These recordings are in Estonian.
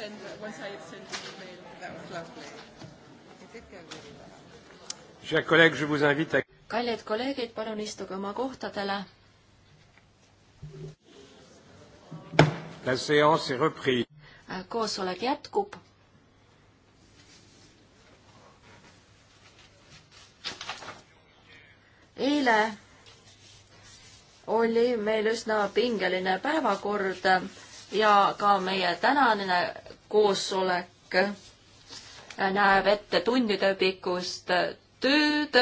send, once I had sent an email. That was lovely. It did go really well. Chers collègues, je vous invite à... kallid kolleegid, palun istuge oma kohtadele. La séance est reprise. koosolek jätkub. eile oli meil üsna pingeline päevakord ja ka meie tänane koosolek näeb ette tundide pikkust tööd.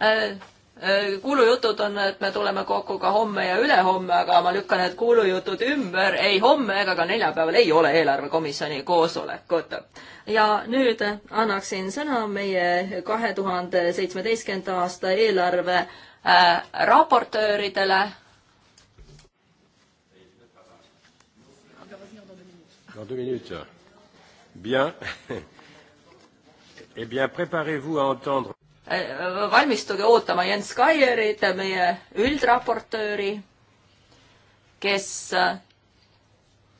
Äh, äh, kuulujutud on, et me tuleme kokku ka homme ja ülehomme, aga ma lükkan need kuulujutud ümber. ei homme ega ka neljapäeval ei ole eelarvekomisjoni koosolekut. ja nüüd annaksin sõna meie kahe tuhande seitsmeteistkümnenda aasta eelarve äh, raportööridele Dans deux minutes. Bien. Eh bien, préparez-vous à entendre. Eh, valmistuge ootama Jens Kaierit, meie üldraportööri, kes eh,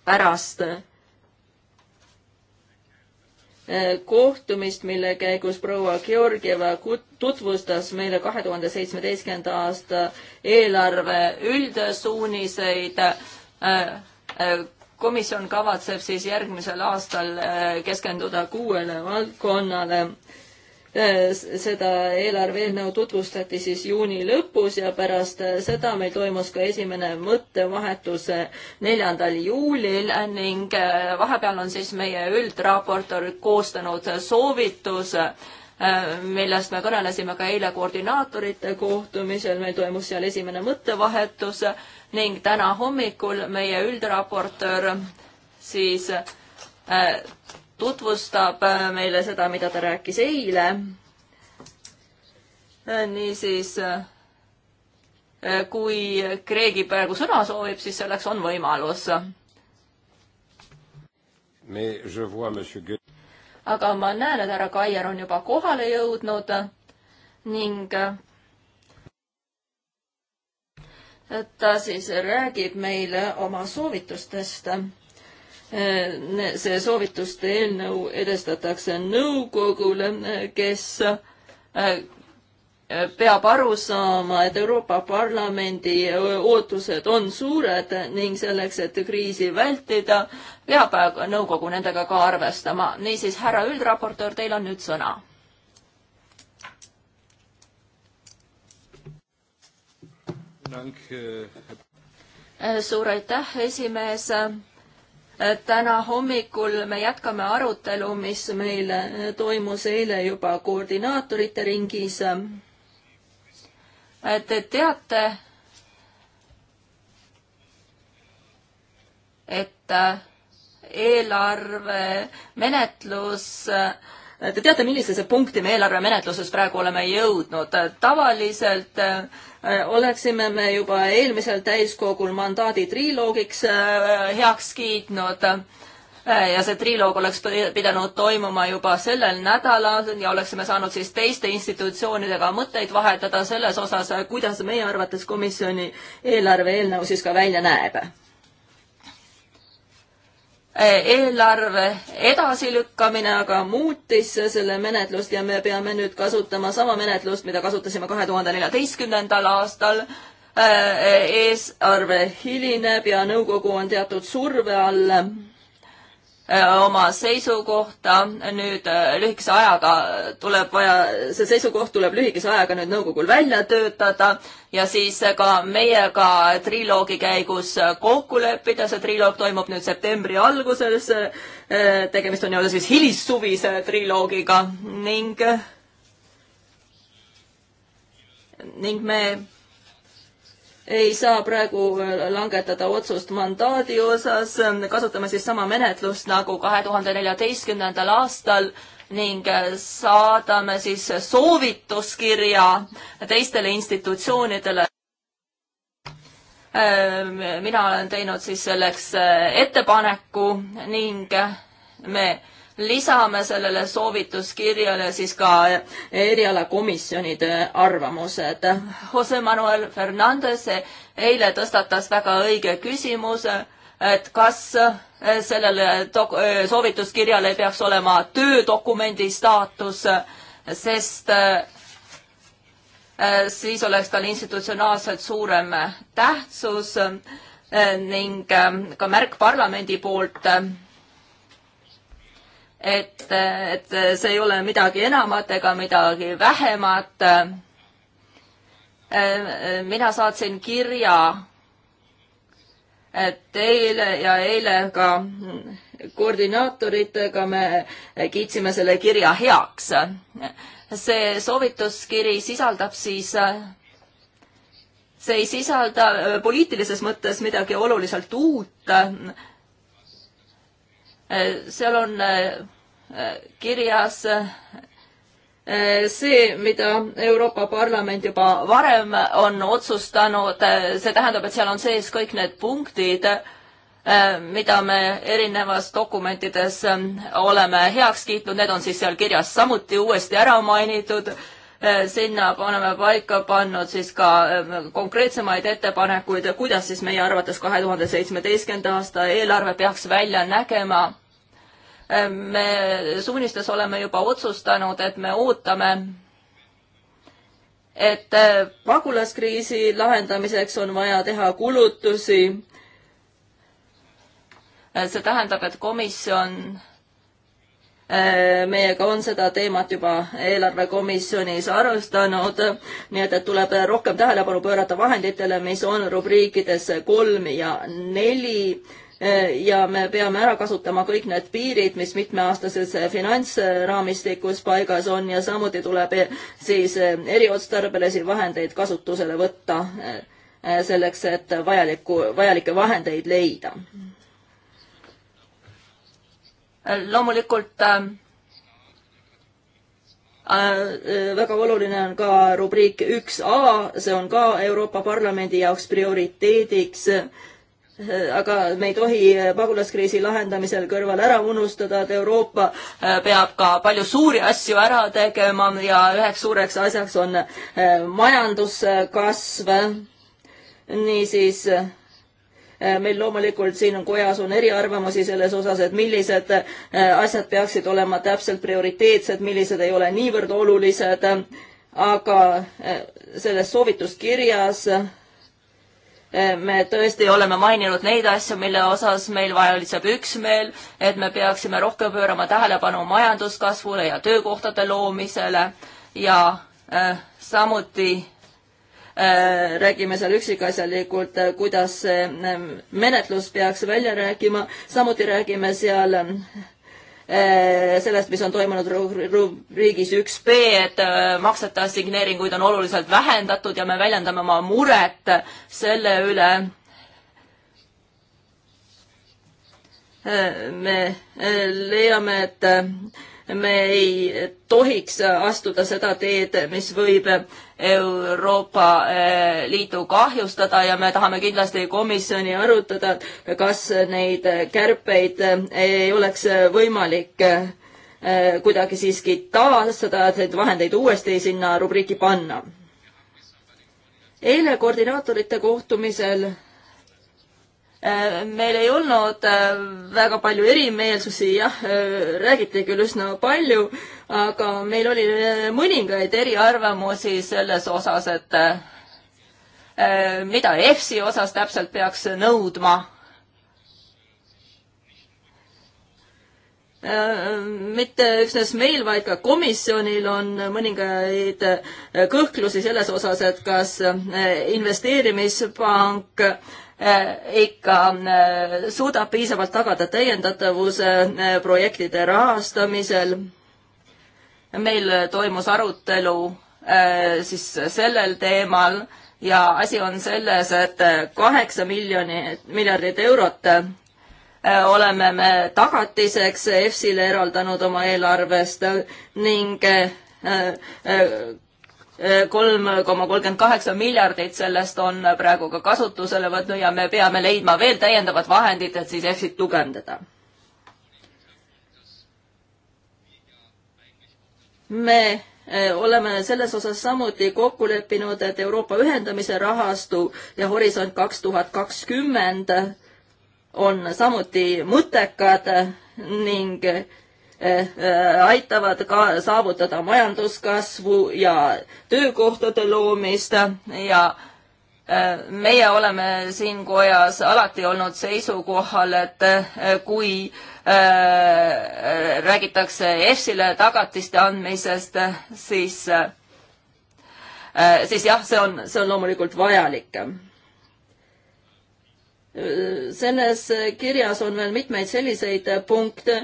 pärast eh, kohtumist, mille käigus proua Georgieva tutvustas meile kahe tuhande seitsmeteistkümnenda aasta eelarve üldsuuniseid, komisjon kavatseb siis järgmisel aastal äh, keskenduda kuuele valdkonnale. Äh, seda eelarve eelnõu tutvustati siis juuni lõpus ja pärast äh, seda meil toimus ka esimene mõttevahetus neljandal juulil ning vahepeal on siis meie üldraportor koostanud soovituse millest me kõnelesime ka eile koordinaatorite kohtumisel, meil toimus seal esimene mõttevahetus ning täna hommikul meie üldraportöör siis äh, tutvustab äh, meile seda, mida ta rääkis eile. Äh, niisiis, kui keegi praegu sõna soovib, siis selleks on võimalus. aga ma näen, et härra Kaier on juba kohale jõudnud ning ta siis räägib meile oma soovitustest. Äh, see soovituste eelnõu edastatakse nõukogule, kes äh, peab aru saama, et Euroopa Parlamendi äh, ootused on suured ning selleks, et kriisi vältida, peab nõukogu nendega ka arvestama. niisiis, härra üldraportöör, teil on nüüd sõna suur aitäh, esimees. täna hommikul me jätkame arutelu, mis meil toimus eile juba koordinaatorite ringis. Te teate, et eelarve menetlus äh, Te teate, millisesse punkti me eelarvemenetluses praegu oleme jõudnud. tavaliselt äh, oleksime me juba eelmisel täiskogul mandaadi triloogiks äh, heaks kiitnud äh, ja see triloog oleks pidanud toimuma juba sellel nädalal ja oleksime saanud siis teiste institutsioonidega mõtteid vahetada selles osas, kuidas meie arvates komisjoni eelarve eelnõu siis ka välja näeb eelarve edasilükkamine aga muutis selle menetlust ja me peame nüüd kasutama sama menetlust, mida kasutasime kahe tuhande neljateistkümnendal aastal. Äh, eesarve hilineb ja nõukogu on teatud surve all oma seisukohta, nüüd lühikese ajaga tuleb vaja, see seisukoht tuleb lühikese ajaga nüüd nõukogul välja töötada ja siis ka meiega triloogi käigus kokku leppida, see triloog toimub nüüd septembri alguses, tegemist on nii-öelda siis hilissuvise triloogiga ning ning me ei saa praegu äh, langetada otsust mandaadi osas, kasutame siis sama menetlust nagu kahe tuhande neljateistkümnendal aastal ning äh, saadame siis soovituskirja teistele institutsioonidele. Ähm, mina olen teinud siis selleks äh, ettepaneku ning me lisame sellele soovituskirjale siis ka erialakomisjonide arvamused. Jose Manuel Fernandez eile tõstatas väga õige küsimuse, et kas sellele soovituskirjale peaks olema töödokumendi staatus, sest äh, siis oleks tal institutsionaalselt suurem tähtsus äh, ning äh, ka märk parlamendi poolt et, et see ei ole midagi enamat ega midagi vähemat. mina saatsin kirja teile ja eile ka koordinaatoritega me kiitsime selle kirja heaks. see soovituskiri sisaldab siis see ei sisalda poliitilises mõttes midagi oluliselt uut, Äh, seal on äh, äh, kirjas see, mida Euroopa Parlament juba varem on otsustanud, see tähendab, et seal on sees kõik need punktid, mida me erinevas dokumentides oleme heaks kiitnud, need on siis seal kirjas samuti uuesti ära mainitud Äh, sinna oleme paika pannud siis ka äh, konkreetsemaid ettepanekuid, kuidas siis meie arvates kahe tuhande seitsmeteistkümnenda aasta eelarve peaks välja nägema. Äh, me suunistes oleme juba otsustanud, et me ootame et pagulaskriisi lahendamiseks on vaja teha kulutusi. see tähendab, et komisjon Äh, meiega on seda teemat juba eelarvekomisjonis arvestanud, nii et, et tuleb rohkem tähelepanu pöörata vahenditele, mis on rubriikides kolm ja neli äh, ja me peame ära kasutama kõik need piirid, mis mitmeaastases finantsraamistikus paigas on ja samuti tuleb eh, siis eh, eriotstarbelisi vahendeid kasutusele võtta eh, selleks, et vajalikku, vajalikke vahendeid leida mm loomulikult äh, äh, väga oluline on ka rubriik üks A, see on ka Euroopa Parlamendi jaoks prioriteediks. Äh, aga me ei tohi pagulaskriisi lahendamisel kõrval ära unustada, et Euroopa peab ka palju suuri asju ära tegema ja üheks suureks asjaks on majanduskasv. niisiis Äh, meil loomulikult siin on kojas on eriarvamusi selles osas, et millised äh, asjad peaksid olema täpselt prioriteetsed, millised ei ole niivõrd olulised, aga äh, selles soovituskirjas me tõesti oleme maininud neid asju, mille osas meil valitseb üksmeel, et me peaksime rohkem pöörama tähelepanu majanduskasvule ja töökohtade loomisele ja äh, samuti Äh, räägime seal üksikasjalikult, äh, kuidas see ähm, menetlus peaks välja rääkima, samuti räägime seal ähm, äh, sellest, mis on toimunud rubriigis üks B, et maksete assigneeringuid on oluliselt vähendatud ja me väljendame oma muret selle üle. me leiame, et me ei tohiks astuda seda teed, mis võib Euroopa eh, Liitu kahjustada ja me tahame kindlasti komisjoni arutada, kas neid kärpeid eh, ei oleks võimalik eh, kuidagi siiski taastada, et neid vahendeid uuesti sinna rubriiki panna. eile koordinaatorite kohtumisel Äh, meil ei olnud äh, väga palju erimeelsusi, jah, äh, räägiti küll üsna palju, aga meil oli mõningaid eriarvamusi selles osas, et mida EFSi osas täpselt peaks nõudma. mitte üksnes meil, vaid ka komisjonil on mõningaid kõhklusi selles osas, et kas investeerimispank Äh, ikka äh, suudab piisavalt tagada täiendatavuse äh, projektide rahastamisel. meil toimus arutelu siis sellel teemal ja asi on selles, et kaheksa miljoni, miljardit eurot oleme me tagatiseks EFSile eraldanud oma eelarvest ning kolm koma kolmkümmend kaheksa miljardit sellest on praegu ka kasutusele võtnud ja me peame leidma veel täiendavad vahendid, et siis EFSit tugevdada. me eh, oleme selles osas samuti kokku leppinud, et Euroopa ühendamise rahastu ja Horisont kaks tuhat kakskümmend on samuti mõttekad ning Eh, aitavad ka saavutada majanduskasvu ja töökohtade loomist ja eh, meie oleme siin kojas alati olnud seisukohal, et eh, kui räägitakse EFSile tagatiste andmisest, siis, siis jah, see on, see on loomulikult vajalik selles kirjas on veel mitmeid selliseid punkte,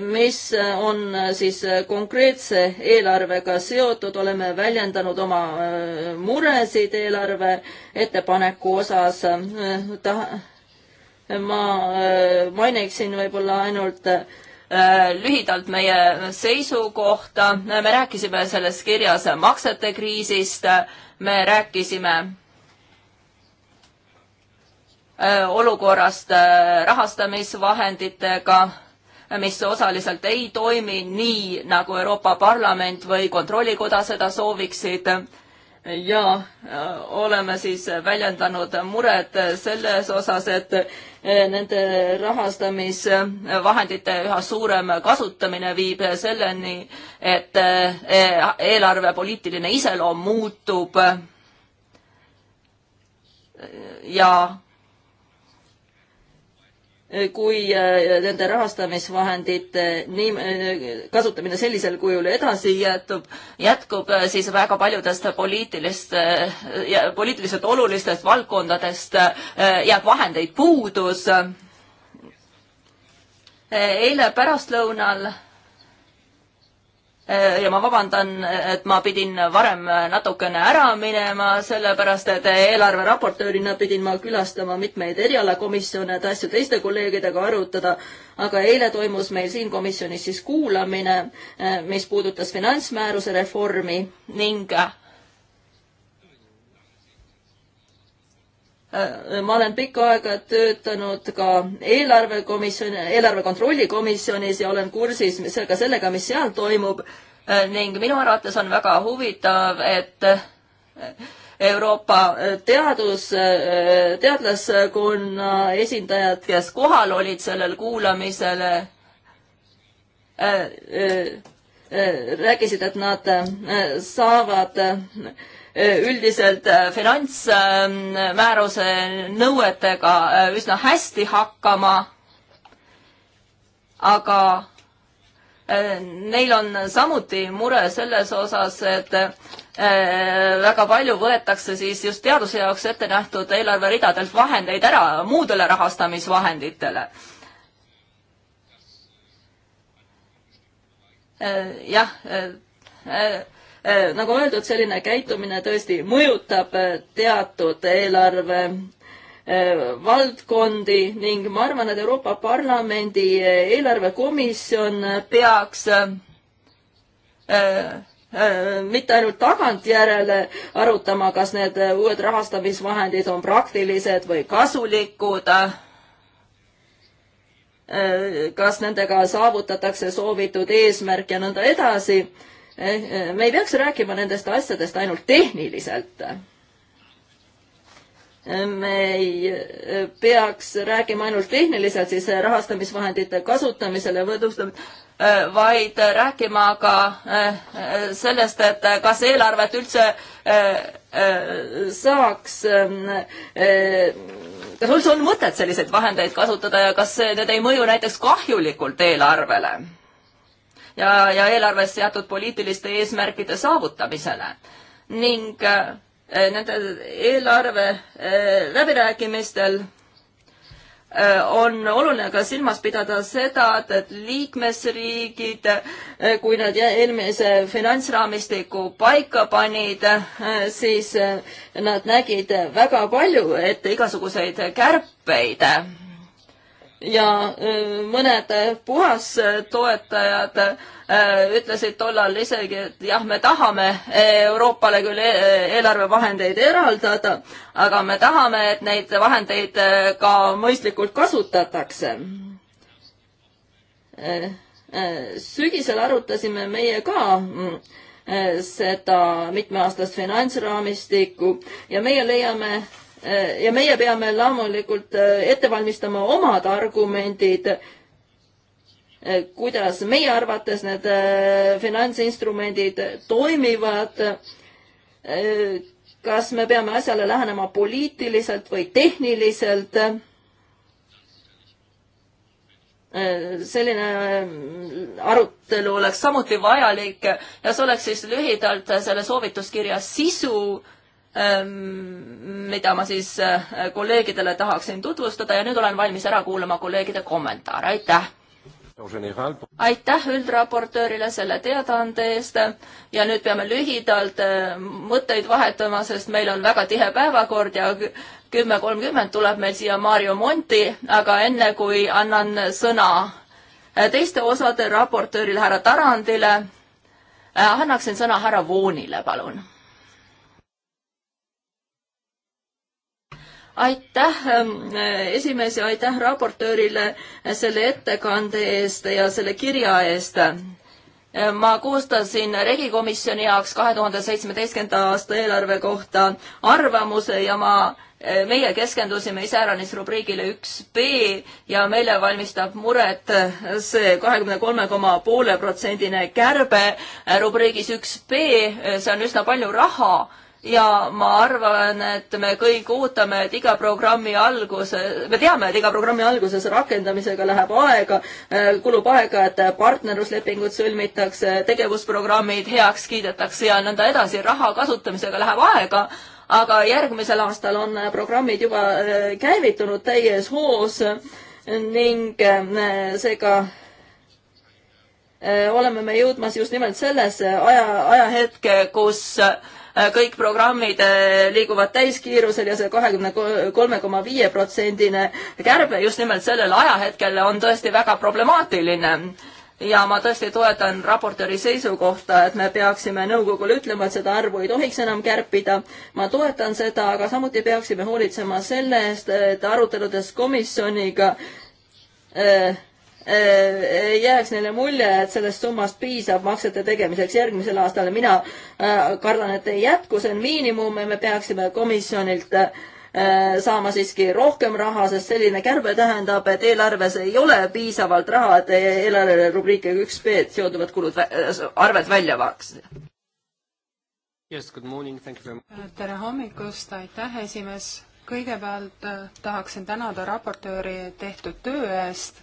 mis on siis konkreetse eelarvega seotud, oleme väljendanud oma äh, muresid eelarve ettepaneku osas. ma äh, mainiksin võib-olla ainult äh, lühidalt meie seisukohta, me rääkisime selles kirjas maksete kriisist, me rääkisime Äh, olukorrast äh, rahastamisvahenditega, mis osaliselt ei toimi nii, nagu Euroopa Parlament või Kontrollikoda seda sooviksid. ja äh, oleme siis väljendanud muret selles osas, et nende rahastamisvahendite üha suurem kasutamine viib selleni, et eelarve poliitiline iseloom muutub ja kui äh, nende rahastamisvahendite äh, äh, kasutamine sellisel kujul edasi jätub, jätkub, siis väga paljudest poliitilist, poliitiliselt olulistest valdkondadest jääb vahendeid puudus. eile pärastlõunal Äh, ja ma vabandan, et ma pidin varem natukene ära minema, sellepärast et eelarveraportöörina pidin ma külastama mitmeid erialakomisjone, et asju teiste kolleegidega arutada. aga eile toimus meil siin komisjonis siis kuulamine, äh, mis puudutas finantsmääruse reformi ning äh, Äh, ma olen pikka aega töötanud ka eelarvekomisjoni, eelarve kontrolli komisjonis ja olen kursis ka sellega, mis seal toimub äh, ning minu arvates on väga huvitav, et äh, Euroopa teadus, teadlaskonna esindajad, kes kohal olid sellel kuulamisel, rääkisid, et nad saavad Äh, üldiselt äh, finantsmääruse ähm, nõuetega äh, üsna hästi hakkama, aga neil on samuti mure selles osas, et väga palju võetakse siis just teaduse jaoks ette nähtud eelarveridadelt vahendeid ära muudele rahastamisvahenditele jah, Äh, nagu öeldud, selline käitumine tõesti mõjutab äh, teatud eelarve äh, valdkondi ning ma arvan, et Euroopa Parlamendi eelarvekomisjon peaks mitte ainult tagantjärele arutama, kas need uued rahastamisvahendid on praktilised või kasulikud, kas nendega saavutatakse soovitud eesmärk ja nõnda edasi Eh, me ei peaks rääkima nendest asjadest ainult tehniliselt. Eh, me ei eh, peaks rääkima ainult tehniliselt siis rahastamisvahendite kasutamisele võõdustamisele, vaid rääkima ka sellest, et kas eelarvet üldse saaks, kas üldse on mõtet selliseid vahendeid kasutada ja kas need ei mõju näiteks kahjulikult eelarvele ja, ja eelarves seatud poliitiliste eesmärkide saavutamisele. ning eh, nende eelarve eh, läbirääkimistel eh, on oluline ka silmas pidada seda, et, et liikmesriigid, kui nad eelmise finantsraamistiku paika panid, siis nad nägid väga palju ette igasuguseid kärpeid ja äh, mõned puhastoetajad äh, ütlesid tollal isegi, et jah, me tahame äh, Euroopale küll eelarvevahendeid eraldada, aga me tahame, et neid vahendeid ka mõistlikult kasutatakse. sügisel arutasime meie ka mm, seda mitmeaastast finantsraamistikku ja meie leiame, Äh, ja meie peame loomulikult äh, ette valmistama omad argumendid, äh, kuidas meie arvates need finantsinstrumendid toimivad, kas me peame asjale lähenema poliitiliselt või tehniliselt. selline arutelu oleks samuti vajalik ja see oleks siis lühidalt selle soovituskirja sisu mida ma siis äh, kolleegidele tahaksin tutvustada ja nüüd olen valmis ära kuulama kolleegide kommentaare, aitäh! aitäh üldraportöörile selle teadaande eest ja nüüd peame lühidalt äh, mõtteid vahetama, sest meil on väga tihe päevakord ja kümme kolmkümmend tuleb meil siia Mario Monti, aga enne kui annan sõna äh, teiste osade raportöörile härra Tarandile, annaksin sõna härra Voonile, palun aitäh ähm, esimees ja aitäh raportöörile selle ettekande eest ja selle kirja eest. Äh, ma koostasin regikomisjoni jaoks kahe tuhande seitsmeteistkümnenda aasta eelarve kohta arvamuse ja ma äh, meie keskendusime iseäranis rubriigile üks B ja meile valmistab muret äh, see kahekümne kolme koma poole protsendine kärbe rubriigis üks B, see on üsna palju raha ja ma arvan, et me kõik ootame, et iga programmi alguse, me teame, et iga programmi alguses rakendamisega läheb aega, äh, kulub aega, et partnerluslepingud sõlmitakse, tegevusprogrammid heaks kiidetakse ja nõnda edasi, raha kasutamisega läheb aega, aga järgmisel aastal on programmid juba äh, käivitunud täies hoos ning äh, seega oleme me jõudmas just nimelt sellesse aja, ajahetke, kus äh, Äh, kõik programmid äh, liiguvad täiskiirusel ja see kahekümne kolme koma viie protsendine kärbe just nimelt sellel ajahetkel on tõesti väga problemaatiline ja ma tõesti toetan raportööri seisukohta, et me peaksime nõukogule ütlema, et seda arvu ei tohiks enam kärpida. ma toetan seda, aga samuti peaksime hoolitsema selle eest, et aruteludes komisjoniga äh, ei äh, äh, jääks neile mulje, et sellest summast piisab maksete tegemiseks järgmisel aastal. mina äh, kardan, et ei jätku, see on miinimum ja me peaksime komisjonilt saama siiski rohkem raha, sest selline kärbe tähendab, et eelarves ei ole piisavalt raha, et eelarve rubriikiga üks B-d seonduvad kulud, arved välja vaataks. Yes, good morning, thank you very much. tere hommikust, aitäh, esimees. kõigepealt tahaksin tänada raportööri tehtud töö eest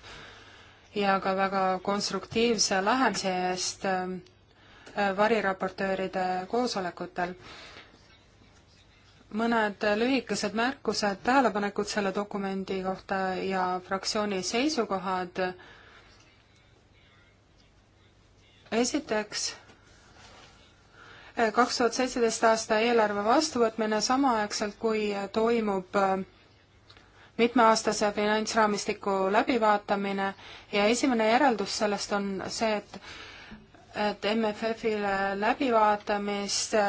ja ka väga konstruktiivse lähenemise eest ähm, äh, variraportööride koosolekutel. mõned lühikesed märkused, tähelepanekud selle dokumendi kohta ja fraktsiooni seisukohad. esiteks äh, kaks tuhat seitseteist aasta eelarve vastuvõtmine samaaegselt, kui toimub äh, mitmeaastase finantsraamistiku läbivaatamine ja esimene järeldus sellest on see, et et MFF-ile läbivaatamist äh,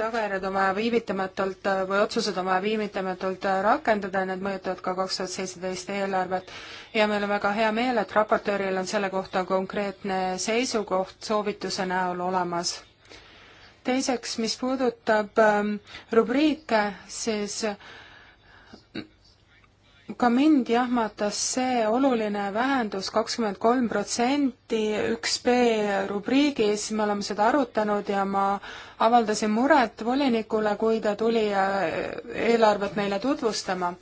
tagajärjed on vaja viivitamatult äh, või otsused on vaja viivitamatult äh, rakendada ja need mõjutavad ka kaks tuhat seitseteist eelarvet. ja meil on väga hea meel, et raportööril on selle kohta konkreetne seisukoht soovituse näol olemas. teiseks, mis puudutab ähm, rubriike, siis äh, ka mind jahmatas see oluline vähendus, kakskümmend kolm protsenti üks B rubriigis, me oleme seda arutanud ja ma avaldasin muret volinikule, kui ta tuli äh, eelarvet meile tutvustama.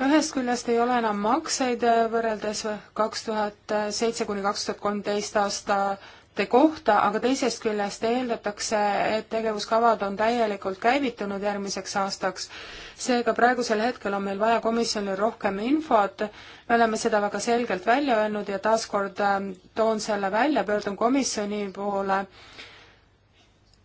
ühest küljest ei ole enam makseid äh, võrreldes kaks tuhat seitse kuni kaks tuhat kolmteist aasta meetmete kohta, aga teisest küljest eeldatakse, et tegevuskavad on täielikult käivitunud järgmiseks aastaks. seega praegusel hetkel on meil vaja komisjonil rohkem infot, me oleme seda väga selgelt välja öelnud ja taaskord ähm, toon selle välja, pöördun komisjoni poole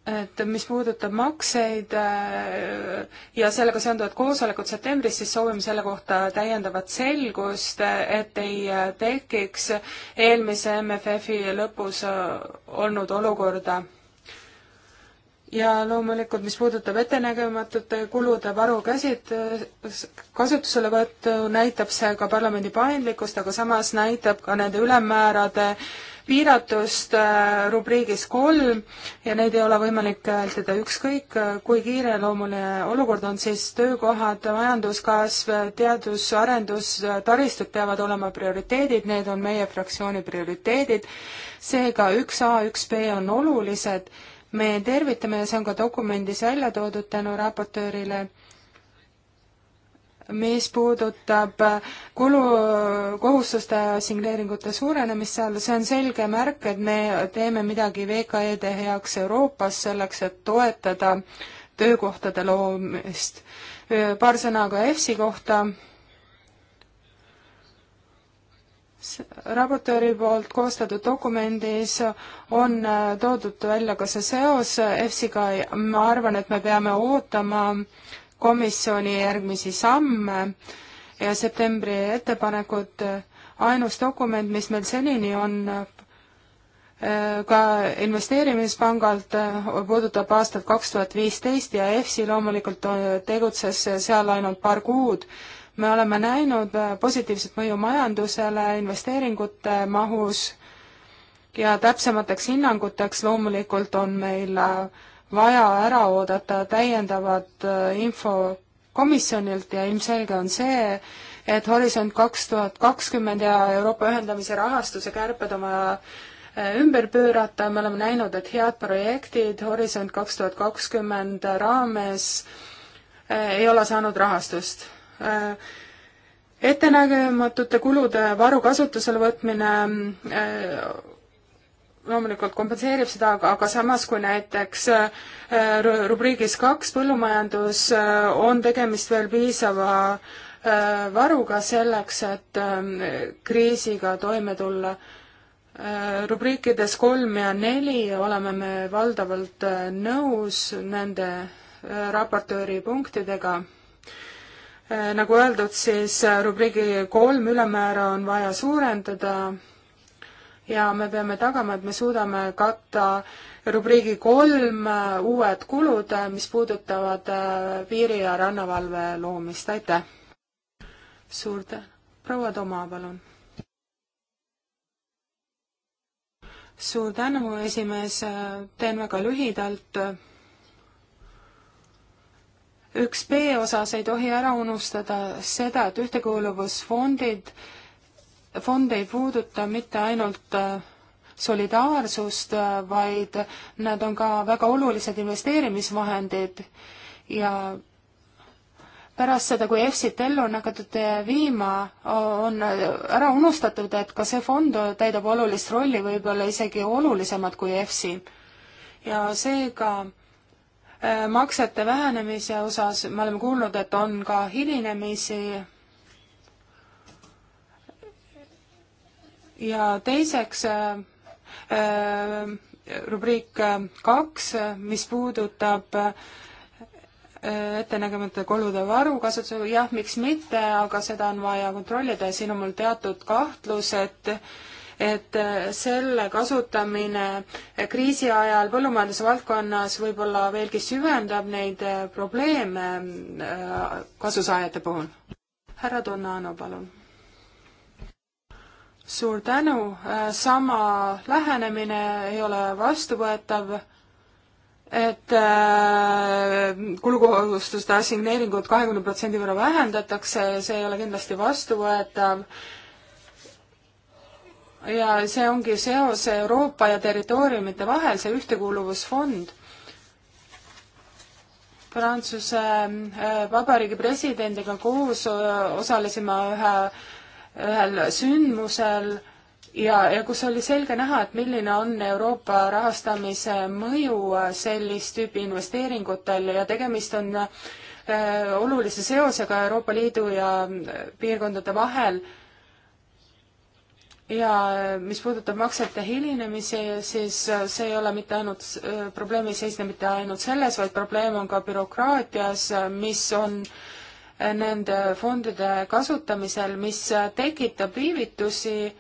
et mis puudutab makseid äh, ja sellega seonduvat koosolekut septembris, siis soovime selle kohta täiendavat selgust, et ei äh, tekiks eelmise MFF-i lõpus äh, olnud olukorda. ja loomulikult, mis puudutab ettenägematute kulude varu käsit-, kasutuselevõttu, näitab see ka parlamendi paindlikkust, aga samas näitab ka nende ülemmäärade äh, piiratust äh, rubriigis kolm ja neid ei ole võimalik vältida ükskõik, äh, kui kiireloomuline olukord on, siis töökohad, majanduskasv, teadus, arendus, taristud peavad olema prioriteedid, need on meie fraktsiooni prioriteedid, seega üks A, üks B on olulised, me tervitame ja see on ka dokumendis välja toodud tänu raportöörile mis puudutab kulukohustuste signeeringute suurenemist seal, see on selge märk, et me teeme midagi VKE-de heaks Euroopas selleks, et toetada töökohtade loomist. paar sõna ka EFSi kohta. raportööri poolt koostatud dokumendis on äh, toodud välja ka see seos EFSiga, ma arvan, et me peame ootama äh, komisjoni järgmisi samme ja septembri ettepanekud, ainus dokument, mis meil senini on äh, ka investeerimispangalt, äh, puudutab aastat kaks tuhat viisteist ja EFSI loomulikult äh, tegutses seal ainult paar kuud. me oleme näinud positiivset mõju majandusele, investeeringute mahus ja täpsemateks hinnanguteks loomulikult on meil vaja ära oodata täiendavat äh, info komisjonilt ja ilmselge on see, et Horisont kaks tuhat kakskümmend ja Euroopa ühendamise rahastuse kärped on vaja äh, ümber pöörata, me oleme näinud, et head projektid Horisont kaks tuhat kakskümmend raames äh, ei ole saanud rahastust. ettenägematute kulude varu kasutusele võtmine loomulikult kompenseerib seda, aga, aga samas, kui näiteks äh, rubriigis kaks põllumajandus äh, on tegemist veel piisava äh, varuga selleks, et kriisiga toime tulla. rubriikides kolm ja neli oleme me valdavalt nõus nende raportööri punktidega nagu öeldud, siis rubriigi kolm ülemäära on vaja suurendada ja me peame tagama, et me suudame katta rubriigi kolm äh, uued kulud, äh, mis puudutavad äh, piiri- ja rannavalve loomist, aitäh! suur tänu, proua Toma, palun! suur tänu, esimees, teen väga lühidalt. üks B osas ei tohi ära unustada seda, et ühtekuuluvusfondid fond ei puuduta mitte ainult äh, solidaarsust, äh, vaid nad on ka väga olulised investeerimisvahendid ja pärast seda, kui EFSit ellu on hakatud viima, on ära unustatud, et ka see fond täidab olulist rolli, võib-olla isegi olulisemat kui EFSi. ja seega äh, maksete vähenemise osas me oleme kuulnud, et on ka hilinemisi ja teiseks äh, äh, rubriik äh, kaks, mis puudutab ettenägemata kolude varu kasutusega, jah, miks mitte, aga seda on vaja kontrollida ja siin on mul teatud kahtlus, et et selle kasutamine kriisi ajal põllumajandusvaldkonnas võib-olla veelgi süvendab neid probleeme kasusaajate puhul. härra Donano, palun suur tänu, äh, sama lähenemine ei ole vastuvõetav, et äh, kulukohustuste assigneeringut kahekümne protsendi võrra vähendatakse, see ei ole kindlasti vastuvõetav ja see ongi seos Euroopa ja territooriumite vahel, see ühtekuuluvusfond. Prantsuse äh, Vabariigi presidendiga koos osalesime ühe ühel sündmusel ja, ja kus oli selge näha, et milline on Euroopa rahastamise mõju äh, sellist tüüpi investeeringutel ja tegemist on äh, olulise seosega Euroopa Liidu ja äh, piirkondade vahel. ja mis puudutab maksete hilinemisi, siis see ei ole mitte ainult, probleem ei seisne mitte ainult selles, vaid probleem on ka bürokraatias, mis on äh, nende fondide kasutamisel, mis tekitab viivitusi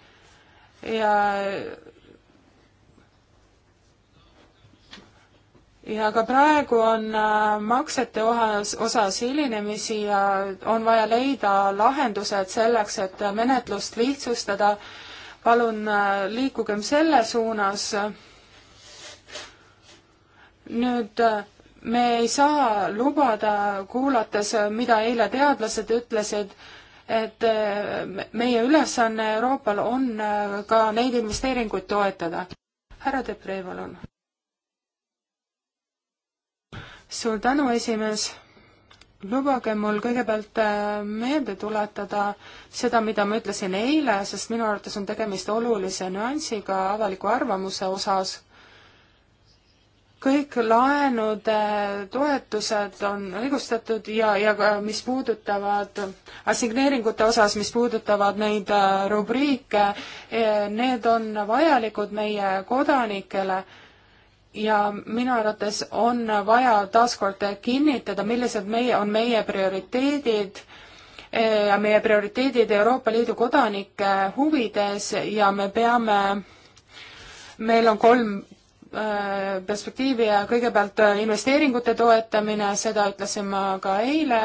ja ja ka praegu on äh, maksete osas, osas hilinemisi ja on vaja leida lahendused selleks, et menetlust lihtsustada. palun äh, liikugem selle suunas. nüüd äh, me ei saa lubada, kuulates, mida eile teadlased ütlesid, et eh, meie ülesanne Euroopal on eh, ka neid investeeringuid toetada. härra Depree, palun. suur tänu, esimees. lubage mul kõigepealt eh, meelde tuletada seda, mida ma ütlesin eile, sest minu arvates on tegemist olulise nüansiga avaliku arvamuse osas kõik laenude toetused on õigustatud ja, ja ka mis puudutavad assigneeringute osas, mis puudutavad neid äh, rubriike, e, need on vajalikud meie kodanikele ja minu arvates on vaja taaskord kinnitada, millised meie, on meie prioriteedid e, ja meie prioriteedid Euroopa Liidu kodanike huvides ja me peame meil on kolm Äh, perspektiivi ja kõigepealt äh, investeeringute toetamine, seda ütlesin ma ka eile,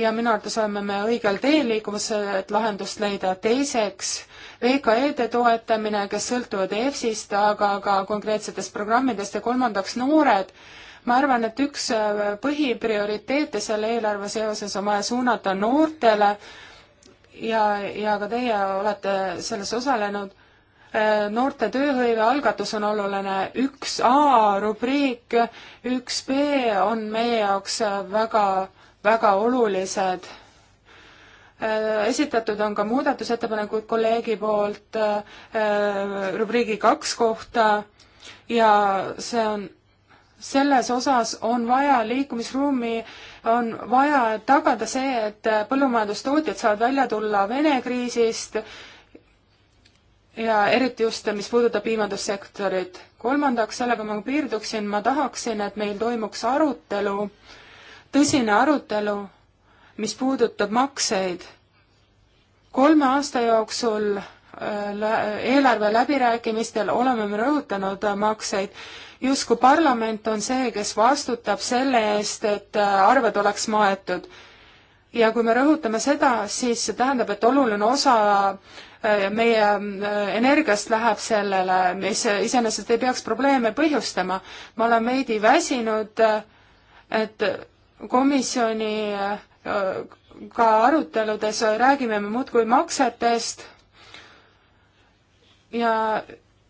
ja minu arvates oleme me õigel teel liikumas, et lahendust leida. teiseks, VKE-de toetamine, kes sõltuvad EFSist, aga ka konkreetsetest programmidest ja kolmandaks, noored ma arvan, et üks äh, põhiprioriteete selle eelarve seoses on vaja suunata noortele ja, ja ka teie olete selles osalenud, Äh, noorte tööhõive algatus on oluline, üks A rubriik, üks B on meie jaoks väga, väga olulised. Äh, esitatud on ka muudatusettepanekud kolleegi poolt äh, rubriigi kaks kohta ja see on selles osas on vaja liikumisruumi, on vaja tagada see, et põllumajandustootjad saavad välja tulla Vene kriisist, ja eriti just, mis puudutab viimandussektorit. kolmandaks, sellega ma piirduksin, ma tahaksin, et meil toimuks arutelu, tõsine arutelu, mis puudutab makseid. kolme aasta jooksul äh, eelarve läbirääkimistel oleme me rõhutanud äh, makseid, justkui parlament on see, kes vastutab selle eest, et äh, arved oleks maetud. ja kui me rõhutame seda, siis see tähendab, et oluline osa meie mm, energiast läheb sellele, mis iseenesest ei peaks probleeme põhjustama. ma olen veidi väsinud, et komisjoni äh, ka aruteludes räägime me muudkui maksetest ja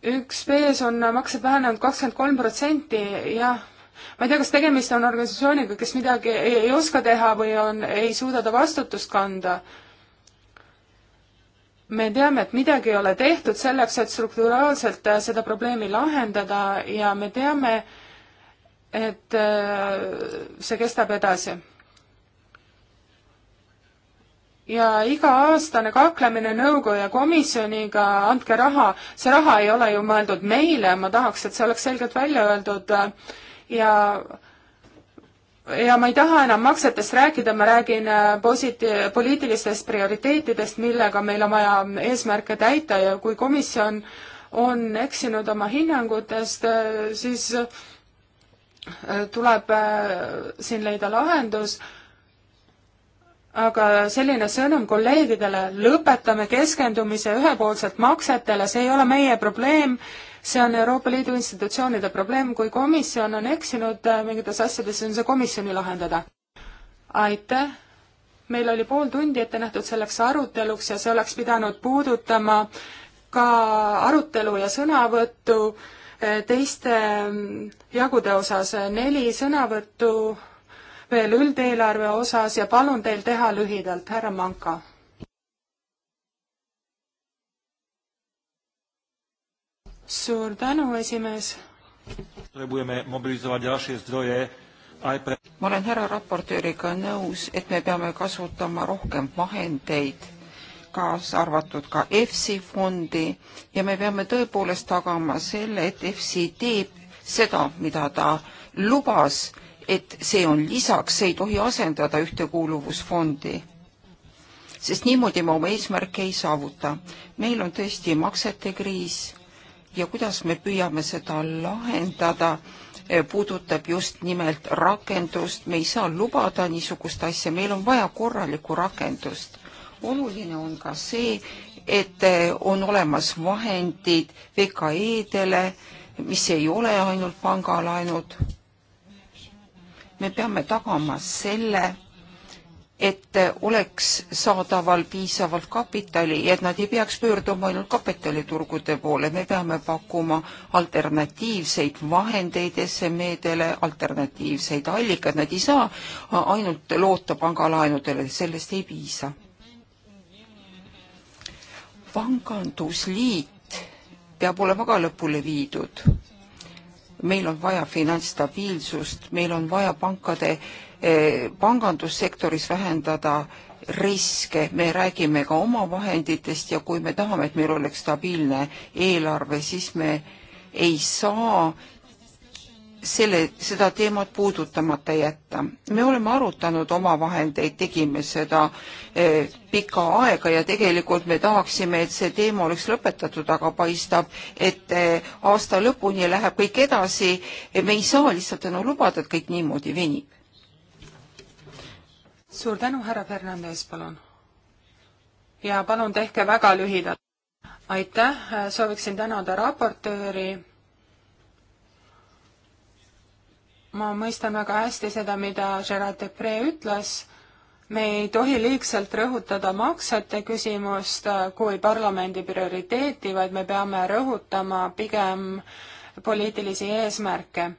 üks B-s on maksed vähenenud kakskümmend kolm protsenti, jah ma ei tea, kas tegemist on organisatsiooniga, kes midagi ei, ei oska teha või on, ei suuda ta vastutust kanda me teame, et midagi ei ole tehtud selleks, et strukturaalselt äh, seda probleemi lahendada ja me teame, et äh, see kestab edasi. ja iga-aastane kaklemine nõukogu ja komisjoniga, andke raha, see raha ei ole ju mõeldud meile, ma tahaks, et see oleks selgelt välja öeldud äh, ja ja ma ei taha enam maksetest rääkida, ma räägin äh, positi-, poliitilistest prioriteetidest, millega meil on vaja eesmärke täita ja kui komisjon on eksinud oma hinnangutest, äh, siis äh, tuleb siin leida lahendus, aga selline sõnum kolleegidele, lõpetame keskendumise ühepoolselt maksetele, see ei ole meie probleem see on Euroopa Liidu institutsioonide probleem, kui komisjon on eksinud äh, mingites asjades, siis on see komisjoni lahendada. aitäh! meil oli pool tundi ette nähtud selleks aruteluks ja see oleks pidanud puudutama ka arutelu ja sõnavõttu äh, teiste mm, jagude osas, neli sõnavõttu veel üldeelarve osas ja palun teil teha lühidalt, härra Manka suur tänu, esimees. ma olen härra raportööriga nõus, et me peame kasutama rohkem vahendeid kaasa arvatud ka EFSI fondi ja me peame tõepoolest tagama selle, et EFSI teeb seda, mida ta lubas, et see on lisaks, see ei tohi asendada ühtekuuluvusfondi. sest niimoodi me oma eesmärke ei saavuta. meil on tõesti maksete kriis ja kuidas me püüame seda lahendada, eh, puudutab just nimelt rakendust, me ei saa lubada niisugust asja, meil on vaja korralikku rakendust. oluline on ka see, et eh, on olemas vahendid VKE-dele, mis ei ole ainult pangalaenud. me peame tagama selle, et oleks saadaval piisavalt kapitali ja et nad ei peaks pöörduma ainult kapitaliturgude poole, me peame pakkuma alternatiivseid vahendeid SME-dele, alternatiivseid allikaid, nad ei saa ainult loota pangalaenudele, sellest ei piisa. pangandusliit peab olema ka lõpule viidud meil on vaja finantsstabiilsust, meil on vaja pankade, eh, pangandussektoris vähendada riske, me räägime ka omavahenditest ja kui me tahame, et meil oleks stabiilne eelarve, siis me ei saa selle, seda teemat puudutamata jätta. me oleme arutanud omavahendeid, tegime seda eh, pikka aega ja tegelikult me tahaksime, et see teema oleks lõpetatud, aga paistab, et eh, aasta lõpuni läheb kõik edasi. me ei saa lihtsalt enam lubada, et kõik niimoodi venib. suur tänu, härra Fernandes, palun. ja palun tehke väga lühidalt. aitäh, sooviksin tänada raportööri ma mõistan väga hästi seda, mida Gerard Depre ütles, me ei tohi liigselt rõhutada maksete küsimust kui parlamendi prioriteeti, vaid me peame rõhutama pigem poliitilisi eesmärke.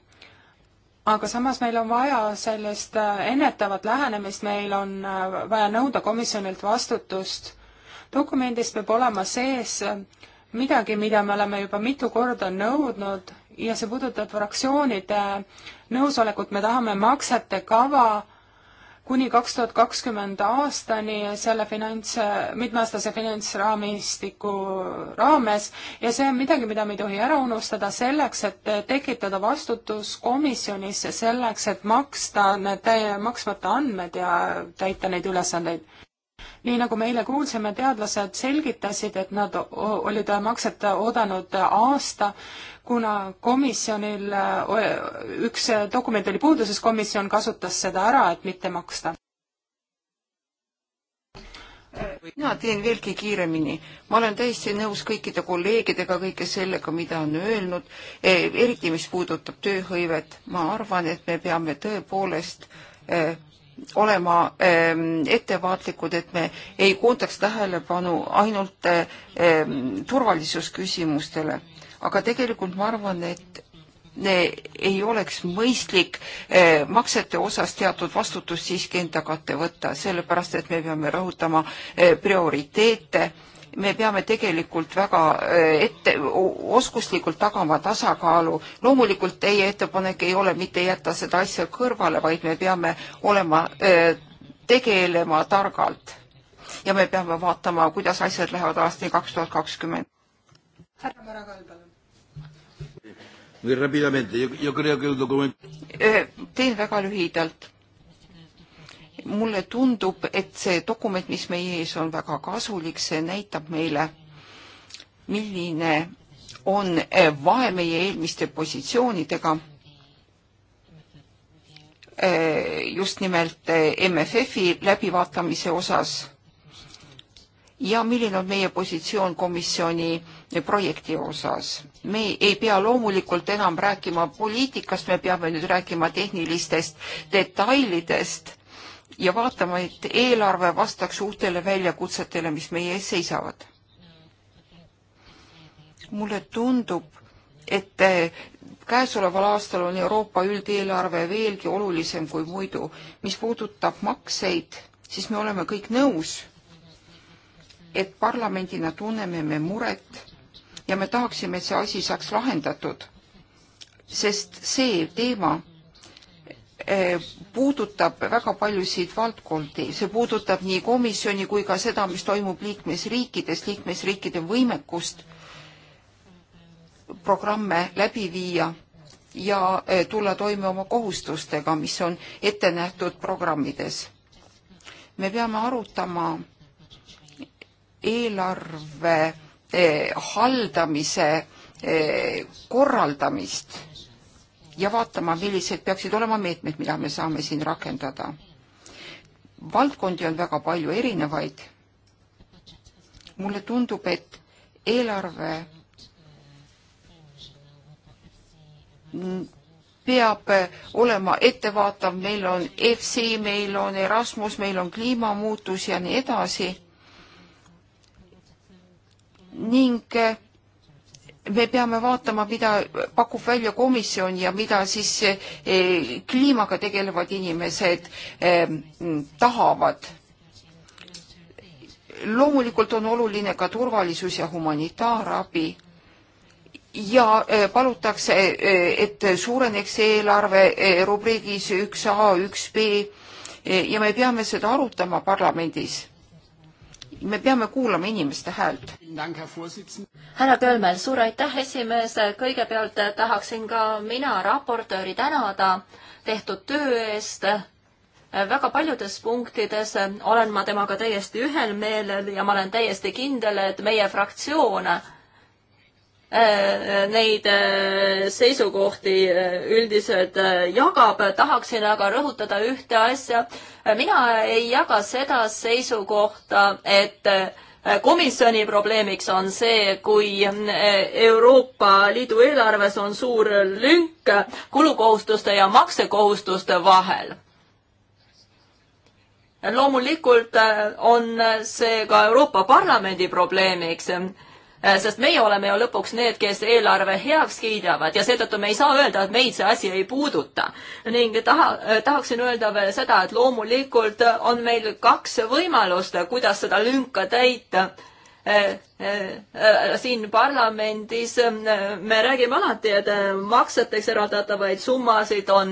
aga samas meil on vaja sellist ennetavat lähenemist, meil on vaja nõuda komisjonilt vastutust. dokumendis peab olema sees midagi, mida me oleme juba mitu korda nõudnud ja see puudutab fraktsioonide nõusolekut, me tahame maksete kava kuni kaks tuhat kakskümmend aastani selle finants, mitmeaastase finantsraamistiku raames ja see on midagi, mida me ei tohi ära unustada selleks, et tekitada vastutus komisjonis selleks, et maksta need maksmata andmed ja täita neid ülesandeid nii nagu me eile kuulsime, teadlased selgitasid, et nad olid makset oodanud aasta, kuna komisjonil üks dokument oli puudu, siis komisjon kasutas seda ära, et mitte maksta. mina teen veelgi kiiremini. ma olen täiesti nõus kõikide kolleegidega, kõike sellega, mida on öelnud, e, eriti mis puudutab tööhõivet. ma arvan, et me peame tõepoolest e, olema ehm, ettevaatlikud, et me ei koondaks tähelepanu ainult ehm, turvalisusküsimustele. aga tegelikult ma arvan, et ei oleks mõistlik ehm, maksete osas teatud vastutust siiski enda katte võtta, sellepärast et me peame rõhutama prioriteete me peame tegelikult väga äh, ette, oskuslikult tagama tasakaalu. loomulikult teie ettepanek ei ole mitte jätta seda asja kõrvale, vaid me peame olema, äh, tegelema targalt. ja me peame vaatama, kuidas asjad lähevad aastani kaks tuhat kakskümmend. härra Maragall, palun. Muy rápidamente, yo, yo creo que el documento... Eh, teen väga lühidalt mulle tundub, et see dokument, mis meie ees on väga kasulik, see näitab meile, milline on eh, vahe meie eelmiste positsioonidega eh, just nimelt eh, MFF-i läbivaatamise osas ja milline on meie positsioon komisjoni projekti osas. me ei pea loomulikult enam rääkima poliitikast, me peame nüüd rääkima tehnilistest detailidest ja vaatama, et eelarve vastaks uutele väljakutsetele, mis meie ees seisavad. mulle tundub, et käesoleval aastal on Euroopa üldeelarve veelgi olulisem kui muidu. mis puudutab makseid, siis me oleme kõik nõus, et parlamendina tunneme me muret ja me tahaksime, et see asi saaks lahendatud. sest see teema Eh, puudutab väga paljusid valdkondi, see puudutab nii komisjoni kui ka seda, mis toimub liikmesriikides, liikmesriikide võimekust programme läbi viia ja eh, tulla toime oma kohustustega, mis on ette nähtud programmides. me peame arutama eelarve eh, haldamise korraldamist ja vaatama, millised peaksid olema meetmed, mida me saame siin rakendada. valdkondi on väga palju erinevaid. mulle tundub, et eelarve peab olema ettevaatav, meil on FC, meil on Erasmus, meil on kliimamuutus ja nii edasi. ning me peame vaatama, mida pakub välja komisjon ja mida siis eh, kliimaga tegelevad inimesed eh, tahavad. loomulikult on oluline ka turvalisus ja humanitaarabi ja eh, palutakse, et suureneks eelarve rubriigis üks A, üks B ja me peame seda arutama parlamendis me peame kuulama inimeste häält. härra Kölmel, suur aitäh, esimees. kõigepealt tahaksin ka mina raportööri tänada tehtud töö eest. väga paljudes punktides olen ma temaga täiesti ühel meelel ja ma olen täiesti kindel, et meie fraktsioon Äh, neid äh, seisukohti äh, üldiselt jagab, tahaksin aga rõhutada ühte asja. mina ei jaga seda seisukohta, et komisjoni probleemiks on see, kui Euroopa Liidu eelarves on suur lünk kulukohustuste ja maksekohustuste vahel loomulikult on see ka Euroopa Parlamendi probleemiks Äh, sest meie oleme ju lõpuks need, kes eelarve heaks kiidavad ja seetõttu me ei saa öelda, et meid see asi ei puuduta. ning taha, äh, tahaksin öelda veel seda, et loomulikult on meil kaks võimalust, kuidas seda lünka täita Äh, äh, siin parlamendis äh, me räägime alati, et makseteks eraldatavaid summasid on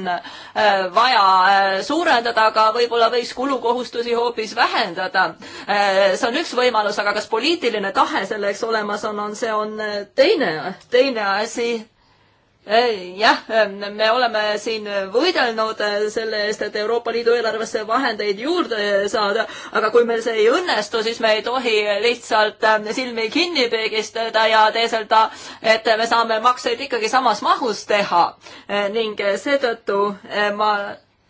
vaja suurendada, aga võib-olla võiks kulukohustusi hoopis vähendada. see on üks võimalus, aga kas poliitiline tahe selleks olemas on, on, see on teine, teine asi jah, me oleme siin võidelnud selle eest, et Euroopa Liidu eelarvesse vahendeid juurde saada, aga kui meil see ei õnnestu, siis me ei tohi lihtsalt silmi kinni peegistada ja teeselda, et me saame makseid ikkagi samas mahus teha. ning seetõttu eh, ma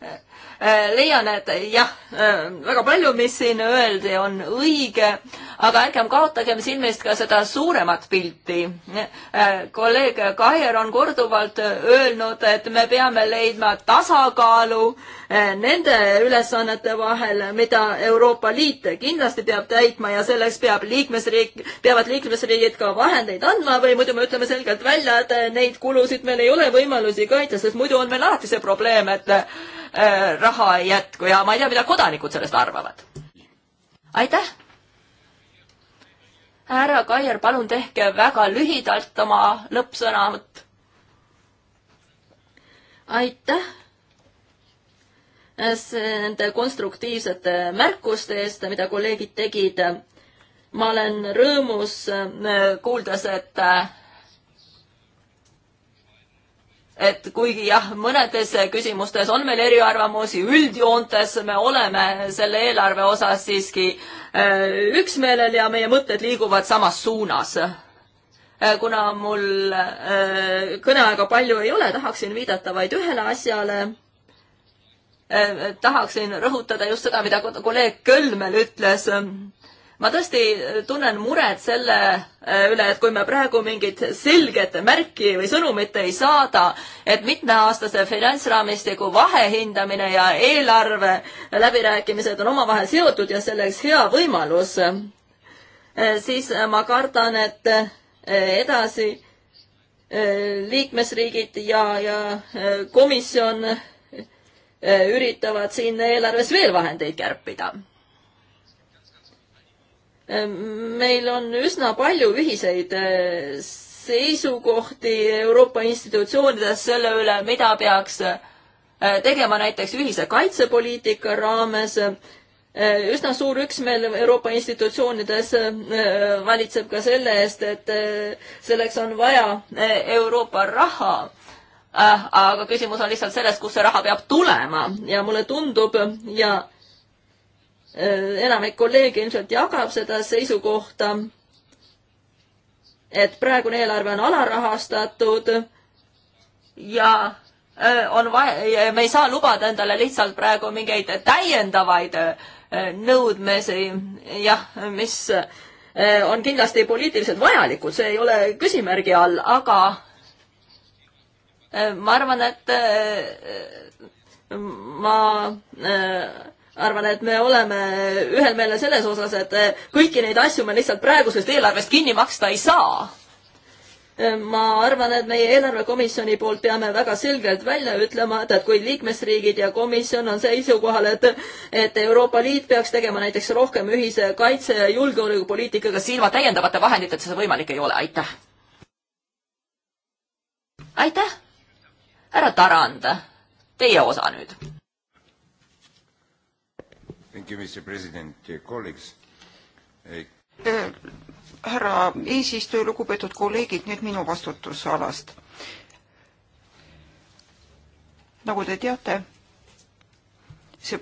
eh, leian, et jah, eh, väga palju, mis siin öeldi, on õige aga ärgem kaotagem silmist ka seda suuremat pilti. Äh, kolleeg Kair on korduvalt äh, öelnud, et me peame leidma tasakaalu äh, nende ülesannete vahel, mida Euroopa Liit kindlasti peab täitma ja selleks peab liikmesriik, peavad liikmesriigid ka vahendeid andma või muidu me ütleme selgelt välja, et neid kulusid meil ei ole võimalusi kaitsta, sest muidu on meil alati see probleem, et raha ei jätku ja ma ei tea, mida kodanikud sellest arvavad. aitäh! härra Kaier, palun tehke väga lühidalt oma lõppsõnavõtt. aitäh nende konstruktiivsete märkuste eest, mida kolleegid tegid. ma olen rõõmus kuuldes, et et kuigi jah, mõnedes küsimustes on meil eriarvamusi, üldjoontes me oleme selle eelarve osas siiski äh, üksmeelel ja meie mõtted liiguvad samas suunas. Äh, kuna mul äh, kõneaega palju ei ole, tahaksin viidata vaid ühele asjale tahaksin rõhutada just seda, mida kolleeg Kölmel ütles ma tõesti tunnen muret selle äh, üle, et kui me praegu mingit selget märki või sõnumit ei saada, et mitmeaastase finantsraamistiku vahehindamine ja eelarve läbirääkimised on omavahel seotud ja selleks hea võimalus, äh, siis ma kardan, et äh, edasi liikmesriigid ja, ja komisjon üritavad siin eelarves veel vahendeid kärpida Ehm, meil on üsna palju ühiseid eh, seisukohti Euroopa institutsioonides selle üle, mida peaks eh, tegema näiteks ühise kaitsepoliitika raames. Eh, üsna suur üksmeel Euroopa institutsioonides valitseb ka selle eest, et selleks on vaja Euroopa raha aga küsimus on lihtsalt selles, kust see raha peab tulema ja mulle tundub ja Äh, enamik kolleege ilmselt jagab seda seisukohta, et praegune eelarve on alarahastatud ja äh, on vaja, me ei saa lubada endale lihtsalt praegu mingeid täiendavaid äh, nõudmisi, jah, mis on kindlasti poliitiliselt vajalikud, see ei ole küsimärgi all, aga ma arvan, et ma arvan, et me oleme ühel meelel selles osas, et eh, kõiki neid asju me lihtsalt praegusest eelarvest kinni maksta ei saa. Eh, ma arvan, et meie eelarvekomisjoni poolt peame väga selgelt välja ütlema, et, et kui liikmesriigid ja komisjon on seisukohal, et et Euroopa Liit peaks tegema näiteks rohkem ühise kaitse- ja julgeolekupoliitikaga, siis ilma täiendavate vahenditeta see võimalik ei ole, aitäh. aitäh, härra Tarand, teie osa nüüd Thank you, Mr President, colleagues hey.. Eh, härra eesistuja, lugupeetud kolleegid, nüüd minu vastutusalast. nagu te teate, see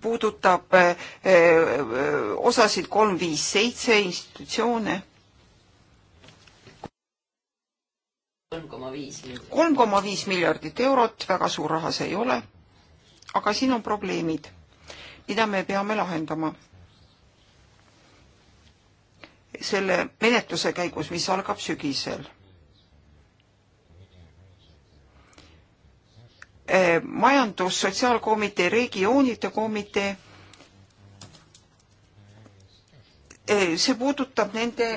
puudutab eh, eh, osasid kolm, viis, seitse institutsioone. kolm koma viis miljardit eurot, väga suur raha see ei ole. aga siin on probleemid mida me peame lahendama selle menetluse käigus, mis algab sügisel. Äh, majandus, sotsiaalkomitee, regioonide komitee äh, see puudutab nende,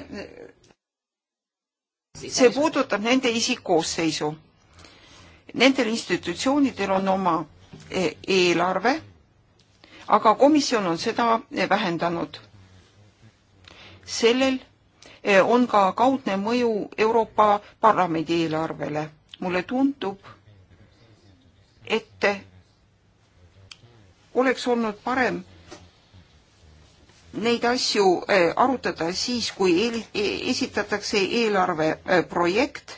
see puudutab nende isikkoosseisu. Nendel institutsioonidel on oma äh, eelarve aga komisjon on seda vähendanud. sellel eh, on ka kaudne mõju Euroopa Parlamendi eelarvele. mulle tundub, et oleks olnud parem neid asju eh, arutada siis, kui e-, esitatakse eelarveprojekt. Eh,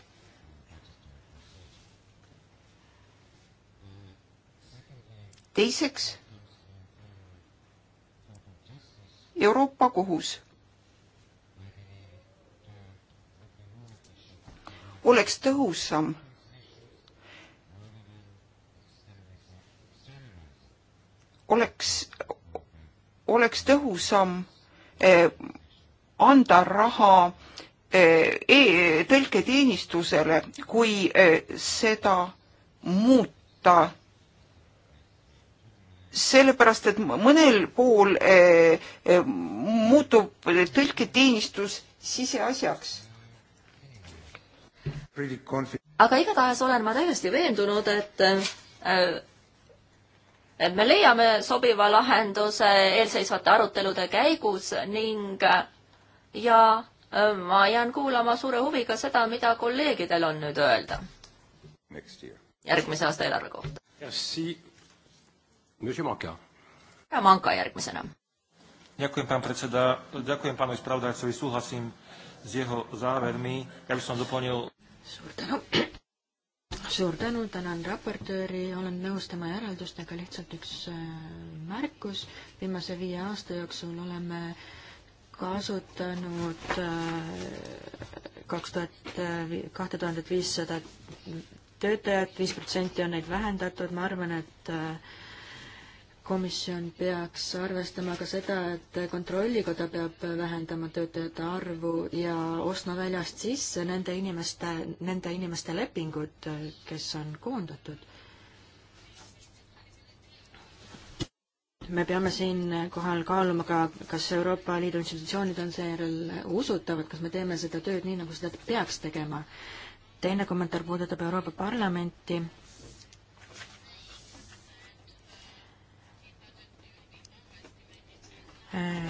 teiseks Euroopa Kohus. oleks tõhusam oleks, oleks tõhusam eh, anda raha eh, e-, tõlketeenistusele, kui eh, seda muuta sellepärast, et mõnel pool eh, eh, muutub tõlketeenistus siseasjaks. aga igatahes olen ma täiesti veendunud, et eh, et me leiame sobiva lahenduse eelseisvate arutelude käigus ning ja ma jään kuulama suure huviga seda, mida kolleegidel on nüüd öelda. järgmise aasta eelarve kohta. Monsieur Manka. härra Manka järgmisena. Ďakujem, pán predseda. Ďakujem pánovi spravodajcovi, súhlasím s jeho závermi. Ja by som doplnil... Suur tänu. Suur tänu, tänan raportööri, olen nõus tema järeldustega, lihtsalt üks äh, märkus. Viimase viie aasta jooksul oleme kasutanud äh, kaks tuhat, äh, kahte tuhandet viissada töötajat, viis protsenti on neid vähendatud, ma arvan, et äh, komisjon peaks arvestama ka seda, et Kontrollikoda peab vähendama töötajate arvu ja ostma väljast sisse nende inimeste, nende inimeste lepingud, kes on koondatud. me peame siinkohal kaaluma ka, kas Euroopa Liidu institutsioonid on seejärel usutavad, kas me teeme seda tööd nii, nagu seda peaks tegema. teine kommentaar puudutab Euroopa Parlamenti Äh,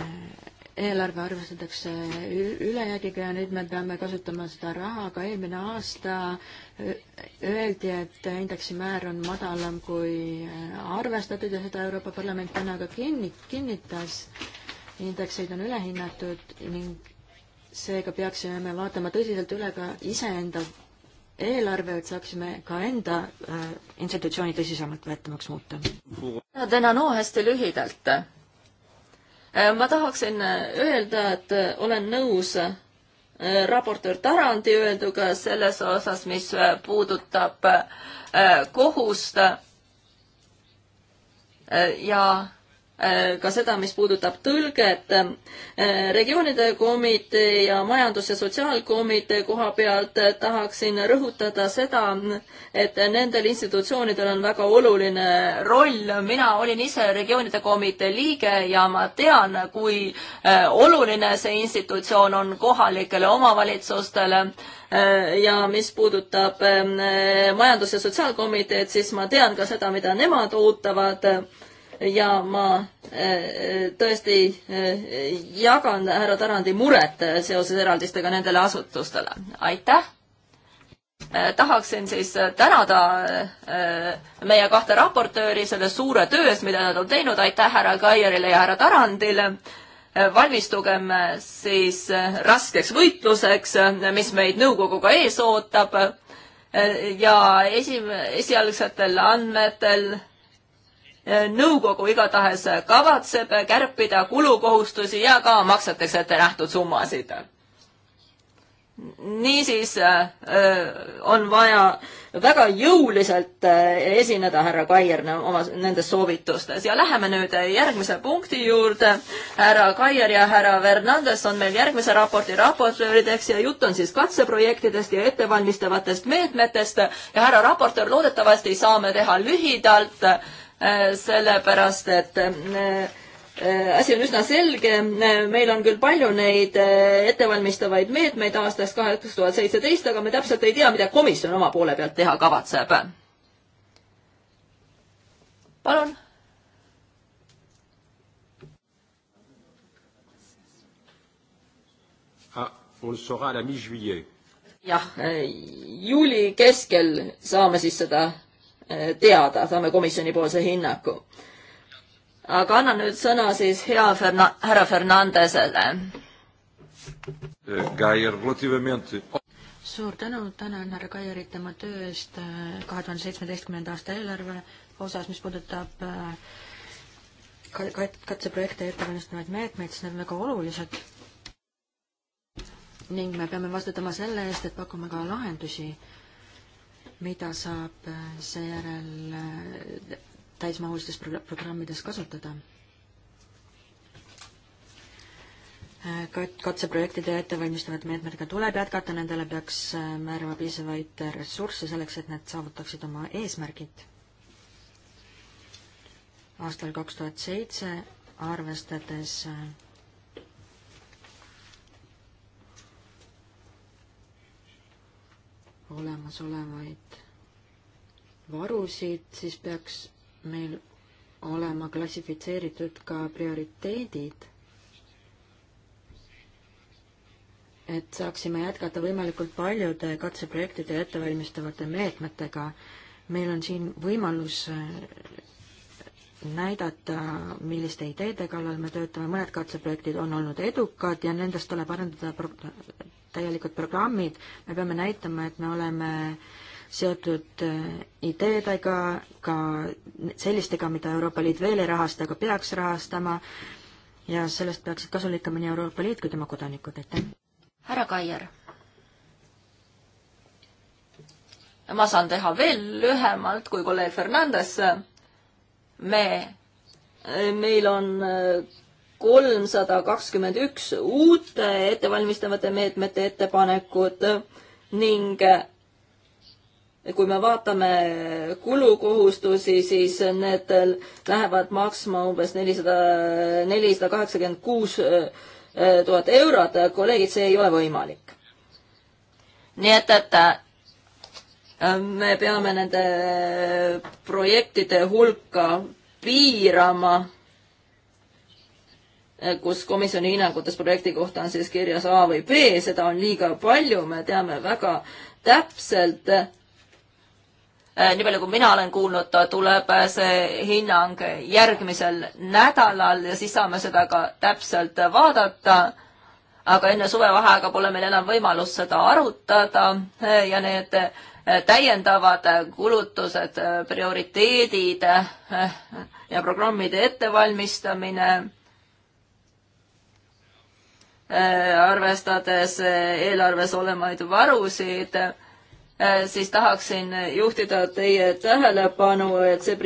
eelarve arvestatakse ülejäägiga ja nüüd me peame kasutama seda raha, aga eelmine aasta äh, öeldi, et indeksi määr on madalam kui äh, arvestatud ja seda Euroopa Parlament täna ka kinni, kinnitas. indekseid on ülehinnatud ning seega peaksime vaatama tõsiselt üle ka iseenda eelarve, et saaksime ka enda institutsiooni tõsisemalt võetavaks muuta. tänan no, hästi lühidalt Äh, ma tahaksin äh, öelda, et äh, olen nõus raportöör Tarandi öelduga selles osas, mis puudutab kohust ja Äh, ka seda, mis puudutab tõlget. Äh, regioonide komitee ja majandus- ja sotsiaalkomitee koha pealt tahaksin rõhutada seda, et nendel institutsioonidel on väga oluline roll. mina olin ise regioonide komitee liige ja ma tean, kui äh, oluline see institutsioon on kohalikele omavalitsustele ja mis puudutab majandus- ja sotsiaalkomiteed, siis ma tean ka seda, mida nemad ootavad ja ma äh, äh, tõesti äh, jagan härra Tarandi muret seoses eraldistega nendele asutustele. aitäh! tahaksin siis tänada meie kahte raportööri selle suure töö eest, mida nad on teinud, aitäh härra Kaierile ja härra Tarandile. valmistugem siis raskeks võitluseks, mis meid nõukoguga ees ootab ja esim-, esialgsetel andmetel nõukogu igatahes kavatseb kärpida kulukohustusi ja ka makseteks ette nähtud summasid. niisiis äh, on vaja väga jõuliselt äh, esineda härra Kaier oma nendes soovitustes ja läheme nüüd järgmise punkti juurde. härra Kaier ja härra Fernandes on meil järgmise raporti raportöörideks ja jutt on siis katseprojektidest ja ettevalmistavatest meetmetest ja härra raportöör, loodetavasti saame teha lühidalt Äh, sellepärast et äh, äh, asi on üsna selge, meil on küll palju neid ettevalmistavaid meetmeid aastast kaks tuhat seitseteist, aga me täpselt ei tea, mida komisjon oma poole pealt teha kavatseb. palun ah, on le saura à la mi-juillet. jah, juuli keskel saame siis seda teada, saame komisjonipoolse hinnaku. aga annan nüüd sõna siis hea Ferna-, härra Fernandesele. suur tänu, tänan härra Kairit tema töö eest äh, kahe tuhande seitsmeteistkümnenda aasta eelarve osas, mis puudutab äh, kat-, katseprojekte ja ettevalmistavaid meetmeid, siis need on väga olulised. ning me peame vastutama selle eest, et pakume ka lahendusi mida saab äh, seejärel äh, täismahulistes programmides kasutada. Äh, katseprojektide ettevalmistavad meetmetega tuleb jätkata, nendele peaks määrama piisavaid ressursse selleks, et need saavutaksid oma eesmärgid. aastal kaks tuhat seitse, arvestades olemasolevaid varusid, siis peaks meil olema klassifitseeritud ka prioriteedid, et saaksime jätkata võimalikult paljude katseprojektide ja ettevalmistavate meetmetega. meil on siin võimalus näidata, milliste ideede kallal me töötame, mõned katseprojektid on olnud edukad ja nendest tuleb arendada pro täielikud programmid, me peame näitama, et me oleme seotud äh, ideedega, ka sellistega, mida Euroopa Liit veel ei rahasta, aga peaks rahastama, ja sellest peaksid kasu lõikama nii Euroopa Liit kui tema kodanikud, aitäh! härra Kaier ma saan teha veel lühemalt kui kolleeg Fernandes me, meil on äh, kolmsada kakskümmend üks uut ettevalmistavate meetmete ettepanekut ning äh, kui me vaatame kulukohustusi, siis need lähevad maksma umbes nelisada, nelisada kaheksakümmend kuus äh, tuhat eurot. kolleegid, see ei ole võimalik. nii et, et me peame nende projektide hulka piirama, kus komisjoni hinnangutes projekti kohta on siis kirjas A või B, seda on liiga palju, me teame väga täpselt, eh, nii palju, kui mina olen kuulnud, tuleb eh, see hinnang järgmisel nädalal ja siis saame seda ka täpselt vaadata. aga enne suvevaheaega pole meil enam võimalust seda arutada eh, ja need Äh, täiendavad äh, kulutused, äh, prioriteedid ja programmide ettevalmistamine arvestades eelarves olemaid varusid, siis tahaksin juhtida teie tähelepanu, et see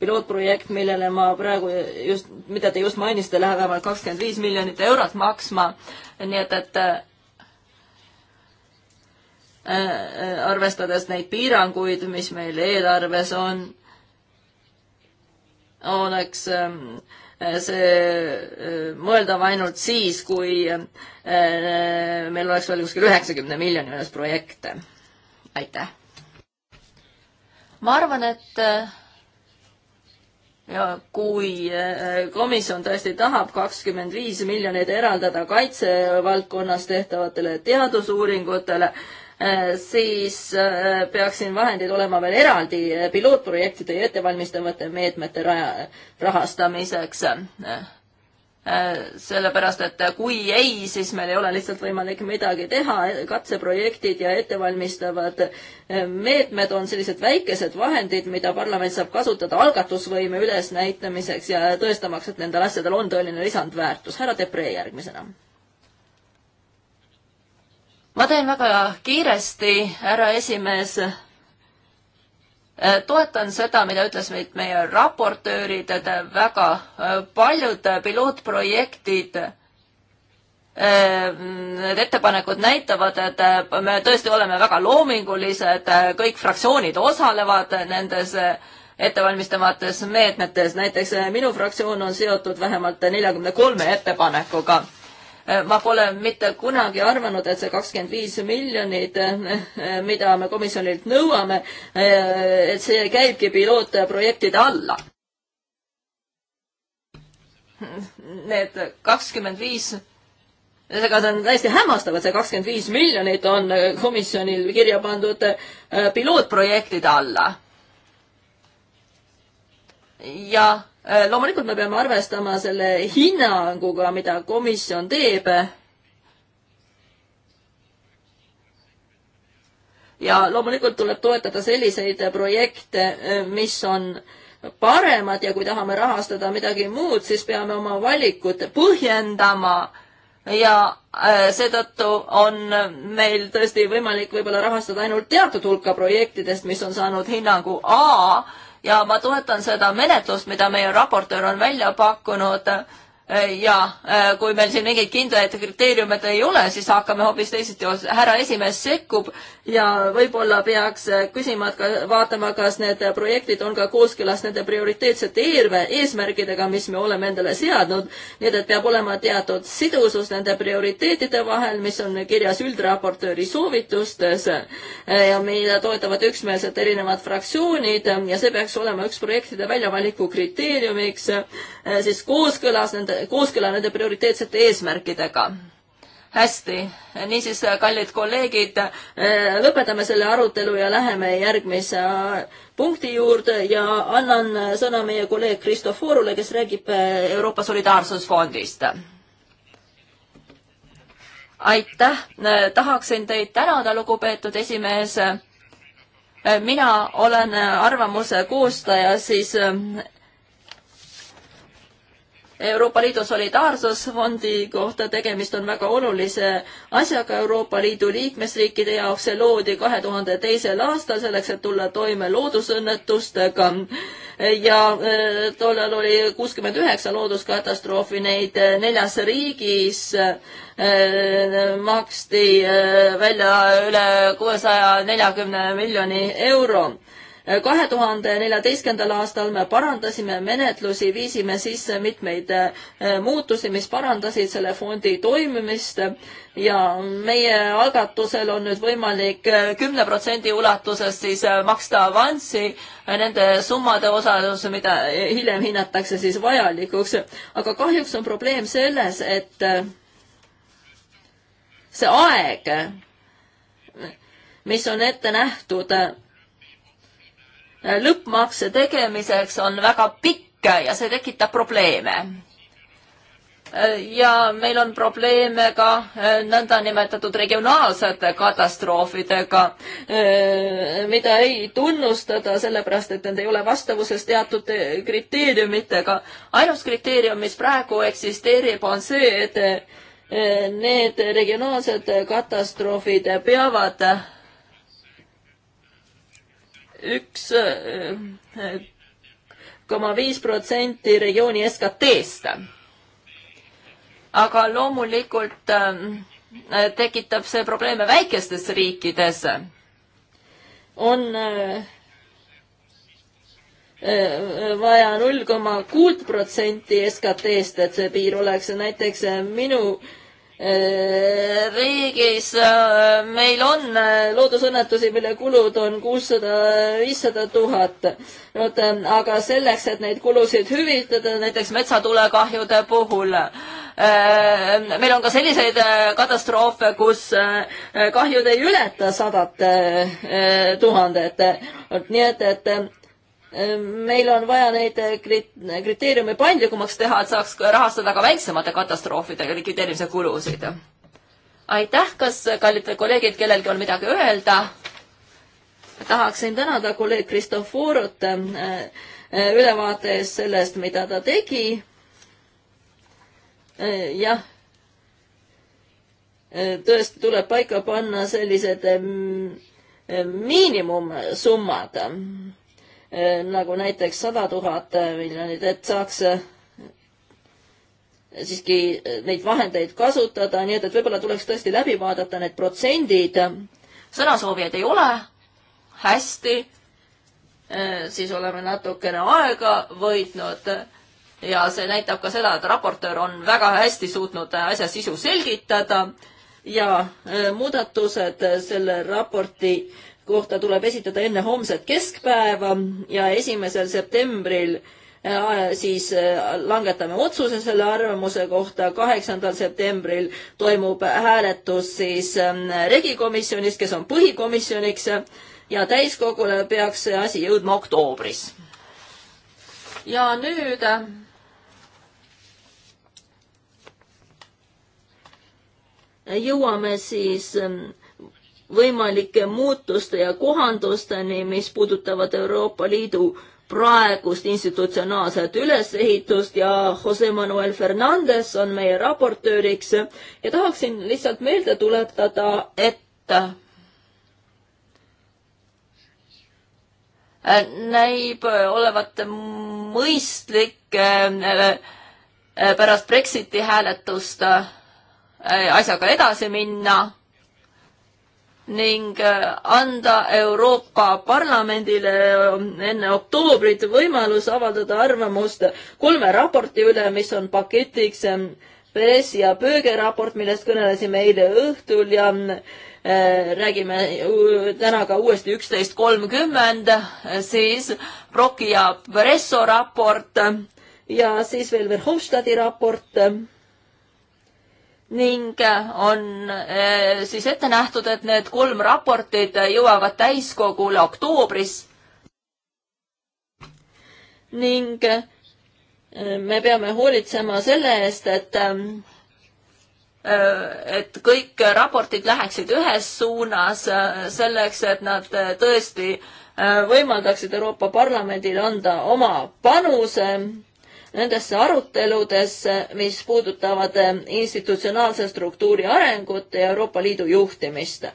pilootprojekt, millele ma praegu just, mida te just mainisite, läheb vähemalt kakskümmend viis miljonit eurot maksma. nii et, et Äh, äh, arvestades neid piiranguid, mis meil eelarves on, oleks ähm, äh, see mõeldav ainult siis, kui meil oleks veel kuskil üheksakümne miljoni juures projekte. aitäh! ma arvan, et ja kui komisjon tõesti tahab kakskümmend viis miljonit eraldada kaitsevaldkonnas tehtavatele teadusuuringutele, Äh, siis äh, peaksin vahendid olema veel eraldi äh, pilootprojektide ja ettevalmistavate meetmete raja, rahastamiseks. sellepärast, et kui ei, siis meil ei ole lihtsalt võimalik midagi teha, katseprojektid ja ettevalmistavad meetmed on sellised väikesed vahendid, mida parlament saab kasutada algatusvõime ülesnäitamiseks ja tõestamaks, et nendel asjadel on tõeline lisandväärtus. härra Depree järgmisena ma teen väga kiiresti, härra esimees. toetan seda, mida ütles meid meie raportöörid, et väga äh, paljud pilootprojektid äh, Need ettepanekud näitavad, et äh, me tõesti oleme väga loomingulised, kõik fraktsioonid osalevad nendes ettevalmistavates meetmetes, näiteks minu fraktsioon on seotud vähemalt neljakümne kolme ettepanekuga ma pole mitte kunagi arvanud, et see kakskümmend viis miljonit, eh, mida me komisjonilt nõuame, eh, et see käibki pilootprojektide alla. Need kakskümmend viis ega ta on täiesti hämmastav, et see kakskümmend viis miljonit on komisjonil kirja pandud eh, pilootprojektide alla. ja Äh, loomulikult me peame arvestama selle hinnanguga, mida komisjon teeb. ja loomulikult tuleb toetada selliseid projekte, äh, mis on paremad ja kui tahame rahastada midagi muud, siis peame oma valikud põhjendama ja äh, seetõttu on meil tõesti võimalik võib-olla rahastada ainult teatud hulka projektidest, mis on saanud hinnangu A ja ma toetan seda menetlust, mida meie raportöör on välja pakkunud Äh, ja äh, kui meil siin mingeid kindlaid kriteeriumeid ei ole, siis hakkame hoopis teisiti, härra esimees sekkub ja võib-olla peaks äh, küsima, et ka vaatama, kas need projektid on ka kooskõlas nende prioriteetsete eelve, eesmärgidega, mis me oleme endale seadnud. nii et, et peab olema teatud sidusus nende prioriteetide vahel, mis on kirjas üldraportööri soovitustes ja meile toetavad üksmeelselt erinevad fraktsioonid ja see peaks olema üks projektide väljavaliku kriteeriumiks siis kooskõlas nende kooskõla nende prioriteetsete eesmärkidega hästi, niisiis, kallid kolleegid, äh, lõpetame selle arutelu ja läheme järgmise punkti juurde ja annan sõna meie kolleeg Kristoforule, kes räägib äh, Euroopa Solidaarsusfondist. aitäh, äh, tahaksin teid tänada, lugupeetud esimees. mina olen arvamuse koostaja siis Euroopa Liidu solidaarsusfondi kohta, tegemist on väga olulise asjaga Euroopa Liidu liikmesriikide jaoks, see loodi kahe tuhande teisel aastal selleks, et tulla toime loodusõnnetustega ja äh, tollal oli kuuskümmend üheksa looduskatastroofi, neid äh, neljas riigis äh, maksti välja üle kuuesaja neljakümne miljoni euro kahe tuhande neljateistkümnendal aastal me parandasime menetlusi, viisime sisse mitmeid eh, muutusi, mis parandasid selle fondi toimimist ja meie algatusel on nüüd võimalik eh, kümne protsendi ulatuses siis eh, maksta avanssi nende summade osalus, mida hiljem hinnatakse siis vajalikuks. aga kahjuks on probleem selles, et see aeg, mis on ette nähtud lõppmakse tegemiseks on väga pikk ja see tekitab probleeme ja meil on probleeme ka äh, nõndanimetatud regionaalsete katastroofidega, äh, mida ei tunnustada, sellepärast et need ei ole vastavuses teatud äh, kriteeriumitega. ainus kriteerium, mis praegu eksisteerib, on see, et need regionaalsed katastroofid peavad üks äh, koma viis protsenti regiooni SKT-st. aga loomulikult äh, tekitab see probleeme väikestes riikides. on äh, vaja null koma kuut protsenti SKT-st, SKT et see piir oleks näiteks minu äh, Eh, riigis eh, meil on eh, loodusõnnetusi, mille kulud on kuussada, viissada tuhat. vot, aga selleks, et neid kulusid hüvitada, näiteks metsatulekahjude puhul, meil on ka selliseid katastroofe, kus kahjud ei ületa sadat tuhandet. nii et, et Ehm, meil on vaja neid eh, kriteeriume paindlikumaks teha, et saaks rahastada ka väiksemate katastroofide likvideerimise kulusid. aitäh, kas kallid kolleegid, kellelgi on midagi öelda? tahaksin tänada kolleeg Kristoforut eh, eh, ülevaate eest sellest, mida ta tegi. jah, tõesti tuleb paika panna sellised miinimumsummad Eh, nagu näiteks sada tuhat eh, miljonit, et saaks eh, siiski neid vahendeid kasutada, nii et, et võib-olla tuleks tõesti läbi vaadata need protsendid. sõnasoovijaid ei ole. hästi. siis oleme natukene aega võitnud ja see näitab ka seda, et raportöör on väga hästi suutnud asja sisu selgitada ja muudatused selle raporti kohta tuleb esitada enne homset keskpäeva ja esimesel septembril äh, siis äh, langetame otsuse selle arvamuse kohta. kaheksandal septembril toimub hääletus siis ähm, regikomisjonis, kes on põhikomisjoniks ja täiskogule peaks see asi jõudma oktoobris. ja nüüd äh, jõuame siis ähm, võimalike muutuste ja kohandusteni, mis puudutavad Euroopa Liidu praegust institutsionaalset ülesehitust ja Jose Manuel Fernandez on meie raportööriks ja tahaksin lihtsalt meelde tuletada, et näib olevat mõistlik äh, pärast Brexiti hääletust äh, asjaga edasi minna ning äh, anda Euroopa Parlamendile äh, enne oktoobrit võimalus avaldada arvamust kolme raporti üle, mis on paketiks äh, Peres ja Pööge raport, millest kõnelesime eile õhtul ja räägime täna ka uuesti üksteist kolmkümmend, siis Broki ja Presso raport ja siis veel Verhofstadti raport ning eh, on eh, siis ette nähtud, et need kolm raportit jõuavad täiskogule oktoobris. ning eh, me peame hoolitsema selle eest, et et kõik raportid läheksid ühes suunas selleks, et nad tõesti võimaldaksid Euroopa Parlamendil anda oma panuse nendesse aruteludesse, mis puudutavad eh, institutsionaalse struktuuri arengut ja Euroopa Liidu juhtimist. Eh,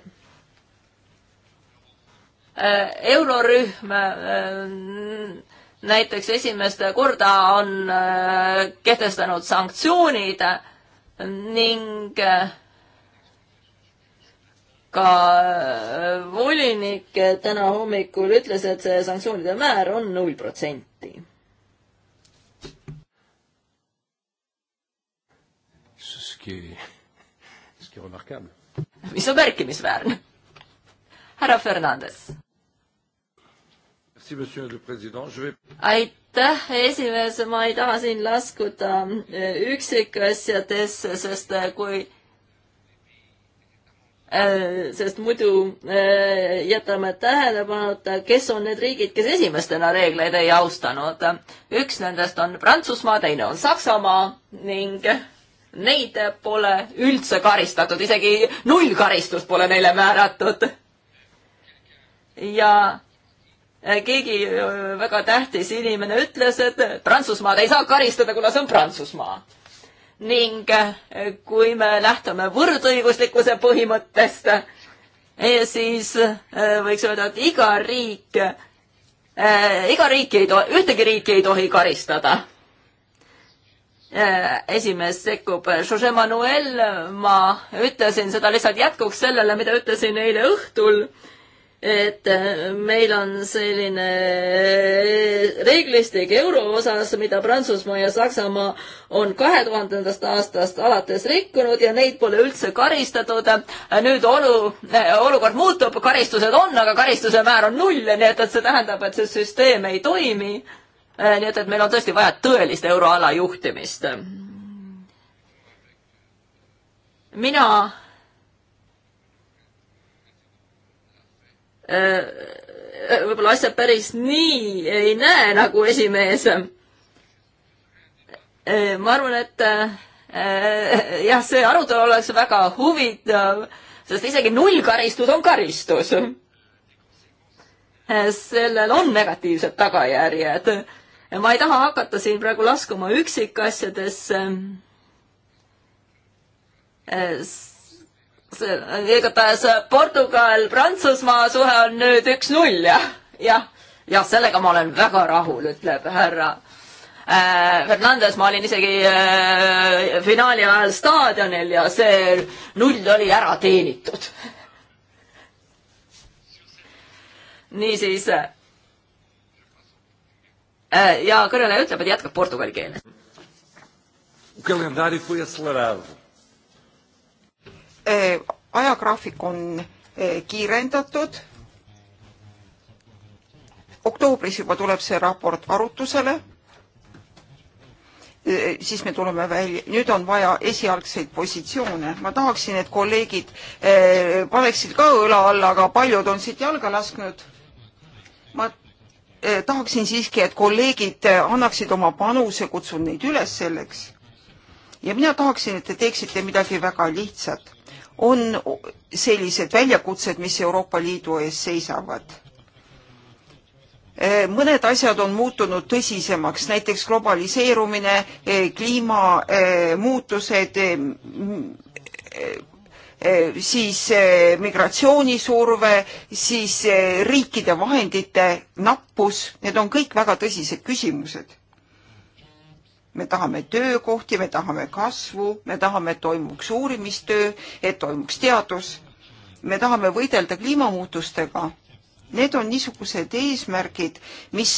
eurorühm eh, näiteks esimest korda on kehtestanud sanktsioonid ning ka volinik täna hommikul ütles, et see sanktsioonide määr on null protsenti qui est, ce qui est remarquable. mis on märkimisväärne. härra Fernandes. aitäh, esimees, ma ei taha siin laskuda eh, üksikasjadesse, sest eh, kui eh, sest muidu jätame tähelepanuta, kes on need riigid, kes esimestena reegleid ei austanud. üks nendest on Prantsusmaa, teine on Saksamaa ning neid pole üldse karistatud, isegi null karistust pole neile määratud. ja äh, keegi äh, väga tähtis inimene ütles, et Prantsusmaad ei saa karistada, kuna see on Prantsusmaa. ning äh, kui me lähtume võrdõiguslikkuse põhimõttest, siis võiks öelda, et iga riik, iga riiki ei tohi, ühtegi riiki ei tohi karistada Äh, esimees sekkub. Jose Manuel, ma ütlesin seda lihtsalt jätkuks sellele, mida ütlesin eile õhtul, et äh, meil on selline äh, reeglistik euro osas, mida Prantsusmaa ja Saksamaa on kahe tuhandendast aastast alates rikkunud ja neid pole üldse karistatud. nüüd olu, olukord muutub, karistused on, aga karistuse määr on null, nii et, et see tähendab, et see süsteem ei toimi Äh, nii et, et meil on tõesti vaja tõelist euroala juhtimist. mina äh, äh, võib-olla asja päris nii ei näe nagu esimees. ma arvan, et jah, see arutelu oleks väga huvitav, sest isegi nullkaristus on karistus. sellel on negatiivsed tagajärjed ma ei taha hakata siin praegu laskuma üksikasjadesse. Äh, igatahes äh, Portugal-Prantsusmaa suhe on nüüd üks-null jah, jah, jah, sellega ma olen väga rahul, ütleb härra äh, Fernandes, ma olin isegi äh, finaali ajal staadionil ja see null oli ära teenitud. niisiis äh,, Äh, ja kõneleja ütleb, et jätkab portugali keeles. Äh, ajagraafik on äh, kiirendatud. oktoobris juba tuleb see raport arutusele siis me tuleme välja, nüüd on vaja esialgseid positsioone. ma tahaksin, et kolleegid paneksid ka õla alla, aga paljud on siit jalga lasknud. ma Eh, tahaksin siiski, et kolleegid eh, annaksid oma panuse, kutsun neid üles selleks. ja mina tahaksin, et te teeksite midagi väga lihtsat. on sellised väljakutsed, mis Euroopa Liidu ees seisavad. Eh, mõned asjad on muutunud tõsisemaks, näiteks globaliseerumine, kliimamuutused, Eh, siis eh, migratsioonisurve, siis eh, riikide vahendite nappus, need on kõik väga tõsised küsimused. me tahame töökohti, me tahame kasvu, me tahame, et toimuks uurimistöö, et toimuks teadus. me tahame võidelda kliimamuutustega Need on niisugused eesmärgid, mis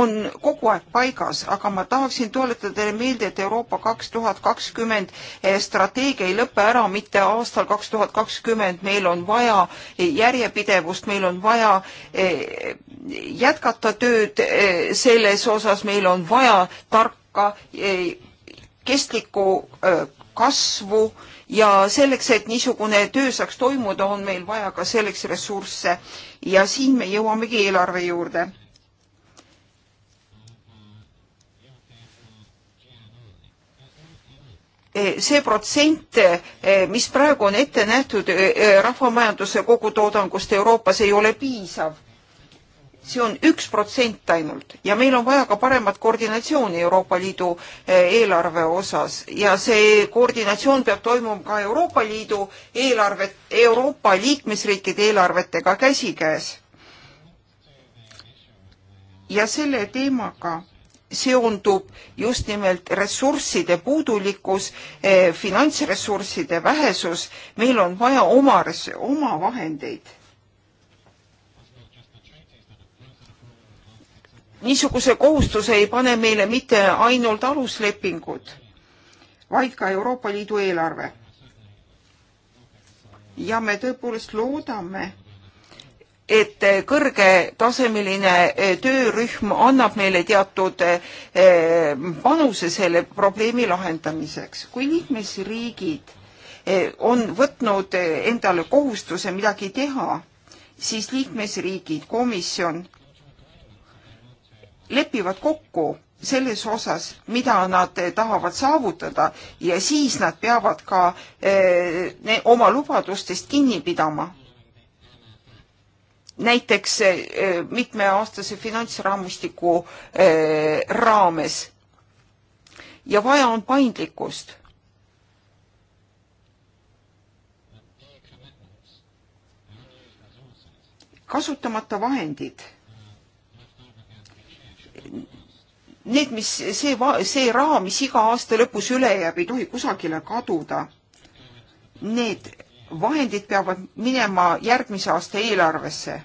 on kogu aeg paigas, aga ma tahaksin tuletada teile meelde, et Euroopa kaks tuhat kakskümmend eh, strateegia ei lõpe ära mitte aastal kaks tuhat kakskümmend, meil on vaja eh, järjepidevust, meil on vaja eh, jätkata tööd selles osas, meil on vaja tarka kestlikku kasvu ja selleks, et niisugune töö saaks toimuda, on meil vaja ka selleks ressursse ja siin me jõuamegi eelarve juurde. E, see protsent, e, mis praegu on ette nähtud e, rahvamajanduse kogutoodangust Euroopas, ei ole piisav see on üks protsent ainult ja meil on vaja ka paremat koordinatsiooni Euroopa Liidu eh, eelarve osas ja see koordinatsioon peab toimuma ka Euroopa Liidu eelarvet, Euroopa liikmesriikide eelarvetega käsikäes. ja selle teemaga seondub just nimelt ressursside puudulikkus, eh, finantsressursside vähesus, meil on vaja oma, oma vahendeid niisuguse kohustuse ei pane meile mitte ainult aluslepingud, vaid ka Euroopa Liidu eelarve. ja me tõepoolest loodame, et kõrgetasemeline eh, töörühm annab meile teatud eh, panuse selle probleemi lahendamiseks. kui liikmesriigid eh, on võtnud endale kohustuse midagi teha, siis liikmesriigid, komisjon lepivad kokku selles osas, mida nad eh, tahavad saavutada ja siis nad peavad ka eh, ne, oma lubadustest kinni pidama. näiteks eh, eh mitmeaastase finantsraamistiku eh, raames. ja vaja on paindlikkust. kasutamata vahendid need, mis see, see raha, mis iga aasta lõpus üle jääb, ei tohi kusagile kaduda. Need vahendid peavad minema järgmise aasta eelarvesse.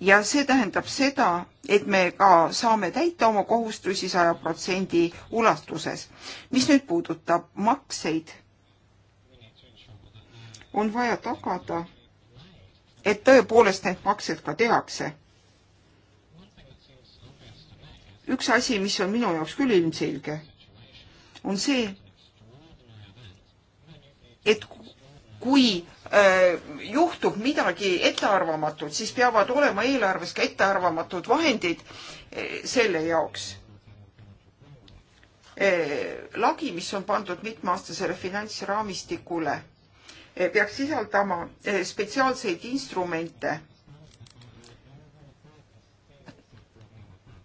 ja see tähendab seda, et me ka saame täita oma kohustusi saja protsendi ulatuses. mis nüüd puudutab makseid, on vaja tagada, et tõepoolest need maksed ka tehakse üks asi, mis on minu jaoks küll ilmselge, on see, et kui äh, juhtub midagi ettearvamatut, siis peavad olema eelarves ka ettearvamatud vahendid äh, selle jaoks. Äh, lagi, mis on pandud mitmeaastasele finantsraamistikule, peaks sisaldama spetsiaalseid instrumente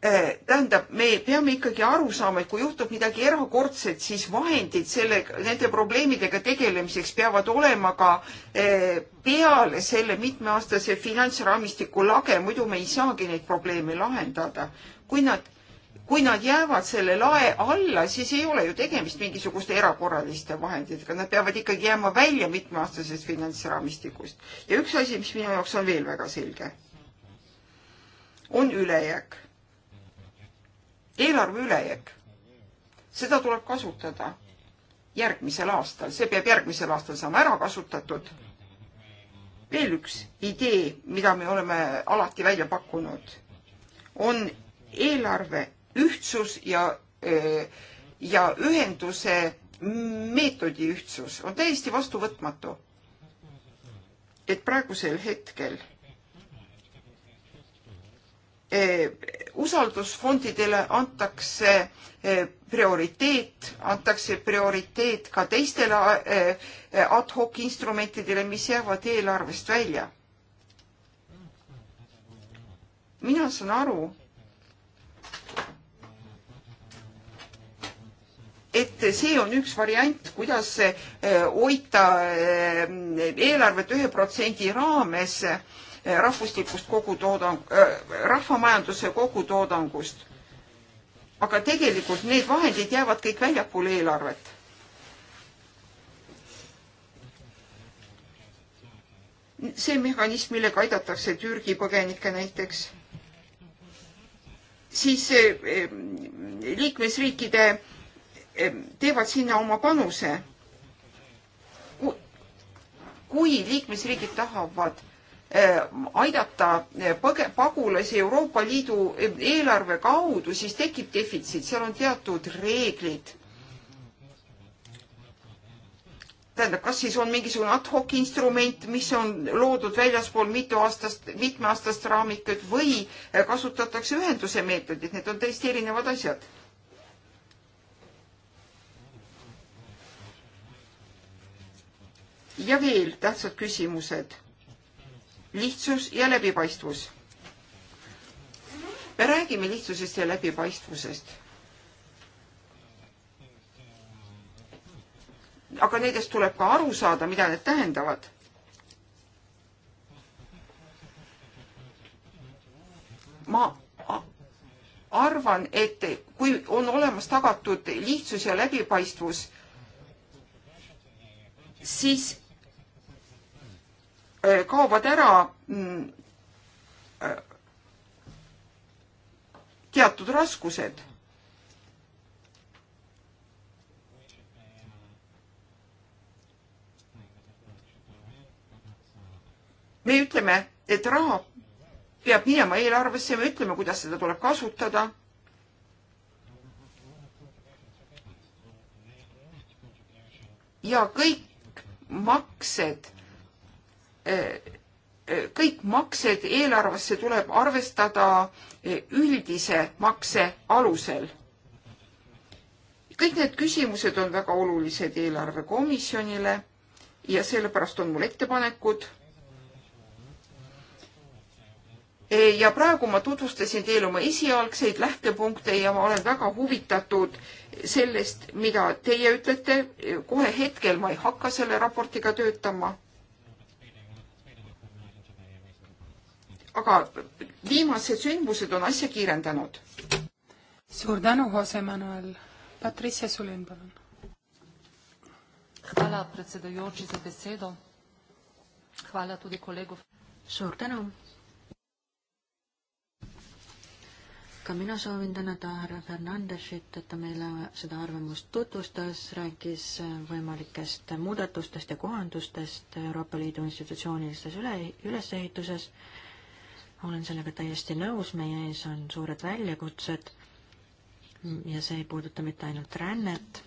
Äh, tähendab, me peame ikkagi aru saama, et kui juhtub midagi erakordset, siis vahendid selle, nende probleemidega tegelemiseks peavad olema ka äh, peale selle mitmeaastase finantsraamistiku lage, muidu me ei saagi neid probleeme lahendada. kui nad, kui nad jäävad selle lae alla, siis ei ole ju tegemist mingisuguste erakorraliste vahenditega, nad peavad ikkagi jääma välja mitmeaastasest finantsraamistikust. ja üks asi, mis minu jaoks on veel väga selge, on ülejääk eelarve ülejääk, seda tuleb kasutada järgmisel aastal, see peab järgmisel aastal saama ära kasutatud. veel üks idee, mida me oleme alati välja pakkunud, on eelarve ühtsus ja, ja ühenduse meetodi ühtsus on täiesti vastuvõtmatu. et praegusel hetkel usaldusfondidele antakse eh, prioriteet, antakse prioriteet ka teistele eh, eh, ad hoc instrumentidele, mis jäävad eelarvest välja. mina saan aru, et see on üks variant, kuidas hoida eelarvet ühe protsendi raames Eh, rahvuslikust kogutoodang, eh, rahvamajanduse kogutoodangust. aga tegelikult need vahendid jäävad kõik väljapoole eelarvet. see mehhanism, millega aidatakse Türgi põgenikke näiteks, siis eh, liikmesriikide teevad sinna oma panuse. kui liikmesriigid tahavad Äh, aidata äh, põge-, pagulasi Euroopa Liidu äh, eelarve kaudu, siis tekib defitsiit, seal on teatud reeglid. tähendab, kas siis on mingisugune ad hoc instrument, mis on loodud väljaspool mitu aastast, mitmeaastast raamikut või kasutatakse ühenduse meetodit, need on täiesti erinevad asjad ja veel tähtsad küsimused lihtsus ja läbipaistvus. me räägime lihtsusest ja läbipaistvusest. aga nendest tuleb ka aru saada, mida need tähendavad. ma arvan, et kui on olemas tagatud lihtsus ja läbipaistvus, siis Äh, kaovad ära mm, äh, teatud raskused. me ütleme, et raha peab minema eelarvesse, me ütleme, kuidas seda tuleb kasutada ja kõik maksed Äh, äh, kõik maksed eelarvesse tuleb arvestada äh, üldise makse alusel. kõik need küsimused on väga olulised eelarvekomisjonile ja sellepärast on mul ettepanekud. ja praegu ma tutvustasin teile oma esialgseid lähtepunkte ja ma olen väga huvitatud sellest, mida teie ütlete. kohe hetkel ma ei hakka selle raportiga töötama aga viimased sündmused on asja kiirendanud. suur tänu, Jose Manuel. Patricia Sulin, palun. Hvala predsedujoči za besedo. Hvala tudi kolegu. suur tänu. ka mina soovin tänada härra Fernandesit, et ta meile seda arvamust tutvustas, rääkis võimalikest muudatustest ja kohandustest Euroopa Liidu institutsioonilises üle, ülesehituses olen sellega täiesti nõus, meie ees on suured väljakutsed ja see ei puuduta mitte ainult rännet.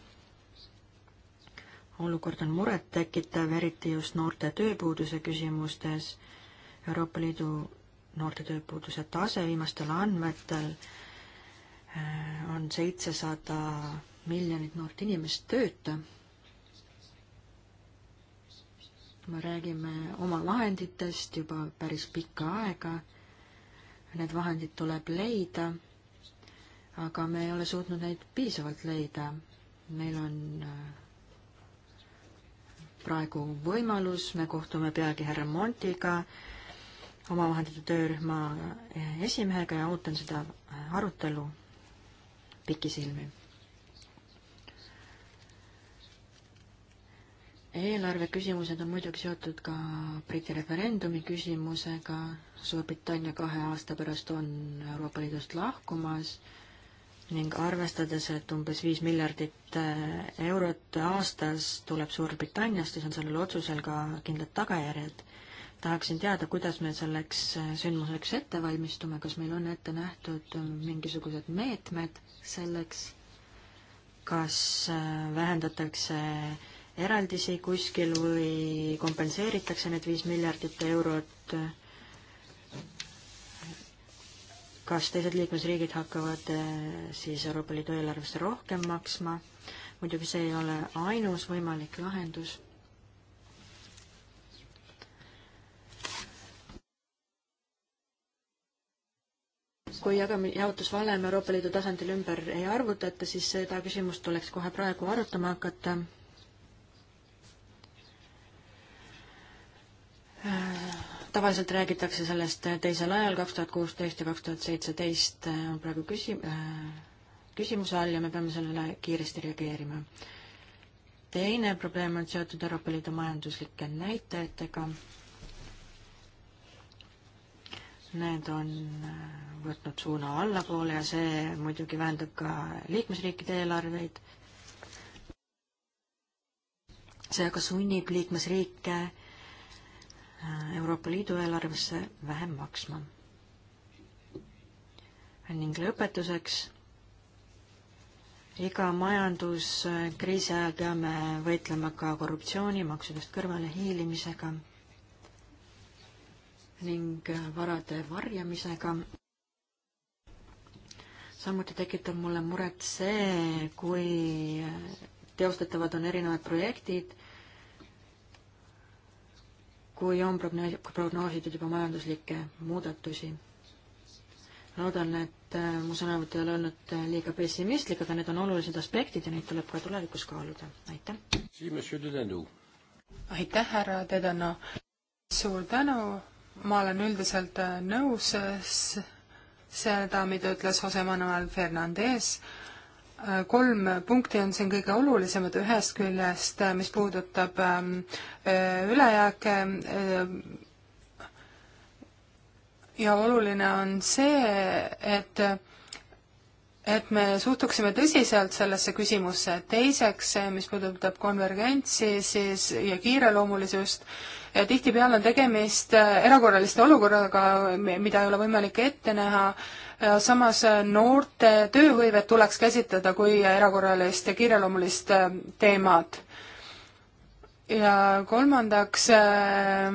olukord on murettekitav, eriti just noorte tööpuuduse küsimustes. Euroopa Liidu noorte tööpuuduse tase viimastel andmetel äh, on seitsesada miljonit noort inimest tööta. me räägime omavahenditest juba päris pikka aega need vahendid tuleb leida, aga me ei ole suutnud neid piisavalt leida. meil on äh, praegu võimalus, me kohtume peagi härra Montiga, omavahendite töörühma äh, esimehega ja ootan seda äh, arutelu pikisilmi eelarve küsimused on muidugi seotud ka Briti referendumi küsimusega. Suurbritannia kahe aasta pärast on Euroopa Liidust lahkumas ning arvestades, et umbes viis miljardit äh, eurot aastas tuleb Suurbritanniast, siis on sellel otsusel ka kindlad tagajärjed. tahaksin teada, kuidas me selleks äh, sündmuseks ette valmistume, kas meil on ette nähtud äh, mingisugused meetmed selleks, kas vähendatakse äh, eraldisi kuskil või kompenseeritakse need viis miljardit eurot? kas teised liikmesriigid hakkavad eh, siis Euroopa Liidu eelarvesse rohkem maksma? muidugi see ei ole ainus võimalik lahendus. kui jagam-, jaotusvalem Euroopa Liidu tasandil ümber ei arvutata, siis seda küsimust tuleks kohe praegu arutama hakata tavaliselt räägitakse sellest teisel ajal, kaks tuhat kuusteist ja kaks tuhat seitseteist äh, on praegu küsi-, äh, küsimuse all ja me peame sellele kiiresti reageerima. teine probleem on seotud Euroopa Liidu majanduslike näitajatega. Need on äh, võtnud suuna allapoole ja see muidugi vähendab ka liikmesriikide eelarveid. see aga sunnib liikmesriike Äh, Euroopa Liidu eelarvesse vähem maksma. ning lõpetuseks, iga majanduskriisi ajal peame võitlema ka korruptsiooni, maksudest kõrvalehiilimisega ning äh, varade varjamisega. samuti tekitab mulle muret see, kui äh, teostatavad on erinevad projektid kui on prognoos, prognoositud juba majanduslikke muudatusi. loodan, et äh, mu sõnavõtt ei ole olnud äh, liiga pessimistlik, aga need on olulised aspektid ja neid tuleb ka tulevikus kaaluda. aitäh! aitäh, härra Tedano! suur tänu, ma olen üldiselt äh, nõus seda, mida ütles Jose Manuel Fernandez, kolm punkti on siin kõige olulisemad, ühest küljest, äh, mis puudutab ähm, äh, ülejääke äh, ja oluline on see, et et me suhtuksime tõsiselt sellesse küsimusse, teiseks see, mis puudutab konvergentsi siis ja kiireloomulisust, tihtipeale on tegemist erakorraliste olukorraga, mida ei ole võimalik ette näha samas äh, noorte tööhõivet tuleks käsitleda kui erakorralist ja kiireloomulist äh, teemat. ja kolmandaks äh,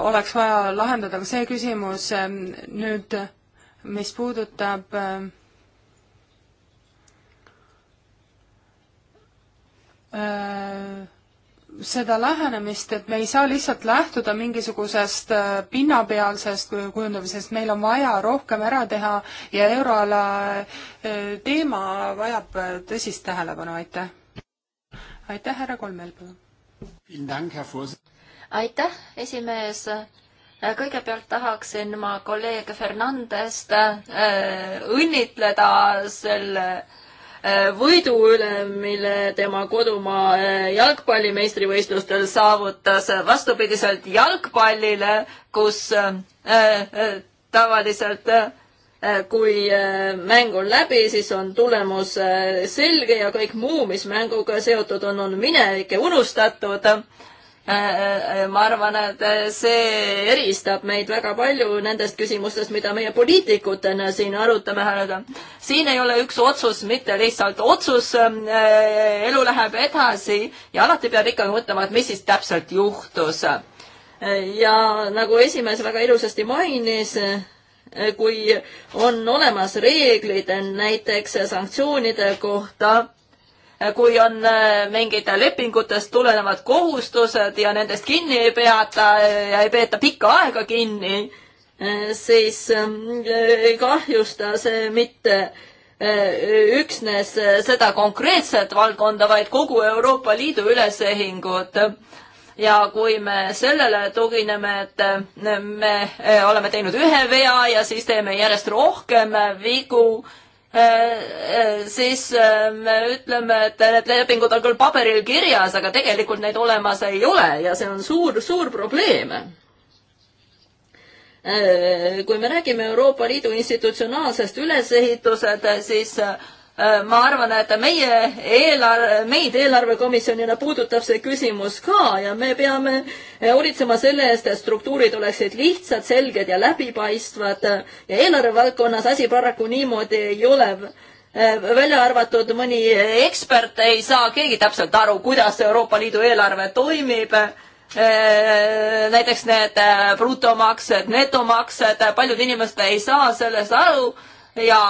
oleks vaja lahendada ka see küsimus nüüd, mis puudutab öö, seda lähenemist, et me ei saa lihtsalt lähtuda mingisugusest äh, pinnapealsest kujundamisest, meil on vaja rohkem ära teha ja euroala äh, teema vajab äh, tõsist tähelepanu, aitäh. aitäh, härra Kolmel, palun. aitäh, esimees kõigepealt tahaksin ma kolleeg Fernandest õnnitleda selle Äh, võidu üle, mille tema kodumaa äh, jalgpalli meistrivõistlustel saavutas, vastupidiselt jalgpallile, kus äh, tavaliselt kui mäng on läbi, siis on tulemus selge ja kõik muu, mis mänguga seotud on, on minevik ja unustatud Äh, äh, ma arvan, et äh, see eristab meid väga palju nendest küsimustest, mida meie poliitikutena siin arutame. siin ei ole üks otsus mitte lihtsalt otsus, ähm, elu läheb edasi ja alati peab ikkagi mõtlema, et mis siis täpselt juhtus. ja nagu esimees väga ilusasti mainis, kui on olemas reeglid näiteks sanktsioonide kohta, kui on äh, mingid lepingutest tulenevad kohustused ja nendest kinni ei peata ja ei peeta pikka aega kinni, äh, siis äh, ei kahjusta see mitte üksnes seda konkreetset valdkonda, vaid kogu Euroopa Liidu ülesehingut ja kui me sellele tugineme, et me oleme teinud ühe vea ja siis teeme järjest rohkem vigu, Äh, äh, siis äh, me ütleme, et need lepingud on küll paberil kirjas, aga tegelikult neid olemas ei ole ja see on suur, suur probleem. kui me räägime Euroopa Liidu institutsionaalsest ülesehitused, siis Äh, ma arvan, et meie eelarve, meid eelarvekomisjonina puudutab see küsimus ka ja me peame äh, hoolitsema selle eest, et struktuurid oleksid lihtsad, selged ja läbipaistvad ja eelarve valdkonnas asi paraku niimoodi ei ole äh, välja arvatud mõni ekspert, ei saa keegi täpselt aru, kuidas Euroopa Liidu eelarve toimib näiteks need brutomaksed, netomaksed, paljud inimesed ei saa sellest aru ja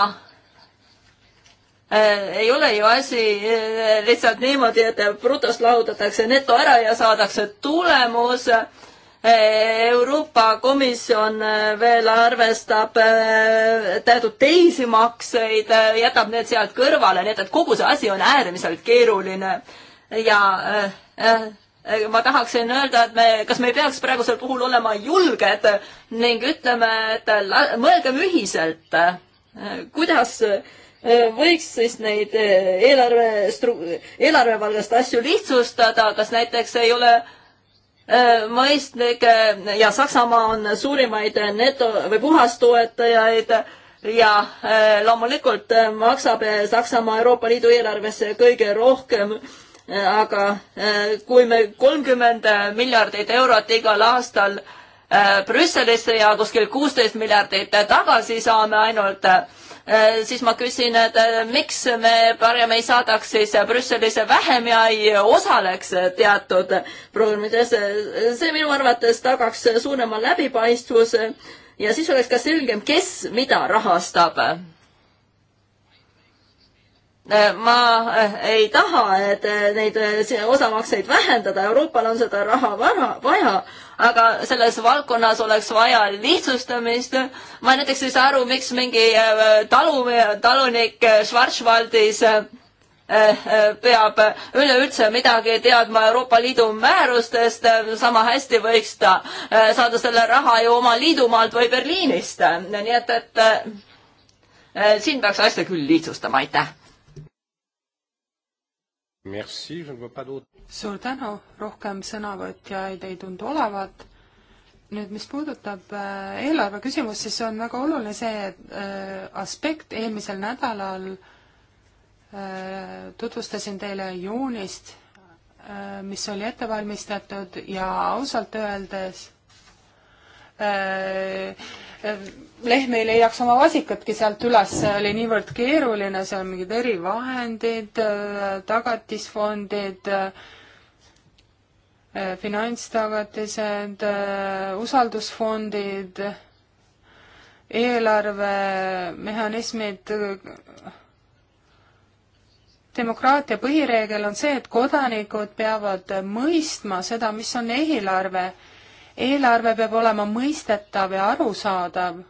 Äh, ei ole ju asi äh, lihtsalt niimoodi, et brutost lahutatakse neto ära ja saadakse tulemus. Äh, Euroopa Komisjon veel arvestab teatud teisi makseid, jätab need sealt kõrvale, nii et, et kogu see asi on äärmiselt keeruline ja äh, ma tahaksin öelda, et me, kas me ei peaks praegusel puhul olema julged ning ütleme, et mõelgem ühiselt, kuidas äh, Äh, võiks siis neid äh, eelarve, eelarvevalgast asju lihtsustada, kas näiteks ei ole äh, mõistlik ja Saksamaa on suurimaid neto või puhastoetajaid ja loomulikult maksab Saksamaa Euroopa Liidu eelarvesse kõige rohkem aga kui me kolmkümmend miljardit eurot igal aastal Brüsselisse ja kuskil kuusteist miljardit tagasi saame ainult äh, Äh, siis ma küsin, et äh, miks me parem ei saadaks siis Brüsselisse vähem ja ei osaleks teatud programmides. see minu arvates tagaks suurema läbipaistvuse ja siis oleks ka selgem, kes mida rahastab äh, ma ei taha, et neid osamakseid vähendada, Euroopal on seda raha vara, vaja, aga selles valdkonnas oleks vaja lihtsustamist. ma näiteks ei saa aru, miks mingi äh, talu, talunik äh, Schwarzwaldis äh, peab üleüldse midagi teadma Euroopa Liidu määrustest, sama hästi võiks ta saada selle raha ju oma liidumaalt või Berliinist. nii et, et siin peaks asja küll lihtsustama, aitäh suur tänu, rohkem sõnavõtjaid ei tundu olevat. nüüd, mis puudutab äh, eelarve küsimust, siis on väga oluline see äh, aspekt, eelmisel nädalal äh, tutvustasin teile joonist, mis oli ette valmistatud ja ausalt öeldes lehm ei leiaks oma vasikatki sealt üles, see oli niivõrd keeruline, seal mingid erivahendid, tagatisfondid äh,, Äh, finantstagatised, äh, usaldusfondid, eelarvemehhanismid, äh, demokraatia põhireegel on see, et kodanikud peavad mõistma seda, mis on eelarve. eelarve peab olema mõistetav ja arusaadav.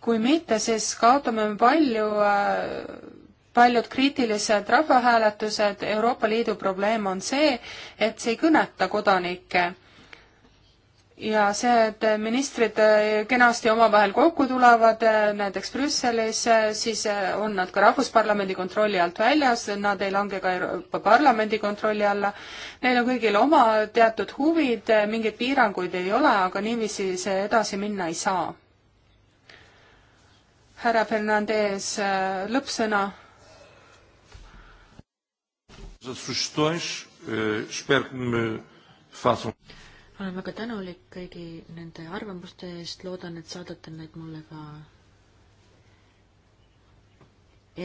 kui mitte, siis kaotame palju paljud kriitilised rahvahääletused, Euroopa Liidu probleem on see, et see ei kõneta kodanikke. ja see, et ministrid kenasti omavahel kokku tulevad, näiteks Brüsselis, siis on nad ka Rahvusparlamendi kontrolli alt väljas, nad ei lange ka Euroopa Parlamendi kontrolli alla. Neil on kõigil oma teatud huvid, mingeid piiranguid ei ole, aga niiviisi see edasi minna ei saa. härra Fernandez, lõppsõna Eh, olen väga tänulik kõigi nende arvamuste eest, loodan, et saadate need mulle ka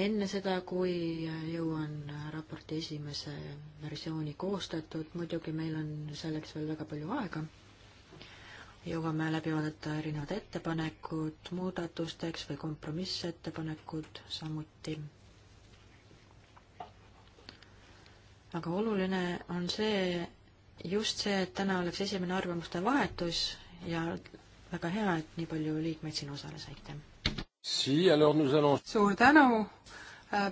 enne seda, kui jõuan raporti esimese versiooni koostatud, muidugi meil on selleks veel väga palju aega, jõuame läbi vaadata erinevad ettepanekud muudatusteks või kompromissettepanekud samuti aga oluline on see, just see, et täna oleks esimene arvamuste vahetus ja väga hea, et nii palju liikmeid siin osales, aitäh! suur tänu!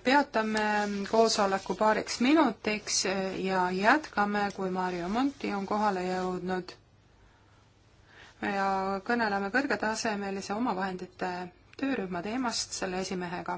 peatame koosoleku paariks minutiks ja jätkame, kui Mario Monti on kohale jõudnud. ja kõneleme kõrgetasemelise omavahendite töörühma teemast selle esimehega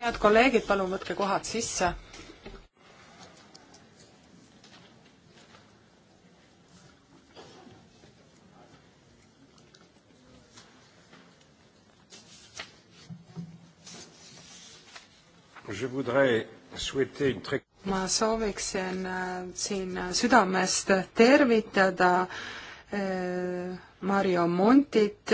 head kolleegid, palun võtke kohad sisse. ma sooviksin äh, siin südamest tervitada äh, Mario Montit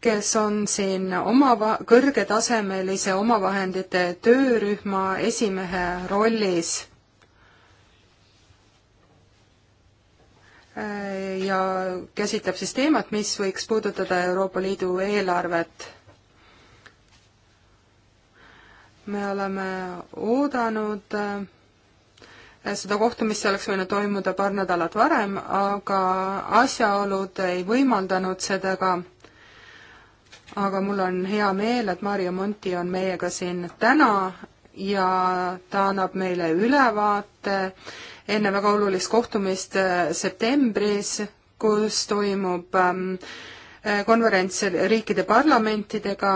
kes on siin oma, kõrgetasemelise omavahendite töörühma esimehe rollis. ja käsitleb siis teemat, mis võiks puudutada Euroopa Liidu eelarvet me oleme oodanud äh, seda kohtumist, see oleks võinud toimuda paar nädalat varem, aga asjaolud ei võimaldanud seda ka aga mul on hea meel, et Mario Monti on meiega siin täna ja ta annab meile ülevaate enne väga olulist kohtumist äh, septembris, kus toimub ähm, äh, konverents riikide parlamentidega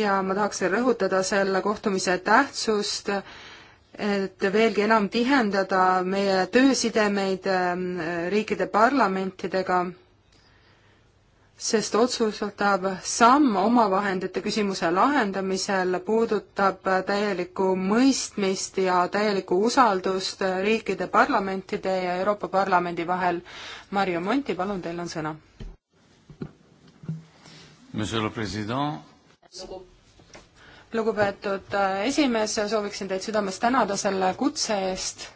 ja ma tahaksin rõhutada selle kohtumise tähtsust, et veelgi enam tihendada meie töösidemeid ähm, riikide parlamentidega sest otsustav samm omavahendite küsimuse lahendamisel puudutab täielikku mõistmist ja täielikku usaldust riikide parlamentide ja Euroopa Parlamendi vahel. Marju Monti, palun, teil on sõna. lugupeetud äh, esimees, sooviksin teid südamest tänada selle kutse eest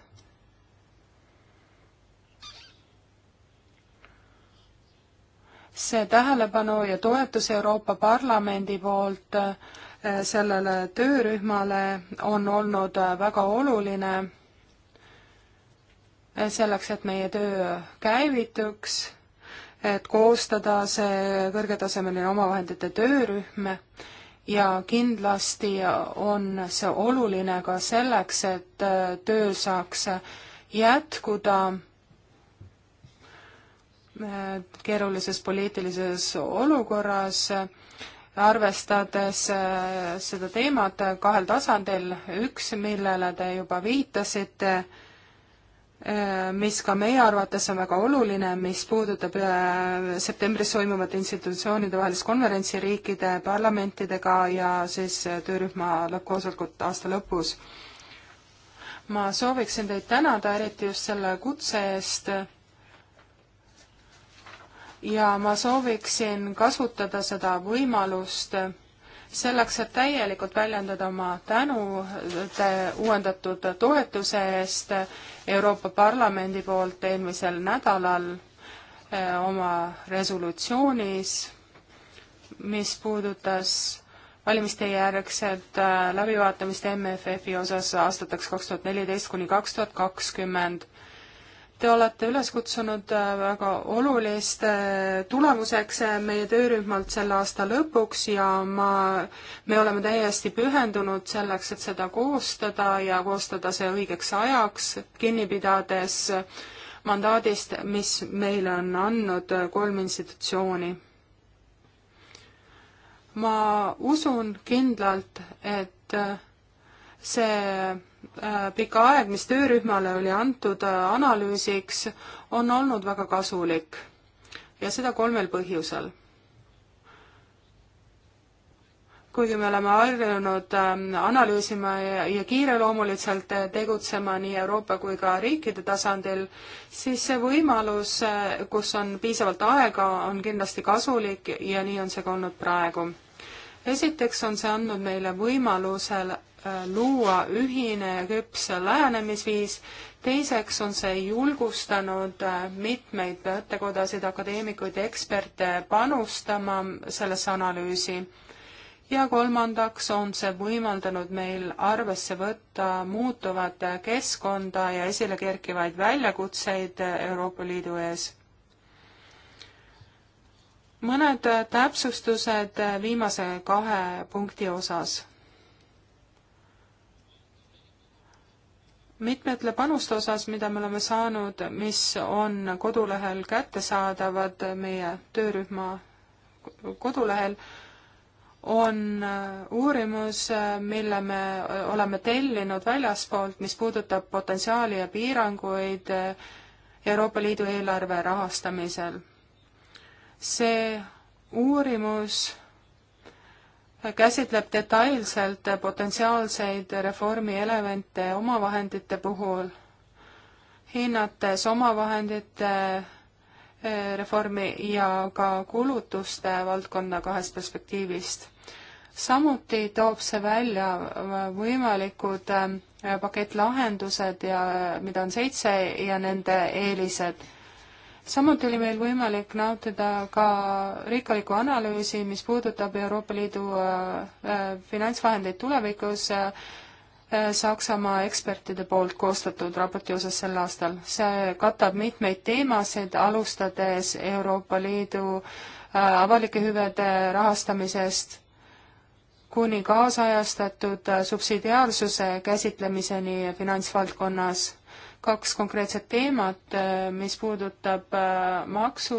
see tähelepanu ja toetus Euroopa Parlamendi poolt äh, sellele töörühmale on olnud äh, väga oluline äh, selleks, et meie töö käivituks, et koostada see kõrgetasemeline omavahendite töörühm ja kindlasti on see oluline ka selleks, et töö saaks jätkuda Äh, keerulises poliitilises olukorras, arvestades äh, seda teemat kahel tasandil, üks, millele te juba viitasite, äh, mis ka meie arvates on väga oluline, mis puudutab septembris toimuvat institutsioonide vahelist konverentsi riikide parlamentidega ja siis töörühma lõppkoosolekut aasta lõpus. ma sooviksin teid tänada eriti just selle kutse eest ja ma sooviksin kasutada seda võimalust selleks, et täielikult väljendada oma tänu uuendatud toetuse eest Euroopa Parlamendi poolt eelmisel nädalal eh, oma resolutsioonis, mis puudutas valimiste järgset eh, läbivaatamist MFF-i osas aastateks kaks tuhat neliteist kuni kaks tuhat kakskümmend Te olete üles kutsunud äh, väga olulist äh, tulemuseks äh, meie töörühmalt selle aasta lõpuks ja ma, me oleme täiesti pühendunud selleks, et seda koostada ja koostada see õigeks ajaks, kinni pidades mandaadist, mis meile on andnud kolm institutsiooni. ma usun kindlalt, et see Äh, pika aeg, mis töörühmale oli antud äh, analüüsiks, on olnud väga kasulik. ja seda kolmel põhjusel. kuigi me oleme harjunud ähm, analüüsima ja, ja kiireloomuliselt äh, tegutsema nii Euroopa kui ka riikide tasandil, siis see võimalus, kus on piisavalt aega, on kindlasti kasulik ja nii on see ka olnud praegu esiteks on see andnud meile võimalusel Äh, luua ühine ja küps lähenemisviis, teiseks on see julgustanud äh, mitmeid mõttekodasid, akadeemikuid ja eksperte panustama sellesse analüüsi ja kolmandaks on see võimaldanud meil arvesse võtta muutuvat keskkonda ja esile kerkivaid väljakutseid Euroopa Liidu ees mõned täpsustused viimase kahe punkti osas. mitmetle panuste osas, mida me oleme saanud, mis on kodulehel kättesaadavad meie töörühma kodulehel, on äh, uurimus, äh, mille me äh, oleme tellinud väljaspoolt, mis puudutab potentsiaali ja piiranguid Euroopa Liidu eelarve rahastamisel. see uurimus käsitleb detailselt potentsiaalseid reformi elemente omavahendite puhul, hinnates omavahendite eh, reformi ja ka kulutuste valdkonna kahest perspektiivist. samuti toob see välja eh, võimalikud eh, pakettlahendused ja mida on seitse ja nende eelised samuti oli meil võimalik nautida ka rikkalikku analüüsi, mis puudutab Euroopa Liidu äh, äh, finantsvahendeid tulevikus äh, Saksamaa ekspertide poolt koostatud raporti osas sel aastal. see katab mitmeid teemasid, alustades Euroopa Liidu avalike hüvede rahastamisest kuni kaasajastatud subsidiaarsuse käsitlemiseni finantsvaldkonnas kaks konkreetset teemat, äh, mis puudutab äh, maksu,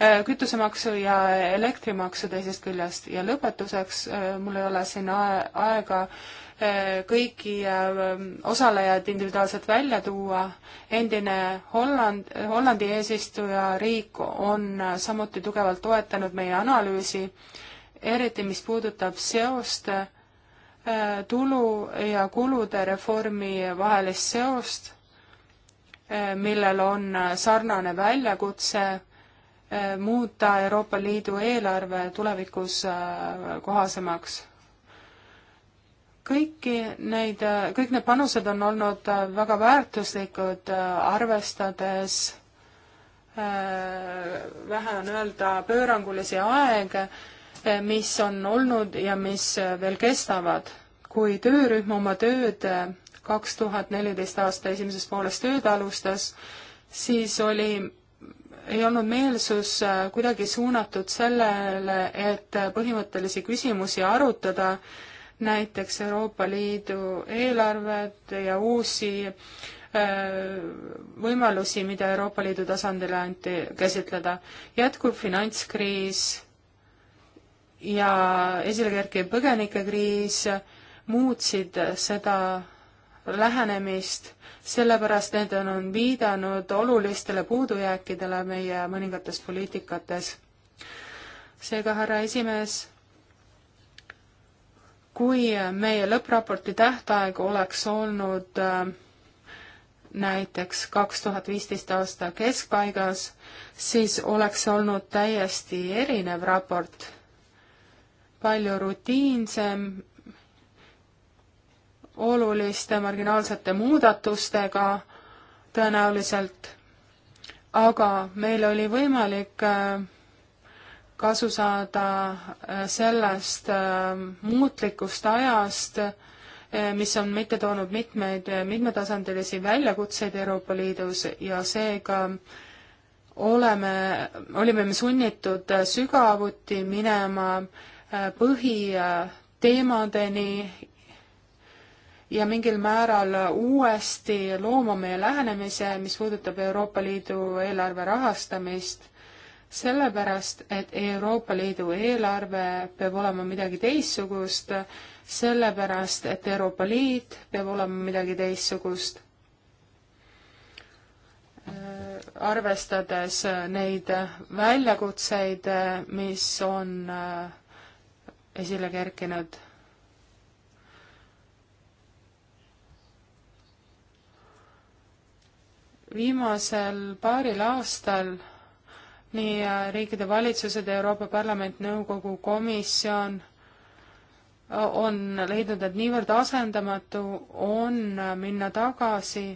äh, kütusemaksu ja elektrimaksu teisest küljest ja lõpetuseks, mul ei ole siin aega kõiki osalejaid individuaalselt välja tuua, endine Holland, Hollandi eesistuja riik on samuti tugevalt toetanud meie analüüsi, eriti mis puudutab seost tulu ja kulude reformi vahelist seost Eh, millel on sarnane väljakutse eh, muuta Euroopa Liidu eelarve tulevikus eh, kohasemaks. kõiki neid, kõik need panused on olnud väga väärtuslikud, arvestades vähe on öelda pöörangulisi aege, mis on olnud ja mis veel kestavad. kui töörühm oma tööd kaks tuhat neliteist aasta esimesest poolest tööd alustas, siis oli, ei olnud meelsus äh, kuidagi suunatud sellele, et põhimõttelisi küsimusi arutada, näiteks Euroopa Liidu eelarved ja uusi äh, võimalusi, mida Euroopa Liidu tasandil anti käsitleda. jätkuv finantskriis ja esile kerkiv põgenikekriis muutsid seda lähenemist, sellepärast need on viidanud olulistele puudujääkidele meie mõningates poliitikates. seega, härra esimees, kui meie lõppraporti tähtaeg oleks olnud äh, näiteks kaks tuhat viisteist aasta keskpaigas, siis oleks olnud täiesti erinev raport, palju rutiinsem oluliste marginaalsete muudatustega tõenäoliselt, aga meil oli võimalik äh, kasu saada äh, sellest äh, muutlikust ajast, mis on mitte toonud mitmeid mitmetasandilisi väljakutseid Euroopa Liidus ja seega oleme, olime me sunnitud sügavuti minema põhiteemadeni ja mingil määral uuesti looma meie lähenemise, mis puudutab Euroopa Liidu eelarve rahastamist, sellepärast et Euroopa Liidu eelarve peab olema midagi teistsugust, sellepärast et Euroopa Liit peab olema midagi teistsugust. arvestades neid väljakutseid, mis on äh, esile kerkinud viimasel paaril aastal nii äh, riikide valitsused, Euroopa Parlament, Nõukogu komisjon äh, on leidnud, et niivõrd asendamatu on äh, minna tagasi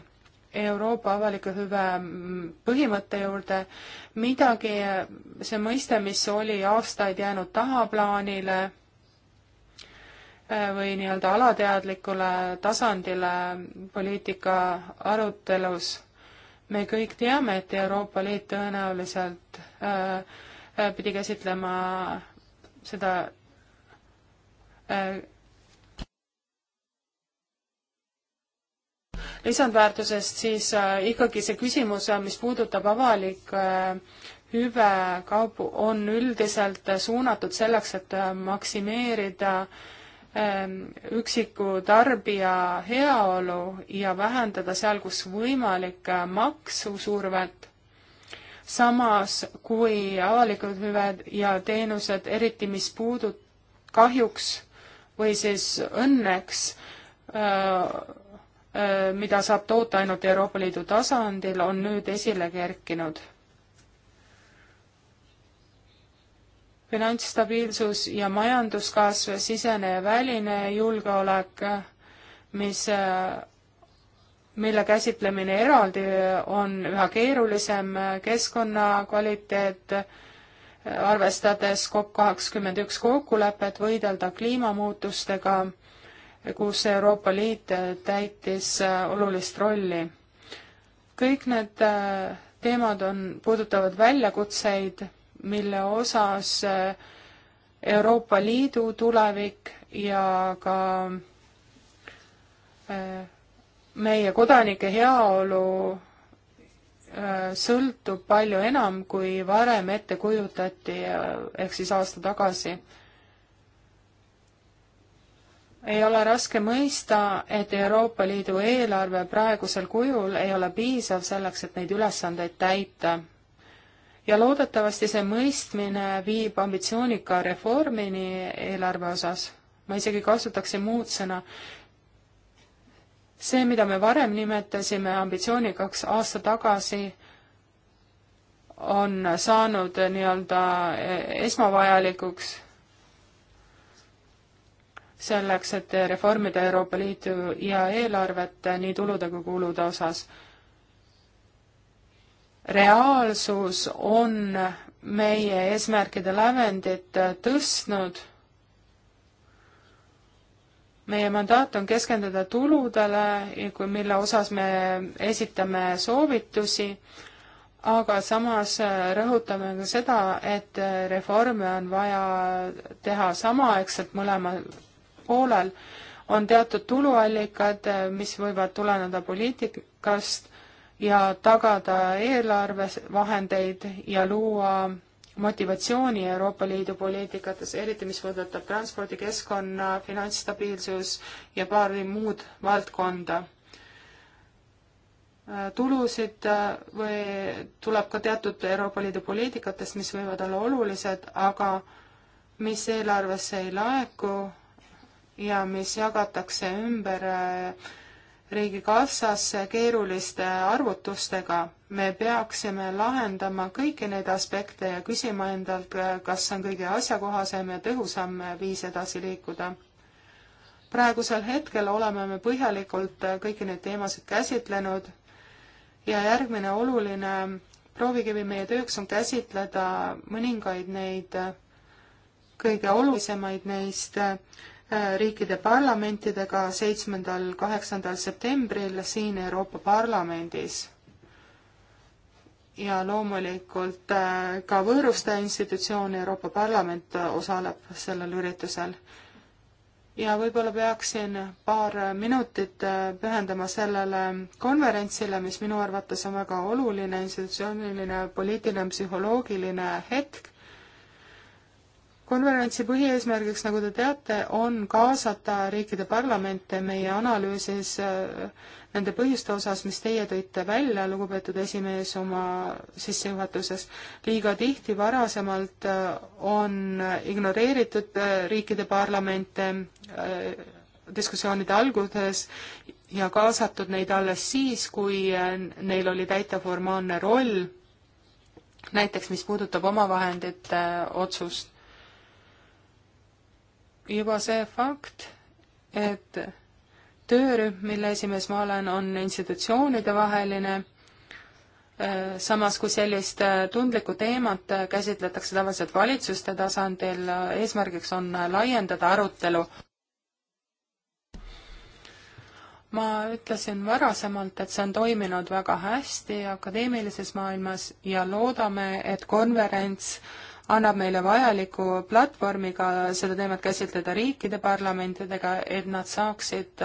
Euroopa avaliku hüve mm, põhimõtte juurde, midagi, see mõiste, mis oli aastaid jäänud tahaplaanile või nii-öelda alateadlikule tasandile poliitika arutelus me kõik teame, et Euroopa Liit tõenäoliselt äh, äh, pidi käsitlema seda äh, lisandväärtusest, siis äh, ikkagi see küsimus, äh, mis puudutab avalik äh, hüve kaupu, on üldiselt suunatud selleks, et maksimeerida äh, Ähm, üksiku tarbija heaolu ja vähendada seal, kus võimalik, äh, maksusurvet. samas kui avalikud hüved ja teenused, eriti mis puudut-, kahjuks või siis õnneks, äh, äh, mida saab toota ainult Euroopa Liidu tasandil, on nüüd esile kerkinud finantsstabiilsus ja majanduskasv, sisene ja väline julgeolek, mis, mille käsitlemine eraldi on üha keerulisem, keskkonna kvaliteet, arvestades COP kakskümmend üks kokkulepet võidelda kliimamuutustega, kus Euroopa Liit täitis olulist rolli. kõik need äh, teemad on, puudutavad väljakutseid mille osas eh, Euroopa Liidu tulevik ja ka eh, meie kodanike heaolu eh, sõltub palju enam, kui varem ette kujutati, ehk siis aasta tagasi. ei ole raske mõista, et Euroopa Liidu eelarve praegusel kujul ei ole piisav selleks, et neid ülesandeid täita ja loodetavasti see mõistmine viib ambitsioonika reformini eelarve osas. ma isegi kasutaksin muud sõna. see, mida me varem nimetasime ambitsioonikaks aasta tagasi, on saanud nii-öelda esmavajalikuks selleks, et reformida Euroopa Liitu ja eelarvet nii tulude kui kulude osas reaalsus on meie eesmärkide lävendit tõstnud. meie mandaat on keskenduda tuludele, kui, mille osas me esitame soovitusi, aga samas rõhutame ka seda, et reforme on vaja teha samaaegselt mõlemal poolel. on teatud tuluallikad, mis võivad tuleneda poliitikast ja tagada eelarvevahendeid ja luua motivatsiooni Euroopa Liidu poliitikates, eriti mis puudutab transpordi, keskkonna, finantsstabiilsus ja paari muud valdkonda. tulusid või tuleb ka teatud Euroopa Liidu poliitikatest, mis võivad olla olulised, aga mis eelarvesse ei laeku ja mis jagatakse ümber äh, riigikassasse keeruliste arvutustega. me peaksime lahendama kõiki neid aspekte ja küsima endalt, kas see on kõige asjakohasem ja tõhusam viis edasi liikuda. praegusel hetkel oleme me põhjalikult kõiki neid teemasid käsitlenud ja järgmine oluline proovikivi meie tööks on käsitleda mõningaid neid kõige olulisemaid neist Äh, riikide parlamentidega seitsmendal, kaheksandal septembril siin Euroopa Parlamendis ja loomulikult äh, ka võõrustaja institutsioon Euroopa Parlament osaleb sellel üritusel. ja võib-olla peaksin paar minutit äh, pühendama sellele konverentsile, mis minu arvates on väga oluline institutsiooniline, poliitiline, psühholoogiline hetk konverentsi põhieesmärgiks, nagu te teate, on kaasata riikide parlamente meie analüüsis äh, nende põhjuste osas, mis teie tõite välja, lugupeetud esimees, oma sissejuhatuses. liiga tihti varasemalt äh, on ignoreeritud äh, riikide parlamente diskussioonide alguses ja kaasatud neid alles siis, kui neil oli täita formaalne roll, näiteks mis puudutab omavahendite otsust juba see fakt, et töörühm, mille esimees ma olen, on institutsioonide vaheline, äh, samas kui sellist äh, tundlikku teemat äh, käsitletakse tavaliselt valitsuste tasandil, eesmärgiks on laiendada arutelu. ma ütlesin varasemalt, et see on toiminud väga hästi akadeemilises maailmas ja loodame, et konverents äh, annab meile vajaliku platvormi ka seda teemat käsitleda riikide parlamentidega, et nad saaksid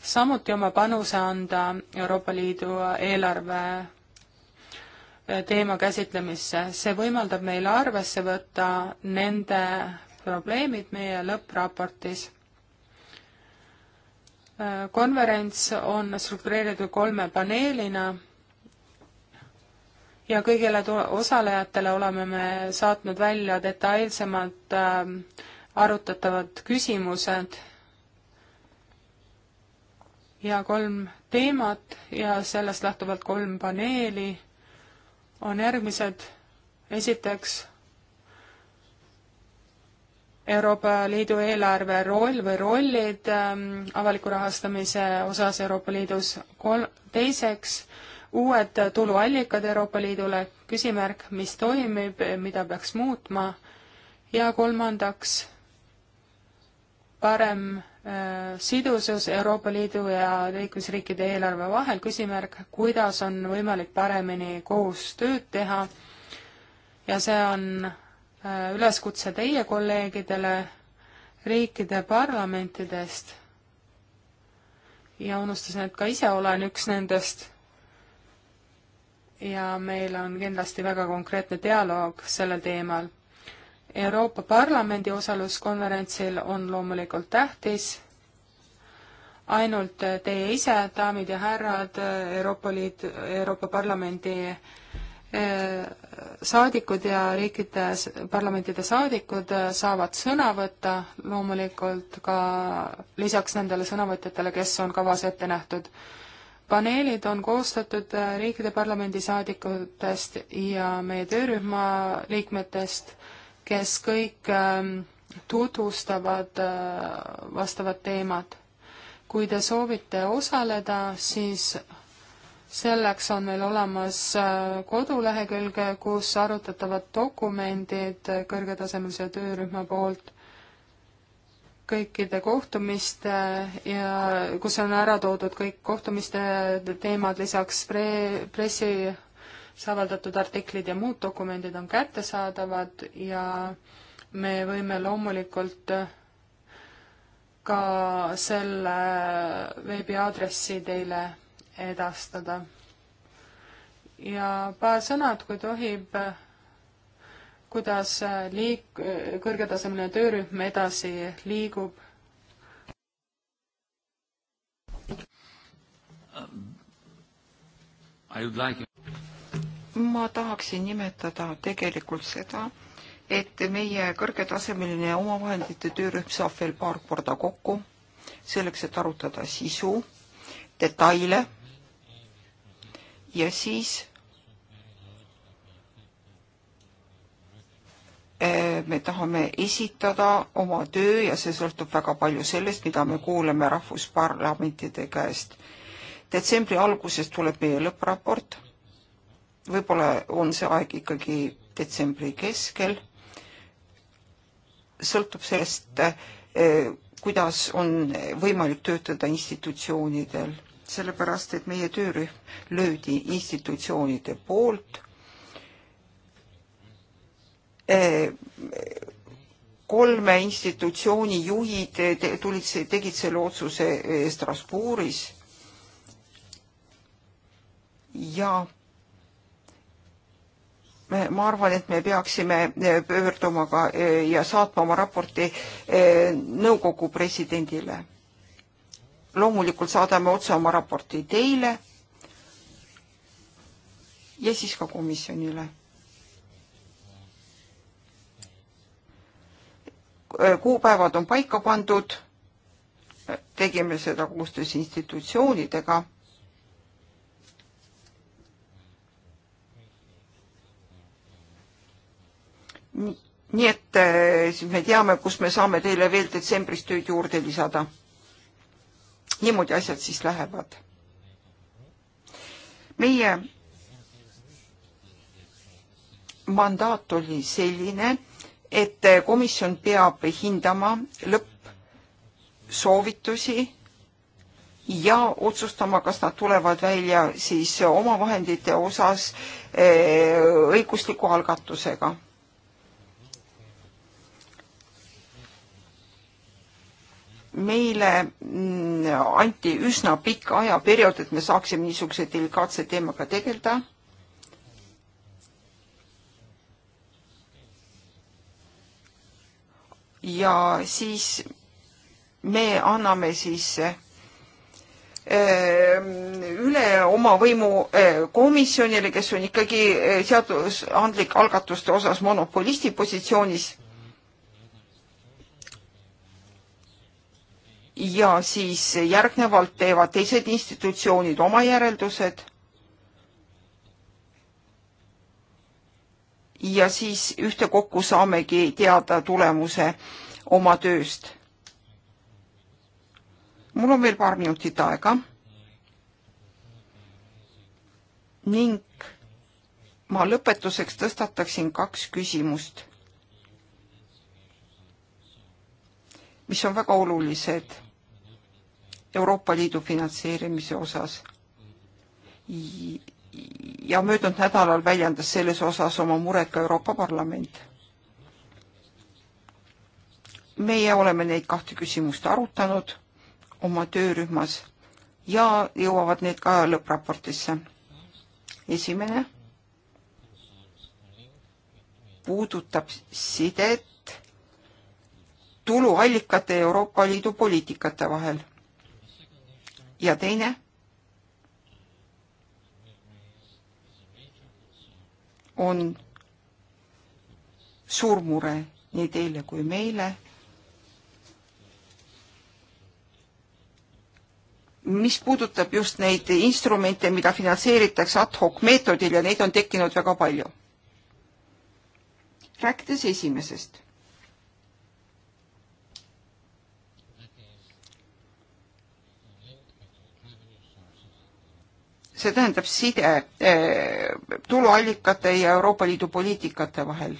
samuti oma panuse anda Euroopa Liidu eelarve teema käsitlemisse. see võimaldab meil arvesse võtta nende probleemid meie lõppraportis konverents on struktureeritud kolme paneelina ja kõigile osalejatele oleme me saatnud välja detailsemalt äh, arutatavad küsimused ja kolm teemat ja sellest lähtuvalt kolm paneeli on järgmised. esiteks Euroopa Liidu eelarve roll või rollid ähm, avaliku rahastamise osas Euroopa Liidus, kol-, teiseks äh, uued tuluallikad Euroopa Liidule, küsimärk, mis toimib, mida peaks muutma, ja kolmandaks, parem äh, sidusus Euroopa Liidu ja liikmesriikide eelarve vahel, küsimärk, kuidas on võimalik paremini koostööd teha ja see on äh, üleskutse teie kolleegidele riikide parlamentidest ja unustasin, et ka ise olen üks nendest ja meil on kindlasti väga konkreetne dialoog sellel teemal. Euroopa Parlamendi osalus konverentsil on loomulikult tähtis, ainult teie ise, daamid ja härrad, Euroopa Liit, Euroopa Parlamendi eh, saadikud ja riikide parlamentide saadikud saavad sõna võtta, loomulikult ka lisaks nendele sõnavõtjatele, kes on kavas ette nähtud paneelid on koostatud äh, riikide parlamendisaadikutest ja meie töörühma liikmetest, kes kõik ähm, tutvustavad äh, vastavat teemat. kui te soovite osaleda, siis selleks on meil olemas äh, kodulehekülge, kus arutatavad dokumendid kõrgetasemelise töörühma poolt kõikide kohtumiste ja kus on ära toodud kõik kohtumiste teemad, lisaks pre-, pressis avaldatud artiklid ja muud dokumendid on kättesaadavad ja me võime loomulikult ka selle veebiaadressi teile edastada. ja paar sõnad, kui tohib kuidas äh, liik-, äh, kõrgetasemeline töörühm edasi liigub. Uh, like... ma tahaksin nimetada tegelikult seda, et meie kõrgetasemeline omavahendite töörühm saab veel paar korda kokku, selleks et arutada sisu, detaile ja siis Eh, me tahame esitada oma töö ja see sõltub väga palju sellest, mida me kuuleme rahvusparlamentide käest. detsembri alguses tuleb meie lõppraport, võib-olla on see aeg ikkagi detsembri keskel, sõltub sellest, eh, kuidas on võimalik töötada institutsioonidel, sellepärast et meie töörühm löödi institutsioonide poolt kolme institutsiooni juhid tulid, tegid selle otsuse eh, Strasbourgis ja ma arvan, et me peaksime eh, pöörduma ka eh, ja saatma oma raporti nõukogu presidendile. loomulikult saadame otse oma raporti teile ja siis ka komisjonile Äh, kuupäevad on paika pandud, tegime seda koostöös institutsioonidega. nii et äh, siis me teame, kus me saame teile veel detsembris tööd juurde lisada. niimoodi asjad siis lähevad. meie mandaat oli selline et komisjon peab hindama lõppsoovitusi ja otsustama, kas nad tulevad välja siis oma vahendite osas eh, õigusliku algatusega. meile mm, anti üsna pikk ajaperiood, et me saaksime niisuguse delikaatse teemaga tegeleda ja siis me anname siis ähm, üle oma võimu äh, komisjonile, kes on ikkagi äh, seadusandlik algatuste osas monopolisti positsioonis. ja siis järgnevalt teevad teised institutsioonid oma järeldused ja siis ühtekokku saamegi teada tulemuse oma tööst. mul on veel paar minutit aega. ning ma lõpetuseks tõstataksin kaks küsimust, mis on väga olulised Euroopa Liidu finantseerimise osas ja möödunud nädalal väljendas selles osas oma muret ka Euroopa Parlament. meie oleme neid kahte küsimust arutanud oma töörühmas ja jõuavad need ka lõppraportisse. esimene puudutab sidet tuluallikate Euroopa Liidu poliitikate vahel ja teine on suur mure nii teile kui meile. mis puudutab just neid instrumente, mida finantseeritakse ad hoc meetodil ja neid on tekkinud väga palju. rääkides esimesest see tähendab side eh, tuluallikate ja Euroopa Liidu poliitikate vahel.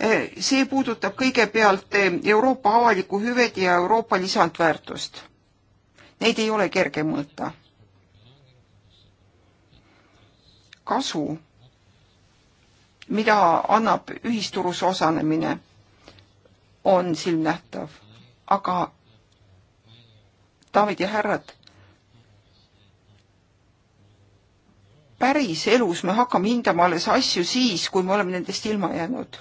Eh, see puudutab kõigepealt eh, Euroopa avalikku hüved ja Euroopa lisandväärtust. Neid ei ole kerge mõõta. kasu, mida annab ühisturus osalemine, on silmnähtav, aga daamid ja härrad päriselus me hakkame hindama alles asju siis, kui me oleme nendest ilma jäänud.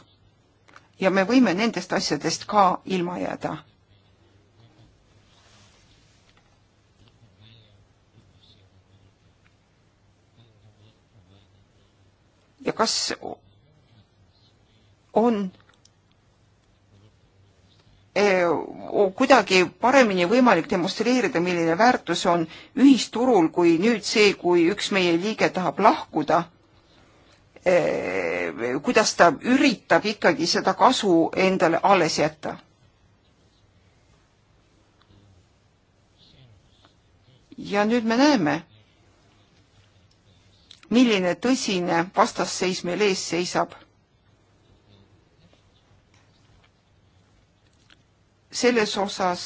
ja me võime nendest asjadest ka ilma jääda. ja kas on Eh, kuidagi paremini võimalik demonstreerida, milline väärtus on ühisturul, kui nüüd see, kui üks meie liige tahab lahkuda, eh, kuidas ta üritab ikkagi seda kasu endale alles jätta. ja nüüd me näeme, milline tõsine vastasseis meil ees seisab selles osas,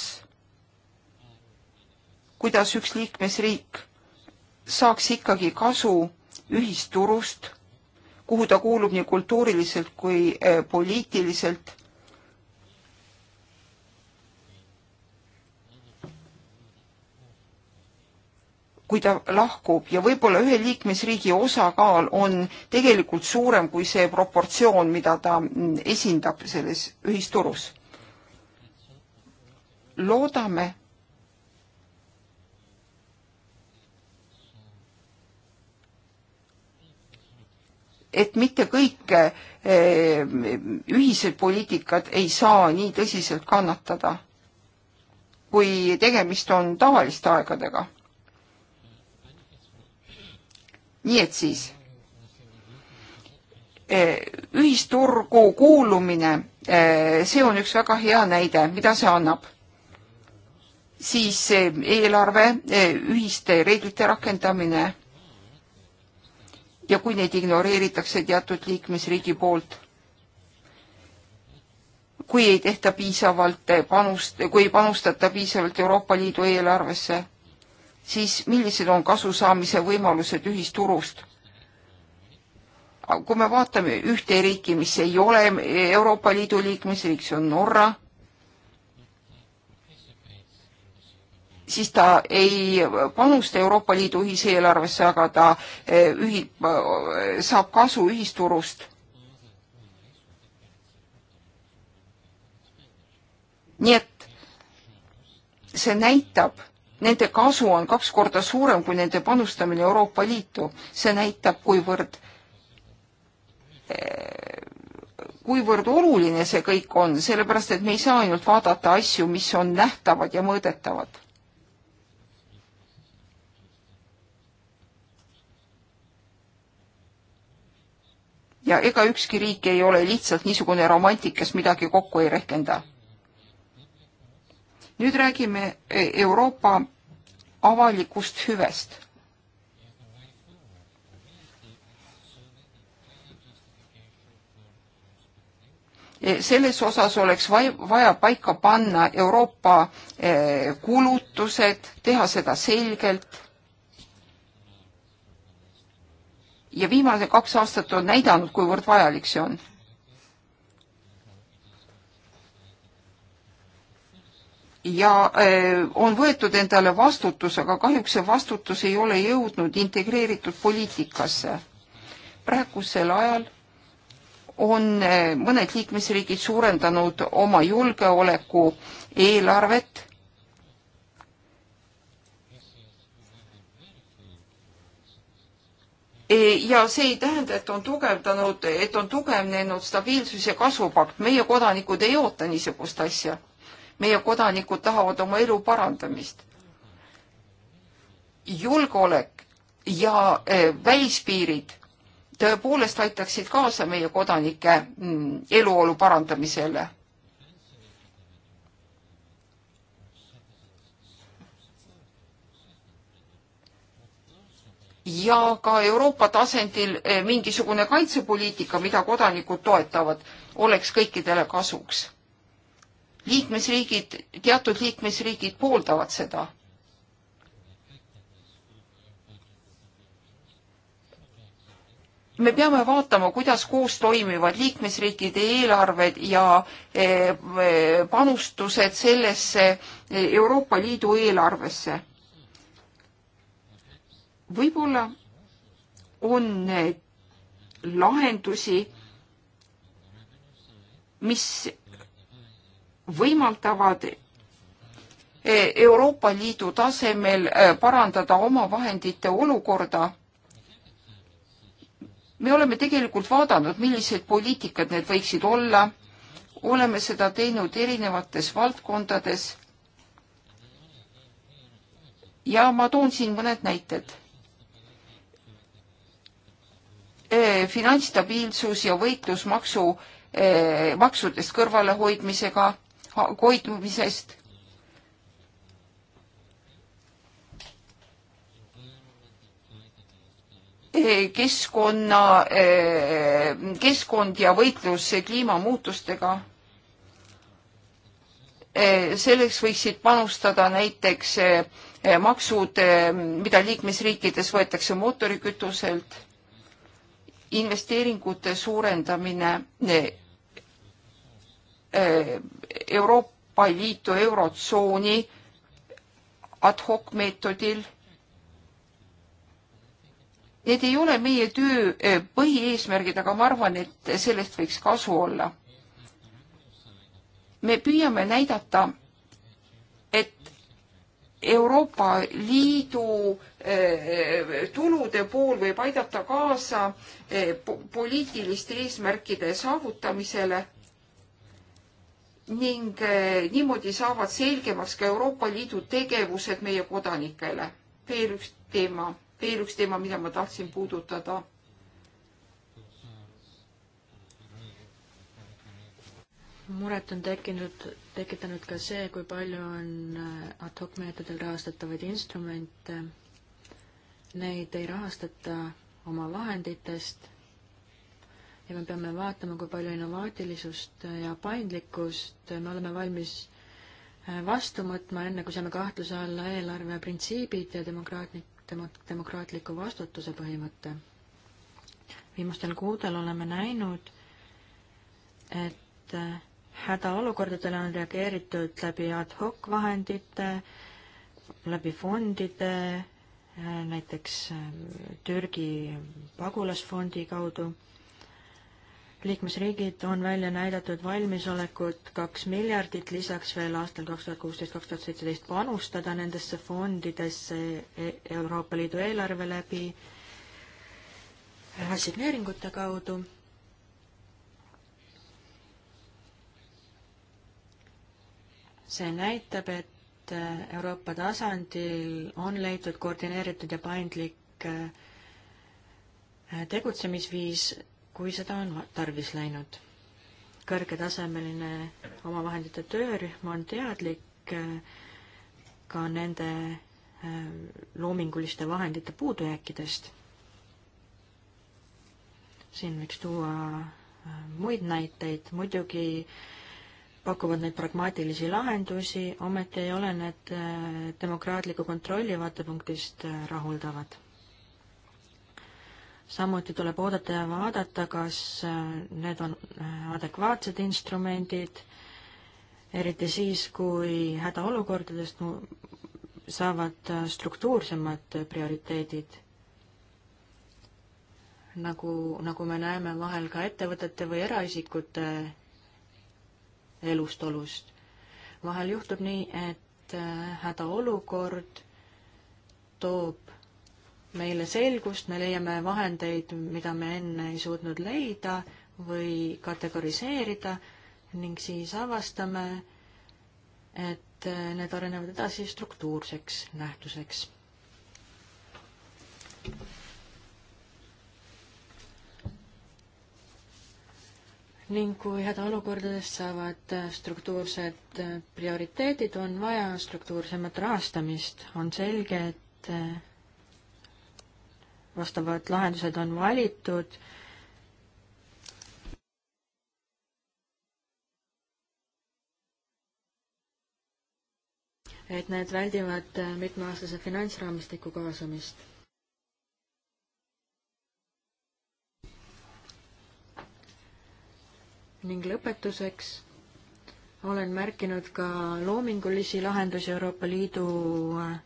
kuidas üks liikmesriik saaks ikkagi kasu ühisturust, kuhu ta kuulub nii kultuuriliselt kui äh, poliitiliselt. kui ta lahkub ja võib-olla ühe liikmesriigi osakaal on tegelikult suurem kui see proportsioon, mida ta mm, esindab selles ühisturus loodame, et mitte kõik eh, ühised poliitikad ei saa nii tõsiselt kannatada, kui tegemist on tavaliste aegadega. nii et siis eh, ühisturgu kuulumine, eh, see on üks väga hea näide, mida see annab siis eelarve eh, ühiste reeglite rakendamine ja kui neid ignoreeritakse teatud liikmesriigi poolt, kui ei tehta piisavalt eh, panust, kui ei panustata piisavalt Euroopa Liidu eelarvesse, siis millised on kasusaamise võimalused ühisturust? kui me vaatame ühte riiki, mis ei ole Euroopa Liidu liikmesriik, see on Norra siis ta ei panusta Euroopa Liidu ühiseelarvesse, aga ta eh, ühi-, saab kasu ühisturust. nii et see näitab, nende kasu on kaks korda suurem kui nende panustamine Euroopa Liitu, see näitab, kuivõrd eh, kuivõrd oluline see kõik on, sellepärast et me ei saa ainult vaadata asju, mis on nähtavad ja mõõdetavad ja ega ükski riik ei ole lihtsalt niisugune romantik, kes midagi kokku ei rehkenda. nüüd räägime e, Euroopa avalikust hüvest. E, selles osas oleks vaja paika panna Euroopa e, kulutused, teha seda selgelt ja viimased kaks aastat on näidanud, kuivõrd vajalik see on. ja öö, äh, on võetud endale vastutus, aga kahjuks see vastutus ei ole jõudnud integreeritud poliitikasse. praegusel ajal on öö, äh, mõned liikmesriigid suurendanud oma julgeoleku eelarvet ja see ei tähenda, et on tugevdanud, et on tugevnenud stabiilsus ja kasvupakt. meie kodanikud ei oota niisugust asja. meie kodanikud tahavad oma elu parandamist. julgeolek ja eh, välispiirid tõepoolest aitaksid kaasa meie kodanike mm, eluolu parandamisele ja ka Euroopa tasandil eh, mingisugune kaitsepoliitika, mida kodanikud toetavad, oleks kõikidele kasuks. liikmesriigid, teatud liikmesriigid pooldavad seda. me peame vaatama, kuidas koos toimivad liikmesriikide eelarved ja eh, eh, panustused sellesse Euroopa Liidu eelarvesse võib-olla on lahendusi, mis võimaldavad eh, Euroopa Liidu tasemel eh, parandada oma vahendite olukorda. me oleme tegelikult vaadanud, millised poliitikad need võiksid olla, oleme seda teinud erinevates valdkondades. ja ma toon siin mõned näited finantsstabiilsus ja võitlus maksu, maksudest kõrvalehoidmisega, hoidmisest. keskkonna, keskkond ja võitlus kliimamuutustega. selleks võiksid panustada näiteks maksud, mida liikmesriikides võetakse mootorikütuselt investeeringute suurendamine eh, Euroopa Liitu eurotsooni ad hoc meetodil. Need ei ole meie töö eh, põhieesmärgid, aga ma arvan, et sellest võiks kasu olla. me püüame näidata Euroopa Liidu eh, tulude pool võib aidata kaasa eh, poliitiliste eesmärkide saavutamisele ning eh, niimoodi saavad selgemaks ka Euroopa Liidu tegevused meie kodanikele. veel üks teema, veel üks teema, mida ma tahtsin puudutada muret on tekkinud, tekitanud ka see, kui palju on äh, ad hoc meetodil rahastatavaid instrumente. Neid ei rahastata oma vahenditest ja me peame vaatama, kui palju innovaatilisust ja paindlikkust me oleme valmis äh, vastu võtma, enne kui saame kahtluse alla eelarve printsiibid ja demokraatlik, demokraatliku vastutuse põhimõte. viimastel kuudel oleme näinud, et äh, hädaolukordadele on reageeritud läbi ad hoc vahendite, läbi fondide, näiteks ähm, Türgi pagulasfondi kaudu. liikmesriigid on välja näidatud valmisolekut kaks miljardit, lisaks veel aastal kaks tuhat kuusteist, kaks tuhat seitseteist panustada nendesse fondidesse e-, Euroopa Liidu eelarve läbi assigneeringute kaudu see näitab, et äh, Euroopa tasandil on leitud koordineeritud ja paindlik äh, äh, tegutsemisviis, kui seda on tarvis läinud. kõrgetasemeline omavahendite töörühm on teadlik ka nende loominguliste vahendite puudujääkidest. siin võiks tuua muid näiteid, muidugi äh, pakuvad neid pragmaatilisi lahendusi, ometi ei ole need äh, demokraatliku kontrolli vaatepunktist äh, rahuldavad. samuti tuleb oodata ja vaadata, kas äh, need on adekvaatsed instrumendid, eriti siis, kui hädaolukordadest saavad struktuursemad prioriteedid nagu, nagu me näeme vahel ka ettevõtete või eraisikute elust-olust. vahel juhtub nii, et äh, hädaolukord toob meile selgust, me leiame vahendeid, mida me enne ei suutnud leida või kategoriseerida ning siis avastame, et äh, need arenevad edasi struktuurseks nähtuseks. ning kui hädaolukordadest saavad äh, struktuursed äh, prioriteedid, on vaja struktuursemat rahastamist. on selge, et äh, vastavad lahendused on valitud et need väldivad mitmeaastase finantsraamistiku kaasamist. ning lõpetuseks olen märkinud ka loomingulisi lahendusi Euroopa Liidu äh,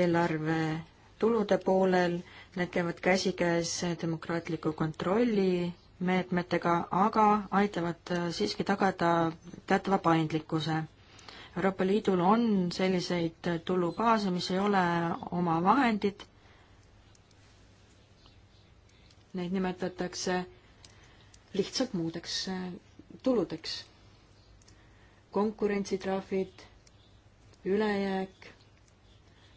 eelarve tulude poolel, need käivad käsikäes demokraatliku kontrolli meetmetega, aga aitavad äh, siiski tagada teatava paindlikkuse. Euroopa Liidul on selliseid äh, tulubaase, mis ei ole oma vahendid, neid nimetatakse lihtsalt muudeks äh, tuludeks. konkurentsitrahvid, ülejääk,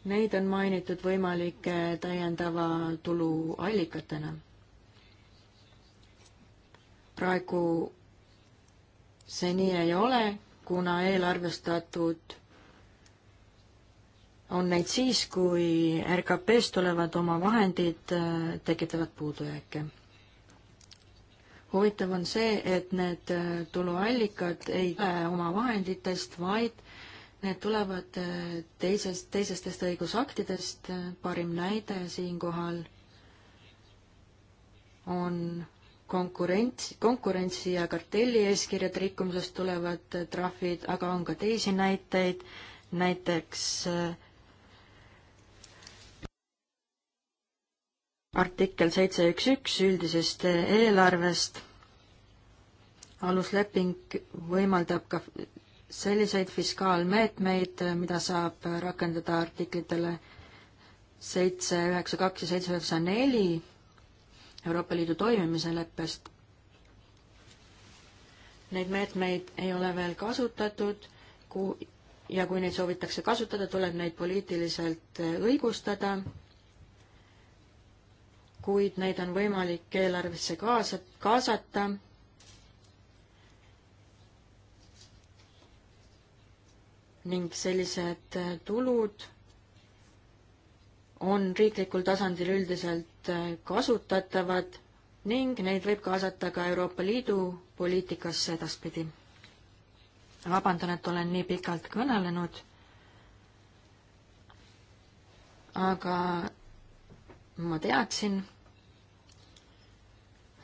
neid on mainitud võimalike täiendava tulu allikatena. praegu see nii ei ole, kuna eelarvestatud on neid siis, kui RKP-st tulevad oma vahendid äh, tekitavad puudujääke huvitav on see, et need äh, tuluallikad ei tule oma vahenditest, vaid need tulevad äh, teisest, teisestest õigusaktidest. parim näide siinkohal on konkurents, konkurentsi ja kartelli eeskirjade rikkumisest tulevad trahvid, aga on ka teisi näiteid, näiteks äh, artikkel seitse üks üks üldisest eelarvest. alusleping võimaldab ka selliseid fiskaalmeetmeid, mida saab rakendada artiklitele seitse üheksa kaks ja seitse üheksa neli Euroopa Liidu toimimise leppest. Neid meetmeid ei ole veel kasutatud, kui ja kui neid soovitakse kasutada, tuleb neid poliitiliselt õigustada kuid neid on võimalik eelarvesse kaasa, kaasata. ning sellised äh, tulud on riiklikul tasandil üldiselt äh, kasutatavad ning neid võib kaasata ka Euroopa Liidu poliitikasse edaspidi. vabandan, et olen nii pikalt kõnelenud, aga ma teadsin,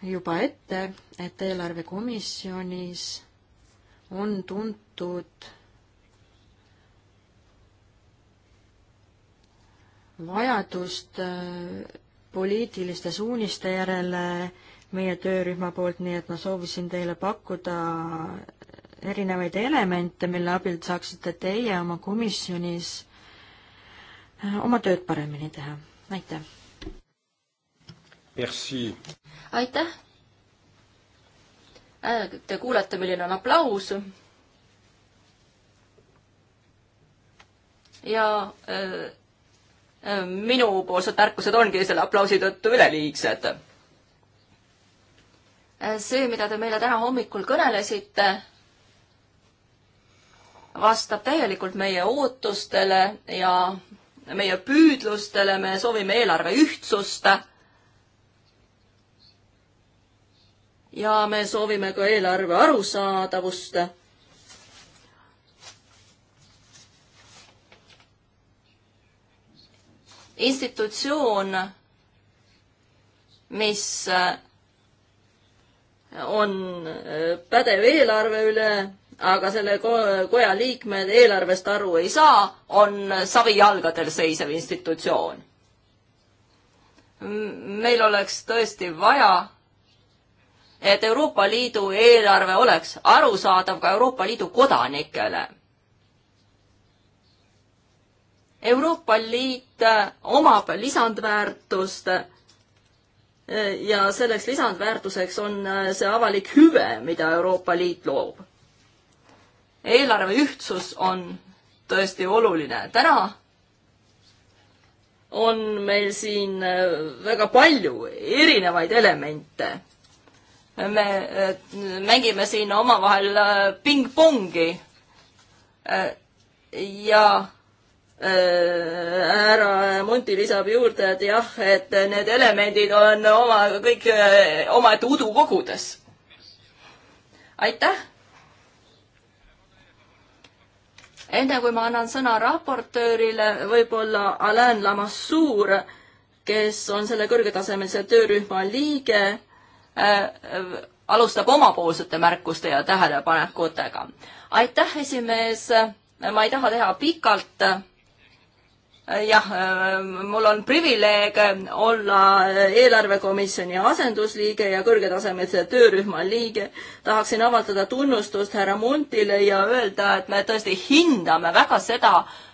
juba ette, et eelarvekomisjonis on tuntud vajadust äh, poliitiliste suuniste järele meie töörühma poolt, nii et ma soovisin teile pakkuda erinevaid elemente, mille abil saaksite teie oma komisjonis äh, oma tööd paremini teha. aitäh! Merci. aitäh. Äh, te kuulete, milline on aplaus. ja äh, äh, minupoolsed märkused ongi selle aplausi tõttu üleliigsed. Äh, see, mida te meile täna hommikul kõnelesite, vastab täielikult meie ootustele ja meie püüdlustele, me soovime eelarve ühtsust ja me soovime ka eelarve arusaadavust institutsioon, mis äh, on äh, pädev eelarve üle, aga selle koja liikmed eelarvest aru ei saa, on savijalgadel seisev institutsioon. meil oleks tõesti vaja et Euroopa Liidu eelarve oleks arusaadav ka Euroopa Liidu kodanikele. Euroopa Liit äh, omab lisandväärtust äh, ja selleks lisandväärtuseks on äh, see avalik hüve, mida Euroopa Liit loob. eelarve ühtsus on tõesti oluline. täna on meil siin väga palju erinevaid elemente me äh, mängime siin omavahel äh, pingpongi. Äh, ja härra Munti lisab juurde, et jah, et need elemendid on oma, kõik omaette udukogudes. aitäh! enne kui ma annan sõna raportöörile, võib-olla Alain Lamassoor, kes on selle kõrgetasemelise töörühma liige Äh, alustab omapoolsete märkuste ja tähelepanekutega. aitäh, esimees, ma ei taha teha pikalt. jah, äh, mul on privileeg olla eelarvekomisjoni asendusliige ja kõrgetasemelise töörühma liige. tahaksin avaldada tunnustust härra Muntile ja öelda, et me tõesti hindame väga seda,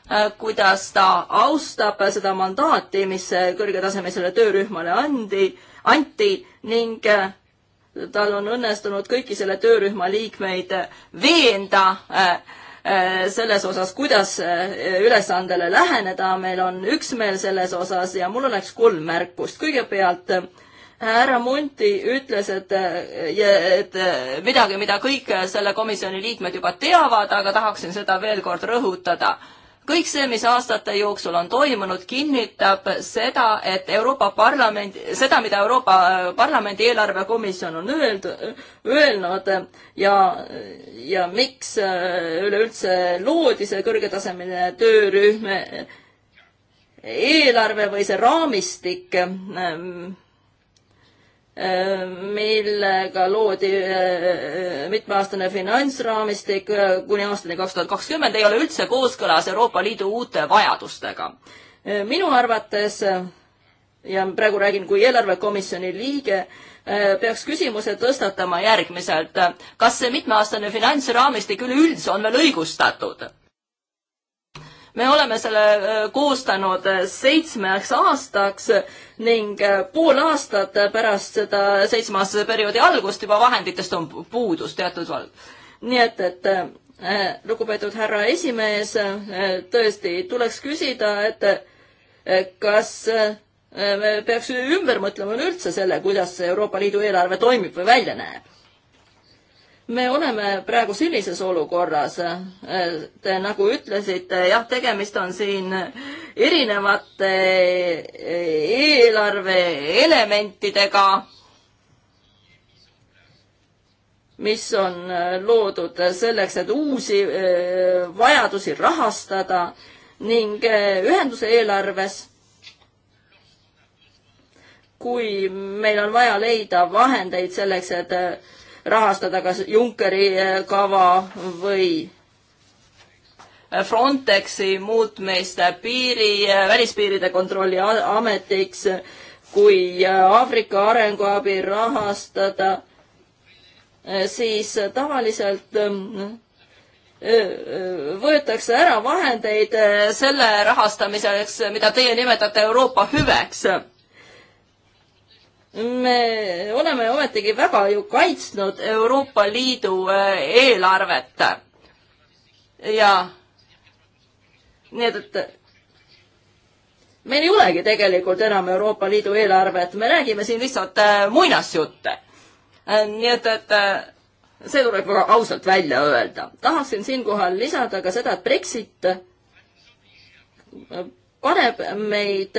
äh, kuidas ta austab seda mandaati, mis kõrgetasemelisele töörühmale andi anti ning eh, tal on õnnestunud kõiki selle töörühma liikmeid eh, veenda eh, selles osas, kuidas ülesandele läheneda, meil on üksmeel selles osas ja mul oleks kolm märkust. kõigepealt härra Munti ütles, et, et midagi, mida kõik selle komisjoni liikmed juba teavad, aga tahaksin seda veel kord rõhutada kõik see, mis aastate jooksul on toimunud, kinnitab seda, et Euroopa Parlament, seda, mida Euroopa äh, Parlamendi eelarvekomisjon on öeldu, öelnud ja, ja miks äh, üleüldse loodi see kõrgetasemeline töörühm, eelarve või see raamistik ähm, millega loodi äh, mitmeaastane finantsraamistik äh, kuni aastani kaks tuhat kakskümmend, ei ole üldse kooskõlas Euroopa Liidu uute vajadustega. Äh, minu arvates ja praegu räägin kui eelarvekomisjoni liige, peaks küsimuse tõstatama järgmiselt. kas see mitmeaastane finantsraamistik üleüldse on veel õigustatud? me oleme selle äh, koostanud äh, seitsmeks aastaks ning äh, pool aastat pärast seda seitsmeaastase perioodi algust juba vahenditest on puudus teatud val-. nii et, et äh, lugupeetud härra esimees äh,, tõesti tuleks küsida, et äh, kas me peaks ümber mõtlema üleüldse selle, kuidas Euroopa Liidu eelarve toimib või välja näeb me oleme praegu sellises olukorras, te nagu ütlesite, jah, tegemist on siin erinevate eelarve elementidega, mis on loodud selleks, et uusi eh, vajadusi rahastada ning eh, ühenduse eelarves kui meil on vaja leida vahendeid selleks, et eh, rahastada kas Junckeri eh, kava või eh, Frontexi muutmist piiri, eh, välispiiride kontrolli ametiks, kui Aafrika arenguabi rahastada, siis tavaliselt võetakse ära vahendeid selle rahastamiseks, mida teie nimetate Euroopa hüveks me oleme ometigi väga ju kaitsnud Euroopa Liidu äh, eelarvet. ja nii et, et meil ei olegi tegelikult enam Euroopa Liidu eelarvet, me räägime siin lihtsalt äh, muinasjutte. Äh, nii et, et see tuleb väga ausalt välja öelda. tahaksin siinkohal lisada ka seda, et Brexit paneb meid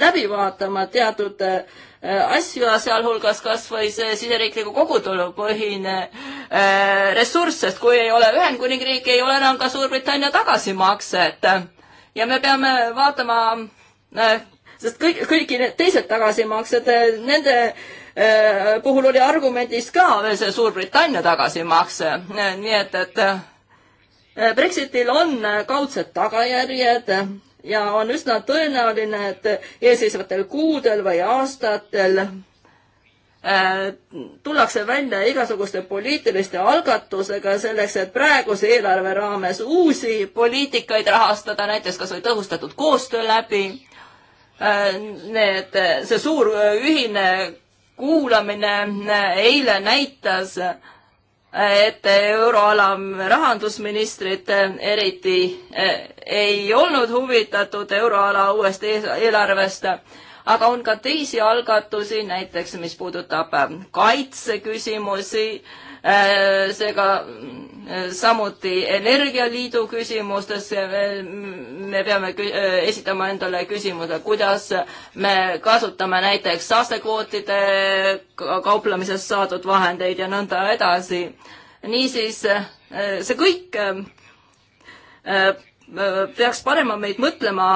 läbi vaatama teatud äh, Äh, asju, sealhulgas kas või see siseriikliku kogutulupõhine äh, ressurss, sest kui ei ole Ühendkuningriiki, ei ole enam ka Suurbritannia tagasimakset. ja me peame vaatama, äh, sest kõik, kõiki need teised tagasimaksed, nende puhul oli argumendis ka veel see Suurbritannia tagasimakse, nii et, et Brexitil on kaudsed tagajärjed ja on üsna tõenäoline, et eesseisvatel kuudel või aastatel äh, tullakse välja igasuguste poliitiliste algatusega selleks, et praeguse eelarve raames uusi poliitikaid rahastada, näiteks kas või tõhustatud koostöö läbi. Äh, need, see suur ühine kuulamine äh, eile näitas, et euroala rahandusministrid eriti eh, ei olnud huvitatud euroala uuest eelarvest, aga on ka teisi algatusi, näiteks mis puudutab kaitseküsimusi äh,, Äh, seega äh, samuti Energialiidu küsimustes me peame äh, esitama endale küsimuse, kuidas me kasutame näiteks saastekvootide kauplemisest saadud vahendeid ja nõnda edasi. niisiis see kõik peaks panema meid mõtlema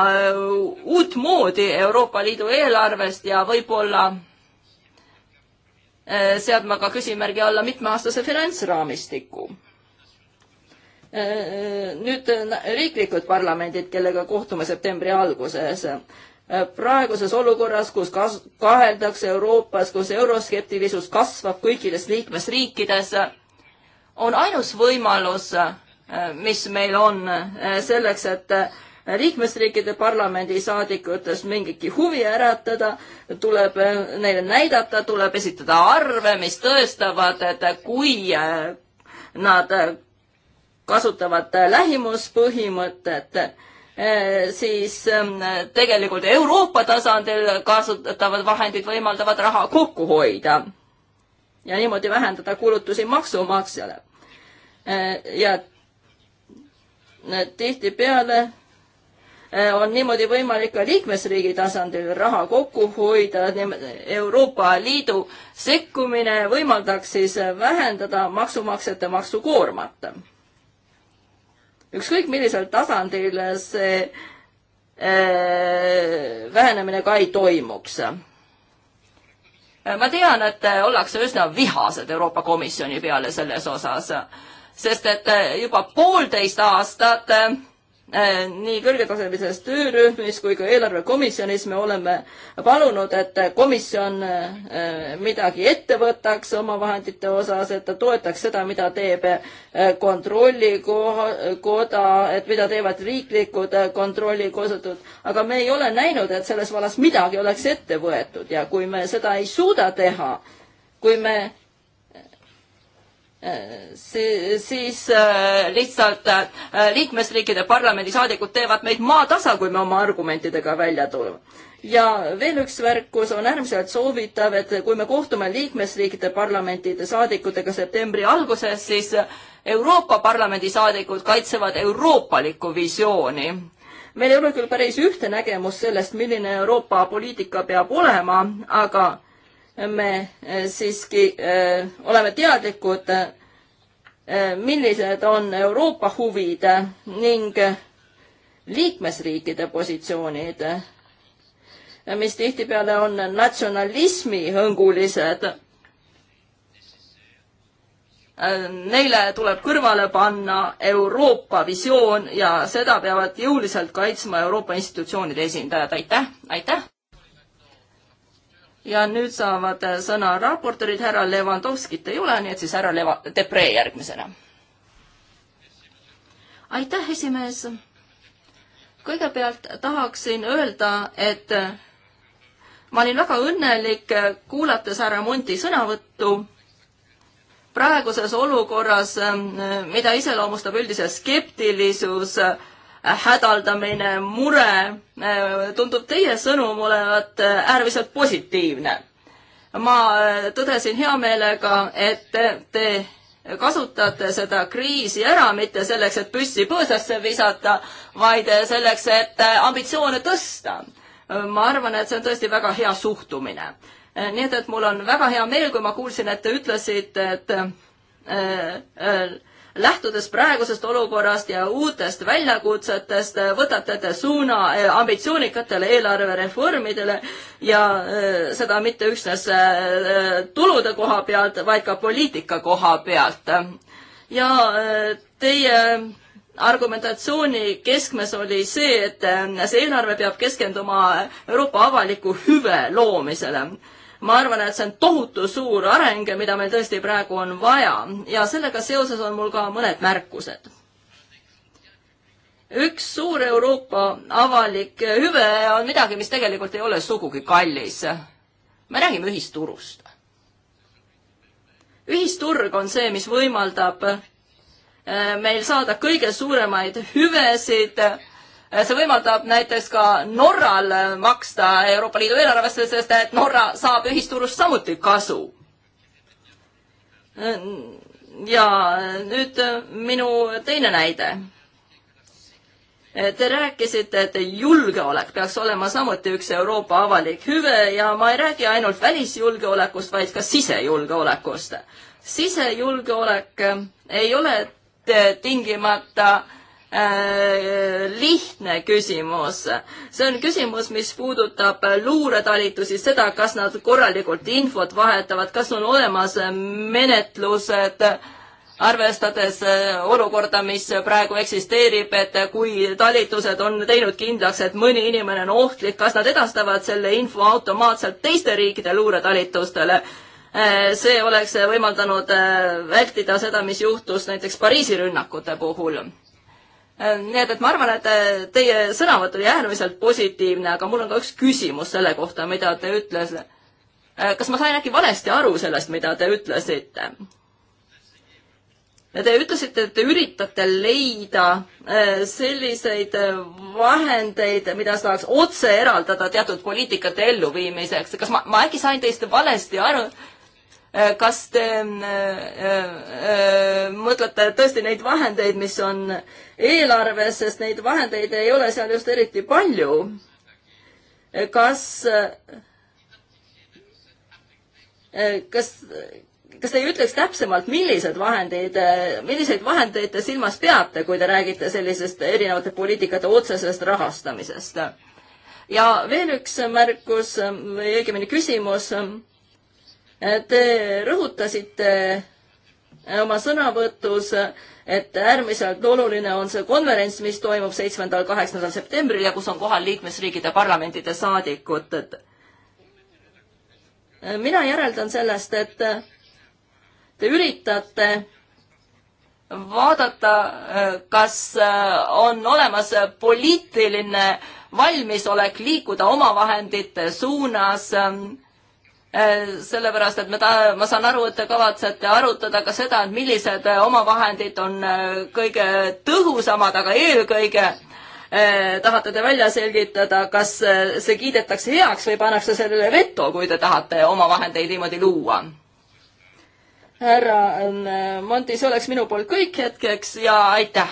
uutmoodi Euroopa Liidu eelarvest ja võib-olla Eh, seadma ka küsimärgi alla mitmeaastase finantsraamistiku. Eh, eh, nüüd riiklikud parlamendid, kellega kohtume septembri alguses praeguses olukorras, kus kas-, kaheldakse Euroopas, kus euroskeptilisus kasvab kõikides liikmesriikides, on ainus võimalus, mis meil on selleks, et liikmesriikide parlamendi saadikutest mingitki huvi äratada, tuleb äh, neile näidata, tuleb esitada arve, mis tõestavad, et kui äh, nad äh, kasutavad lähimuspõhimõtet, siis ähm, tegelikult Euroopa tasandil kasutatavad vahendid võimaldavad raha kokku hoida ja niimoodi vähendada kulutusi maksumaksjale. ja tihtipeale Eh, on niimoodi võimalik ka liikmesriigi tasandil raha kokku hoida, Euroopa Liidu sekkumine võimaldaks siis vähendada maksumaksjate maksukoormat. ükskõik millisel tasandil see eh, vähenemine ka ei toimuks. Eh, ma tean, et ollakse üsna vihased Euroopa Komisjoni peale selles osas, sest et juba poolteist aastat Äh, nii kõrgetasemelises töörühmis kui ka eelarvekomisjonis me oleme palunud, et komisjon äh, midagi ette võtaks oma vahendite osas, et ta toetaks seda, mida teeb äh, kontrollikoda, et mida teevad riiklikud kontrollikosutud, aga me ei ole näinud, et selles vallas midagi oleks ette võetud ja kui me seda ei suuda teha, kui me see, siis äh, lihtsalt äh, liikmesriikide parlamendisaadikud teevad meid maatasa, kui me oma argumentidega välja tuleme. ja veel üks märkus on äärmiselt soovitav, et kui me kohtume liikmesriikide parlamentide saadikutega septembri alguses, siis Euroopa Parlamendi saadikud kaitsevad euroopalikku visiooni. meil ei ole küll päris ühte nägemust sellest, milline Euroopa poliitika peab olema, aga me eh, siiski eh, oleme teadlikud, eh, millised on Euroopa huvid ning liikmesriikide positsioonid, mis tihtipeale on natsionalismi hõngulised. Neile tuleb kõrvale panna Euroopa visioon ja seda peavad jõuliselt kaitsma Euroopa institutsioonide esindajad. aitäh, aitäh! ja nüüd saavad sõna raportöörid, härra Levandovskit ei ole, nii et siis härra Leva-, Depre järgmisena. aitäh, esimees. kõigepealt tahaksin öelda, et ma olin väga õnnelik, kuulates härra Munti sõnavõttu praeguses olukorras, mida iseloomustab üldise skeptilisus hädaldamine, mure, äh, tundub teie sõnum olevat äh, äärmiselt positiivne. ma äh, tõdesin hea meelega, et te kasutate seda kriisi ära mitte selleks, et püssi põõsasse visata, vaid selleks, et ambitsioone tõsta. ma arvan, et see on tõesti väga hea suhtumine. nii et, et mul on väga hea meel, kui ma kuulsin, et te ütlesite, et lähtudes praegusest olukorrast ja uutest väljakutsetest, võtate te suuna eh, ambitsioonikatele eelarvereformidele ja eh, seda mitte üksnes eh, tulude koha pealt, vaid ka poliitika koha pealt. ja teie argumentatsiooni keskmes oli see, et see eelarve peab keskenduma Euroopa avaliku hüve loomisele ma arvan, et see on tohutu suur areng, mida meil tõesti praegu on vaja ja sellega seoses on mul ka mõned märkused üks suur Euroopa avalik hüve on midagi, mis tegelikult ei ole sugugi kallis. me räägime ühisturust. ühisturg on see, mis võimaldab eh, meil saada kõige suuremaid hüvesid Eh, see võimaldab näiteks ka Norral eh, maksta Euroopa Liidu eelarvesse, sest et Norra saab ühisturust samuti kasu. Eh, ja nüüd minu teine näide. Te rääkisite, et julgeolek peaks olema samuti üks Euroopa avalik hüve ja ma ei räägi ainult välisjulgeolekust, vaid ka sisejulgeolekust. sisejulgeolek ei ole tingimata äh, Äh, lihtne küsimus. see on küsimus, mis puudutab luuretalitusi, seda, kas nad korralikult infot vahetavad, kas on olemas menetlused, arvestades äh, olukorda, mis praegu eksisteerib, et kui talitused on teinud kindlaks, et mõni inimene on ohtlik, kas nad edastavad selle info automaatselt teiste riikide luuretalitustele? Äh, see oleks võimaldanud vältida seda, mis juhtus näiteks Pariisi rünnakute puhul Äh, nii et, et ma arvan, et äh, teie sõnavõtt oli äärmiselt positiivne, aga mul on ka üks küsimus selle kohta, mida te ütlesite. Äh, kas ma sain äkki valesti aru sellest, mida te ütlesite? Te ütlesite, et te üritate leida selliseid vahendeid, mida saaks otse eraldada teatud poliitikate elluviimiseks. kas ma, ma äkki sain teist valesti aru? Äh, kas te äh, äh, mõtlete tõesti neid vahendeid, mis on eelarves, sest neid vahendeid ei ole seal just eriti palju. kas, kas, kas te ei ütleks täpsemalt, millised vahendeid, milliseid vahendeid te silmas peate, kui te räägite sellisest erinevate poliitikate otsesest rahastamisest? ja veel üks märkus või õigemini küsimus Te rõhutasite äh, oma sõnavõtus, et äärmiselt oluline on see konverents, mis toimub seitsmendal, kaheksandal septembril ja kus on kohal liikmesriigide parlamentide saadikud. mina järeldan sellest, et te üritate vaadata, äh, kas äh, on olemas poliitiline valmisolek liikuda omavahendite suunas äh, Äh, sellepärast, et me ta-, ma saan aru, et te kavatsete arutada ka seda, et millised äh, omavahendid on äh, kõige tõhusamad, aga eelkõige tahate te välja selgitada, kas see kiidetakse heaks või pannakse sellele veto, kui te tahate omavahendeid niimoodi luua? härra Monti, see oleks minu poolt kõik hetkeks ja aitäh!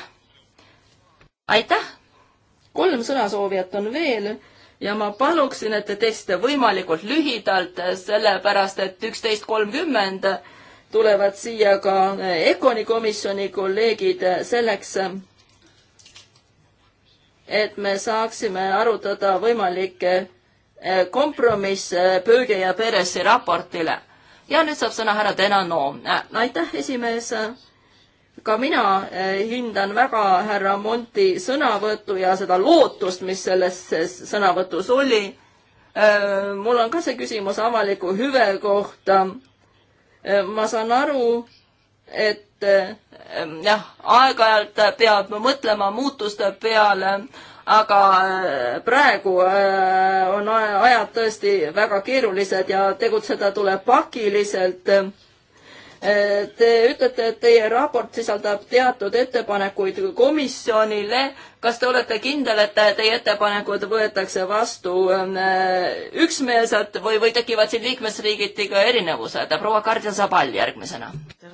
aitäh! kolm sõnasoovijat on veel ja ma paluksin, et te teeksite võimalikult lühidalt, sellepärast et üksteist kolmkümmend tulevad siia ka Econi komisjoni kolleegid selleks, et me saaksime arutada võimalikke eh, kompromisse Pööge ja Peresi raportile. ja nüüd saab sõna härra Denano. Äh, aitäh, esimees ka mina eh, hindan väga härra Monti sõnavõttu ja seda lootust, mis selles sõnavõtus oli. Eh, mul on ka see küsimus avaliku hüve kohta. Eh, ma saan aru, et jah, aeg-ajalt peab mõtlema muutuste peale, aga praegu on ajad tõesti väga keerulised ja tegutseda tuleb pakiliselt Äh, te ütlete, et teie raport sisaldab teatud ettepanekuid komisjonile. kas te olete kindel, et teie ettepanekud võetakse vastu äh, üksmeelselt või, või tekivad siin liikmesriigiti ka erinevused? proua Kardja Zabal järgmisena. Eh,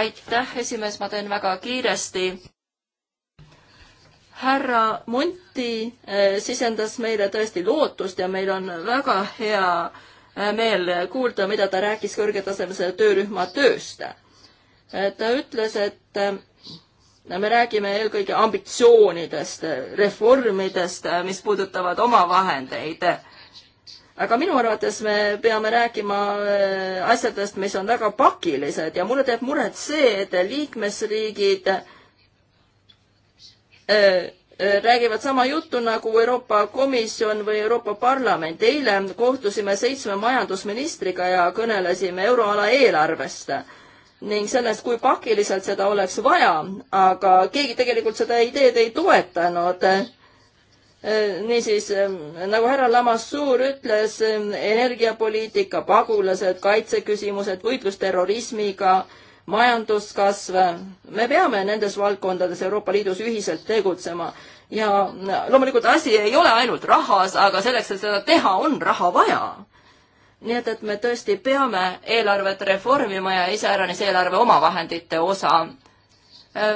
aitäh, esimees, ma teen väga kiiresti härra Monti äh, sisendas meile tõesti lootust ja meil on väga hea äh, Äh, meel kuulda, mida ta rääkis kõrgetasemelise töörühma tööst. Äh, ta ütles, et äh, me räägime eelkõige ambitsioonidest, reformidest, mis puudutavad omavahendeid. aga minu arvates me peame rääkima asjadest, mis on väga pakilised ja mulle teeb muret see, et liikmesriigid Äh, räägivad sama juttu nagu Euroopa Komisjon või Euroopa Parlament. eile kohtusime seitsme majandusministriga ja kõnelesime euroala eelarvest ning sellest, kui pakiliselt seda oleks vaja, aga keegi tegelikult seda ideed ei toetanud. Äh, niisiis, ähm, nagu härra Lamassuur ütles, äh, energiapoliitika, pagulased, kaitseküsimused, võitlus terrorismiga majanduskasv, me peame nendes valdkondades Euroopa Liidus ühiselt tegutsema ja loomulikult asi ei ole ainult rahas, aga selleks, et seda teha, on raha vaja. nii et, et me tõesti peame eelarvet reformima ja iseäranis eelarve omavahendite osa.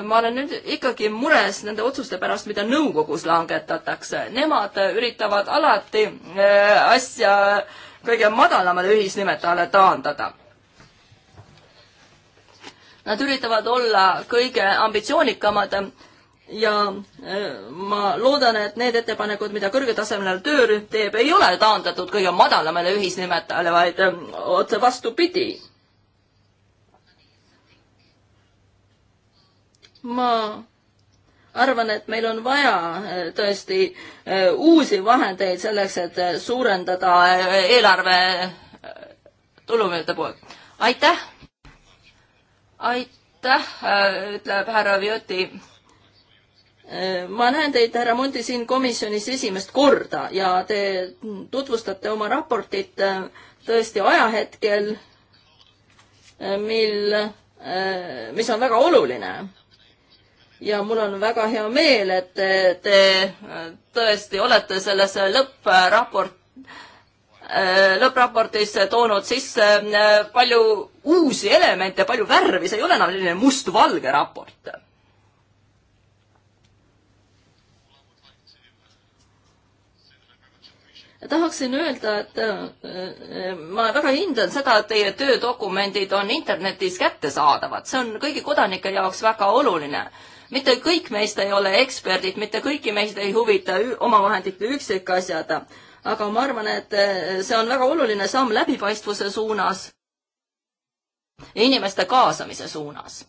ma olen nüüd ikkagi mures nende otsuste pärast, mida nõukogus langetatakse. Nemad üritavad alati äh, asja kõige madalamale ühisnimetajale taandada Nad üritavad olla kõige ambitsioonikamad ja äh, ma loodan, et need ettepanekud, mida kõrgetasemel töörühm teeb, ei ole taandatud kõige madalamale ühisnimetajale, vaid äh, otse vastupidi. ma arvan, et meil on vaja äh, tõesti uusi vahendeid selleks, et suurendada eelarve tulumüüjate poolt. aitäh! aitäh, äh, ütleb härra Vjoti. Äh, ma näen teid, härra Mundi, siin komisjonis esimest korda ja te tutvustate oma raportit äh, tõesti ajahetkel, mil, mis on väga oluline ja mul on väga hea meel, et te, te tõesti olete selles lõppraport, Äh, lõppraportisse toonud sisse äh, palju uusi elemente, palju värvi, see ei ole enam selline mustvalge raport. tahaksin öelda, et äh, ma väga hindan seda, et teie töödokumendid on internetis kättesaadavad, see on kõigi kodanike jaoks väga oluline mitte kõik meist ei ole eksperdid, mitte kõiki meist ei huvita omavahendite üksikasjad, aga ma arvan, et eh, see on väga oluline samm läbipaistvuse suunas, inimeste kaasamise suunas.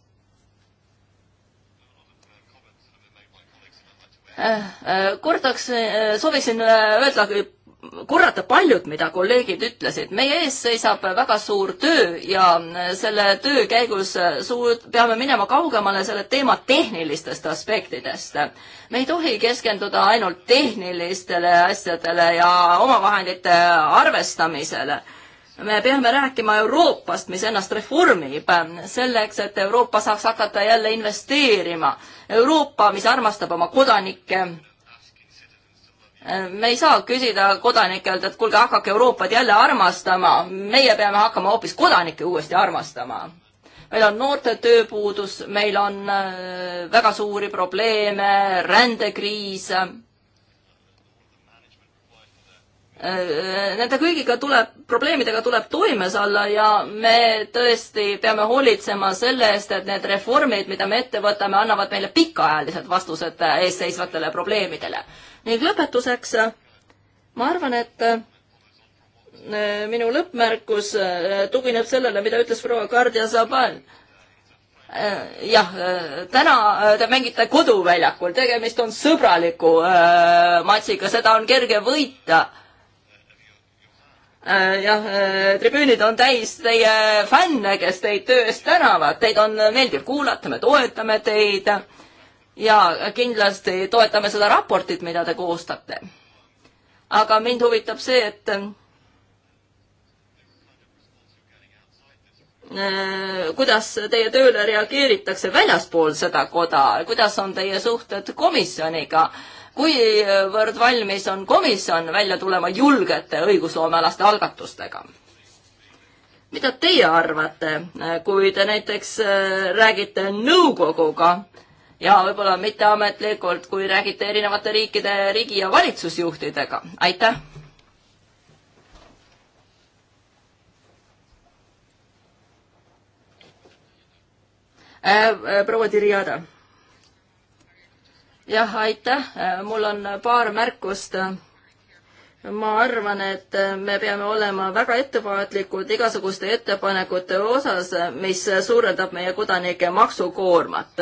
Eh, eh, kordaks, sooviksin öelda korrata paljut, mida kolleegid ütlesid. meie ees seisab väga suur töö ja selle töö käigus suur, peame minema kaugemale selle teema tehnilistest aspektidest. me ei tohi keskenduda ainult tehnilistele asjadele ja omavahendite arvestamisele me peame rääkima Euroopast, mis ennast reformib, selleks, et Euroopa saaks hakata jälle investeerima. Euroopa, mis armastab oma kodanikke Äh, me ei saa küsida kodanikelt, et kuulge, hakake Euroopat jälle armastama, meie peame hakkama hoopis kodanikke uuesti armastama. meil on noorte tööpuudus, meil on äh, väga suuri probleeme, rändekriis nende kõigiga tuleb, probleemidega tuleb toime saada ja me tõesti peame hoolitsema selle eest, et need reformid, mida me ette võtame, annavad meile pikaajalised vastused eesseisvatele probleemidele. ning lõpetuseks ma arvan, et e, minu lõppmärkus e, tugineb sellele, mida ütles proua Kardia Zabal e, jah, täna te mängite koduväljakul, tegemist on sõbraliku äh, matšiga, seda on kerge võita Äh, jah, äh, tribüünid on täis teie fänne, kes teid töö eest tänavad, teid on meeldiv kuulata, me toetame teid ja kindlasti toetame seda raportit, mida te koostate. aga mind huvitab see, et äh, kuidas teie tööle reageeritakse väljaspool seda koda, kuidas on teie suhted komisjoniga äh,? kuivõrd äh, valmis on komisjon välja tulema julgete õigusloomealaste algatustega? mida teie arvate, äh, kui te näiteks äh, räägite nõukoguga ja võib-olla mitteametlikult, kui räägite erinevate riikide riigi- ja valitsusjuhtidega? aitäh! proua Dirjada jah, aitäh, mul on paar märkust. ma arvan, et me peame olema väga ettevaatlikud igasuguste ettepanekute osas, mis suurendab meie kodanike maksukoormat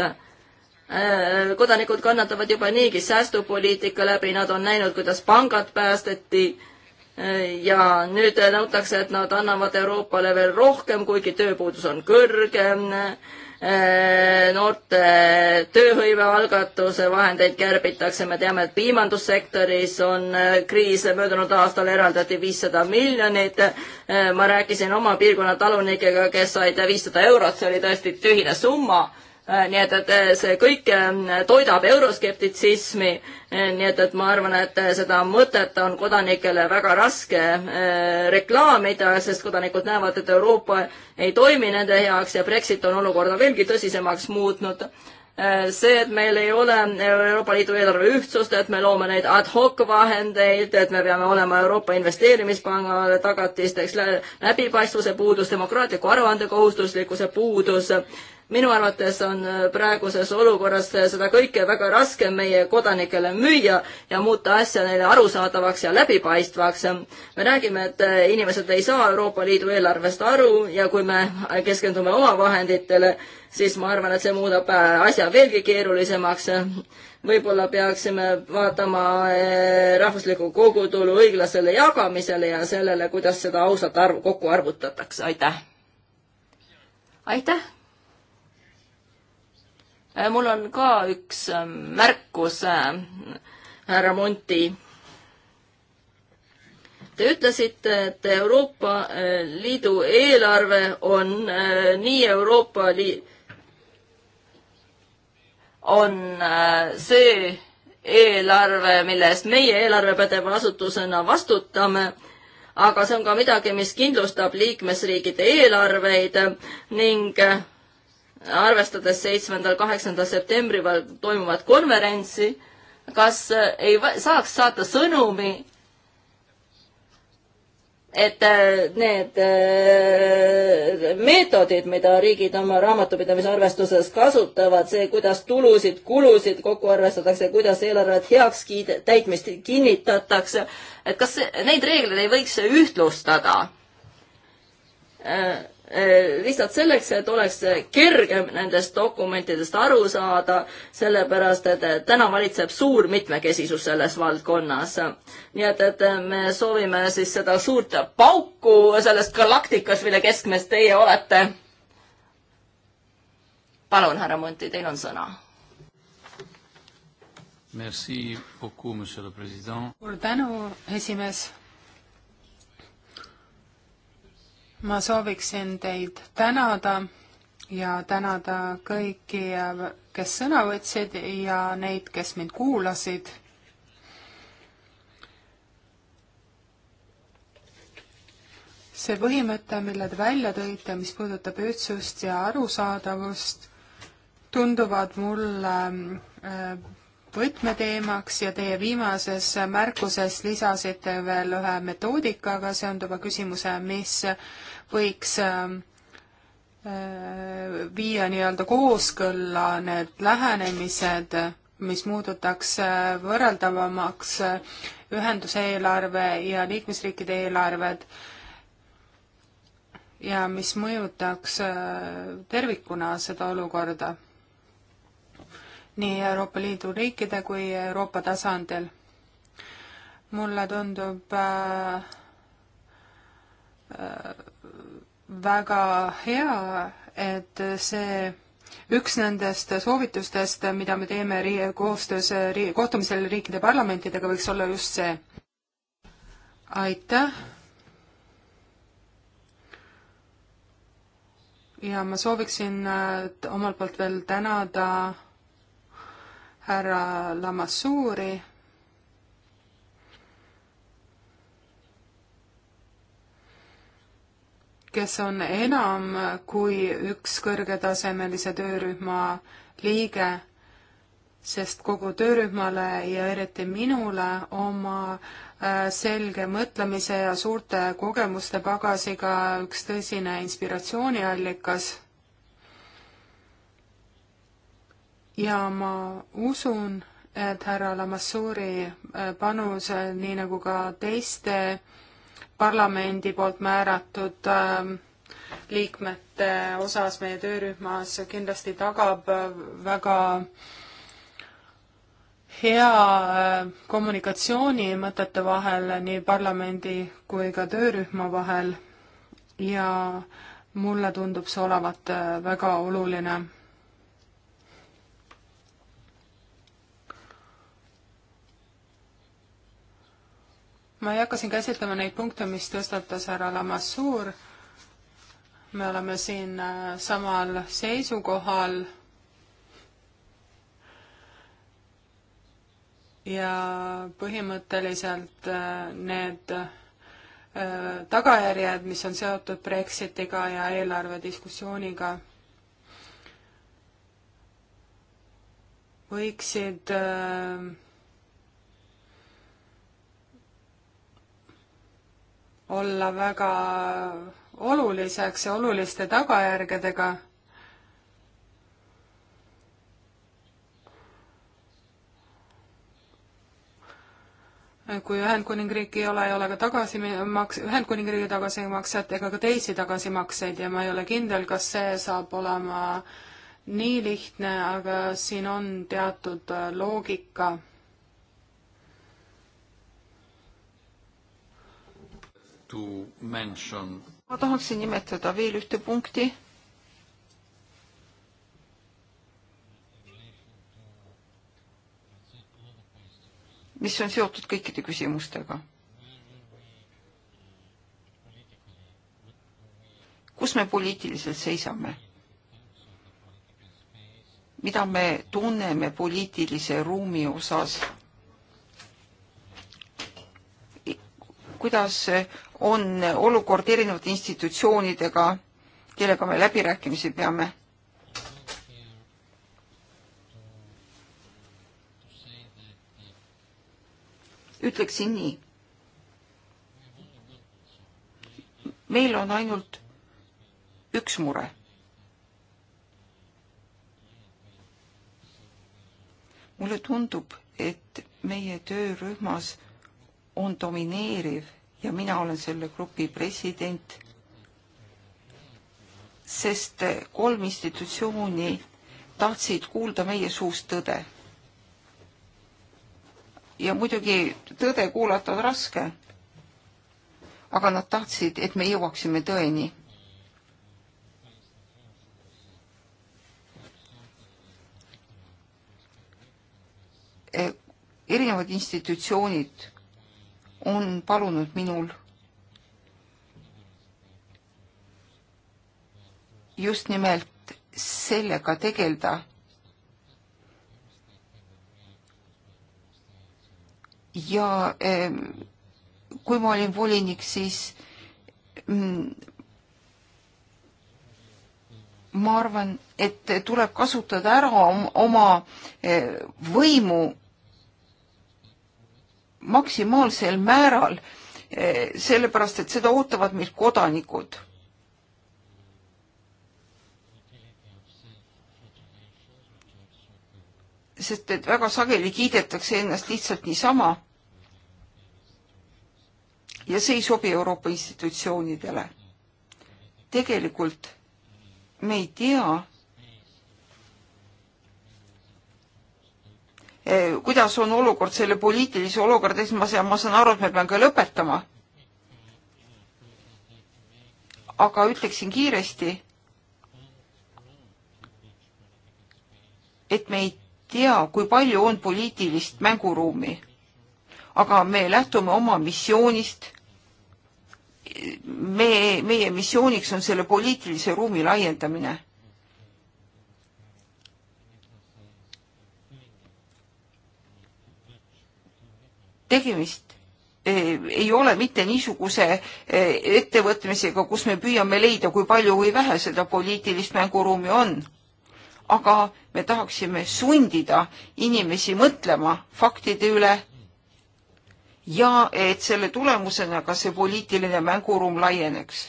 kodanikud kannatavad juba niigi säästupoliitika läbi, nad on näinud, kuidas pangad päästeti ja nüüd nõutakse, et nad annavad Euroopale veel rohkem, kuigi tööpuudus on kõrgem Äh, noorte tööhõivealgatuse vahendeid kärbitakse, me teame, et piimandussektoris on äh, kriis, möödunud aastal eraldati viissada miljonit. Äh, ma rääkisin oma piirkonna talunikega, kes said viissada eurot, see oli tõesti tühine summa Äh, nii et, et äh, see kõik ähm, toidab euroskeptitsismi. Äh, nii et, et ma arvan, et seda mõtet on kodanikele väga raske reklaamida, sest kodanikud näevad, et Euroopa ei toimi nende heaks ja Brexit on olukorda veelgi tõsisemaks muutnud see, et meil ei ole Euroopa Liidu eelarve ühtsust, et me loome neid ad hoc vahendeid, et me peame olema Euroopa Investeerimispanga tagatisteks läbipaistvuse puudus, demokraatliku aruandekohustuslikkuse puudus minu arvates on äh, praeguses olukorras äh, seda kõike väga raske meie kodanikele müüa ja muuta asja neile arusaadavaks ja läbipaistvaks. me räägime, et äh, inimesed ei saa Euroopa Liidu eelarvest aru ja kui me keskendume oma vahenditele, siis ma arvan, et see muudab asja veelgi keerulisemaks. võib-olla peaksime vaatama rahvusliku kogutulu õiglasele jagamisele ja sellele, kuidas seda ausalt arvu kokku arvutatakse. aitäh! aitäh! Äh, mul on ka üks äh, märkus, äh, härra Monti. Te ütlesite, et Euroopa Liidu eelarve on nii Euroopa Liit, on see eelarve, mille eest meie eelarvepädeva asutusena vastutame aga see on ka midagi, mis kindlustab liikmesriigide eelarveid ning arvestades seitsmendal, kaheksandal septembril toimuvat konverentsi, kas äh, ei saaks saata sõnumi, et äh, need äh, meetodid, mida riigid oma raamatupidamise arvestuses kasutavad, see, kuidas tulusid, kulusid kokku arvestatakse, kuidas eelarvet heaks kiid-, täitmist kinnitatakse, et kas neid reegleid ei võiks ühtlustada? Eh, lihtsalt selleks, et oleks kergem nendest dokumentidest aru saada, sellepärast et täna valitseb suur mitmekesisus selles valdkonnas. nii et, et me soovime siis seda suurt pauku sellest galaktikast, mille keskmes teie olete. palun, härra Munti, teil on sõna. suur tänu, esimees ma sooviksin teid tänada ja tänada kõiki, kes sõna võtsid ja neid, kes mind kuulasid. see põhimõte, mille te välja tõite, mis puudutab ühtsust ja arusaadavust, tunduvad mulle äh, võtmeteemaks ja teie viimases märkuses lisasite veel ühe metoodikaga seonduva küsimuse, mis võiks ähm, äh, viia nii-öelda kooskõlla need lähenemised, mis muudetaks äh, võrreldavamaks äh, ühenduse eelarve ja liikmesriikide eelarved ja mis mõjutaks tervikuna seda olukorda nii Euroopa Liidu riikide kui Euroopa tasandil. mulle tundub äh, äh, väga hea, et see üks nendest soovitustest, mida me teeme ri-, koostöös ri-, kohtumisel riikide parlamentidega, võiks olla just see. aitäh! ja ma sooviksin äh, omalt poolt veel tänada härra Lamassuuri kes on enam kui üks kõrgetasemelise töörühma liige, sest kogu töörühmale ja eriti minule oma äh, selge mõtlemise ja suurte kogemuste pagasiga üks tõsine inspiratsiooniallikas. ja ma usun, et härra Lamassuuri äh, panus, nii nagu ka teiste parlamendi poolt määratud ähm, liikmete osas meie töörühmas kindlasti tagab äh, väga hea äh, kommunikatsiooni mõtete vahel nii parlamendi kui ka töörühma vahel ja mulle tundub see olevat äh, väga oluline ma ei hakka siin käsitlema neid punkte, mis tõstatas härra Lamassuur, me oleme siin äh, samal seisukohal ja põhimõtteliselt äh, need äh, tagajärjed, mis on seotud Brexitiga ja eelarvediskussiooniga, võiksid äh, olla väga oluliseks ja oluliste tagajärgedega. kui Ühendkuningriik ei ole, ei ole ka tagasimaks, Ühendkuningriigi tagasimakset ega ka teisi tagasimakseid ja ma ei ole kindel, kas see saab olema nii lihtne, aga siin on teatud loogika ma tahaksin nimetada veel ühte punkti. mis on seotud kõikide küsimustega. kus me poliitiliselt seisame? mida me tunneme poliitilise ruumi osas? kuidas on olukord erinevate institutsioonidega, kellega me läbirääkimisi peame? ütleksin nii. meil on ainult üks mure. mulle tundub, et meie töörühmas on domineeriv ja mina olen selle grupi president, sest kolm institutsiooni tahtsid kuulda meie suust tõde. ja muidugi tõde kuulata on raske, aga nad tahtsid, et me jõuaksime tõeni erinevad institutsioonid on palunud minul just nimelt sellega tegeleda. ja ähm, kui ma olin volinik, siis mm, ma arvan, et tuleb kasutada ära oma äh, võimu maksimaalsel määral, eh, sellepärast et seda ootavad meilt kodanikud. sest et väga sageli kiidetakse ennast lihtsalt niisama. ja see ei sobi Euroopa institutsioonidele. tegelikult me ei tea Eh, kuidas on olukord selle poliitilise olukorda, siis ma saan, ma saan aru, et ma pean ka lõpetama. aga ütleksin kiiresti, et me ei tea, kui palju on poliitilist mänguruumi. aga me lähtume oma missioonist. me, meie missiooniks on selle poliitilise ruumi laiendamine tegemist eh, ei ole mitte niisuguse eh, ettevõtmisega, kus me püüame leida, kui palju või vähe seda poliitilist mänguruumi on. aga me tahaksime sundida inimesi mõtlema faktide üle ja et selle tulemusena ka see poliitiline mänguruum laieneks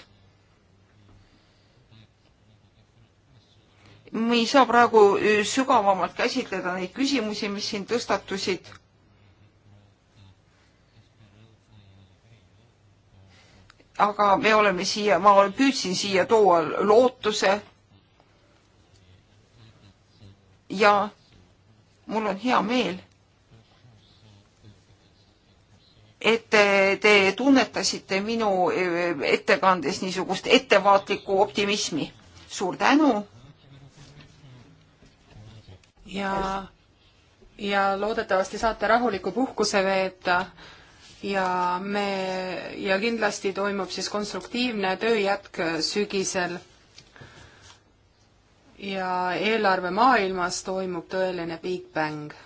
me ei saa praegu eh, sügavamalt käsitleda neid küsimusi, mis siin tõstatusid. aga me oleme siia, ma püüdsin siia tuua lootuse. ja mul on hea meel, et te, te tunnetasite minu eh, ettekandes niisugust ettevaatlikku optimismi. suur tänu. ja, ja loodetavasti saate rahuliku puhkuse veeta ja me, ja kindlasti toimub siis konstruktiivne tööjätk sügisel. ja eelarve maailmas toimub tõeline Big Bang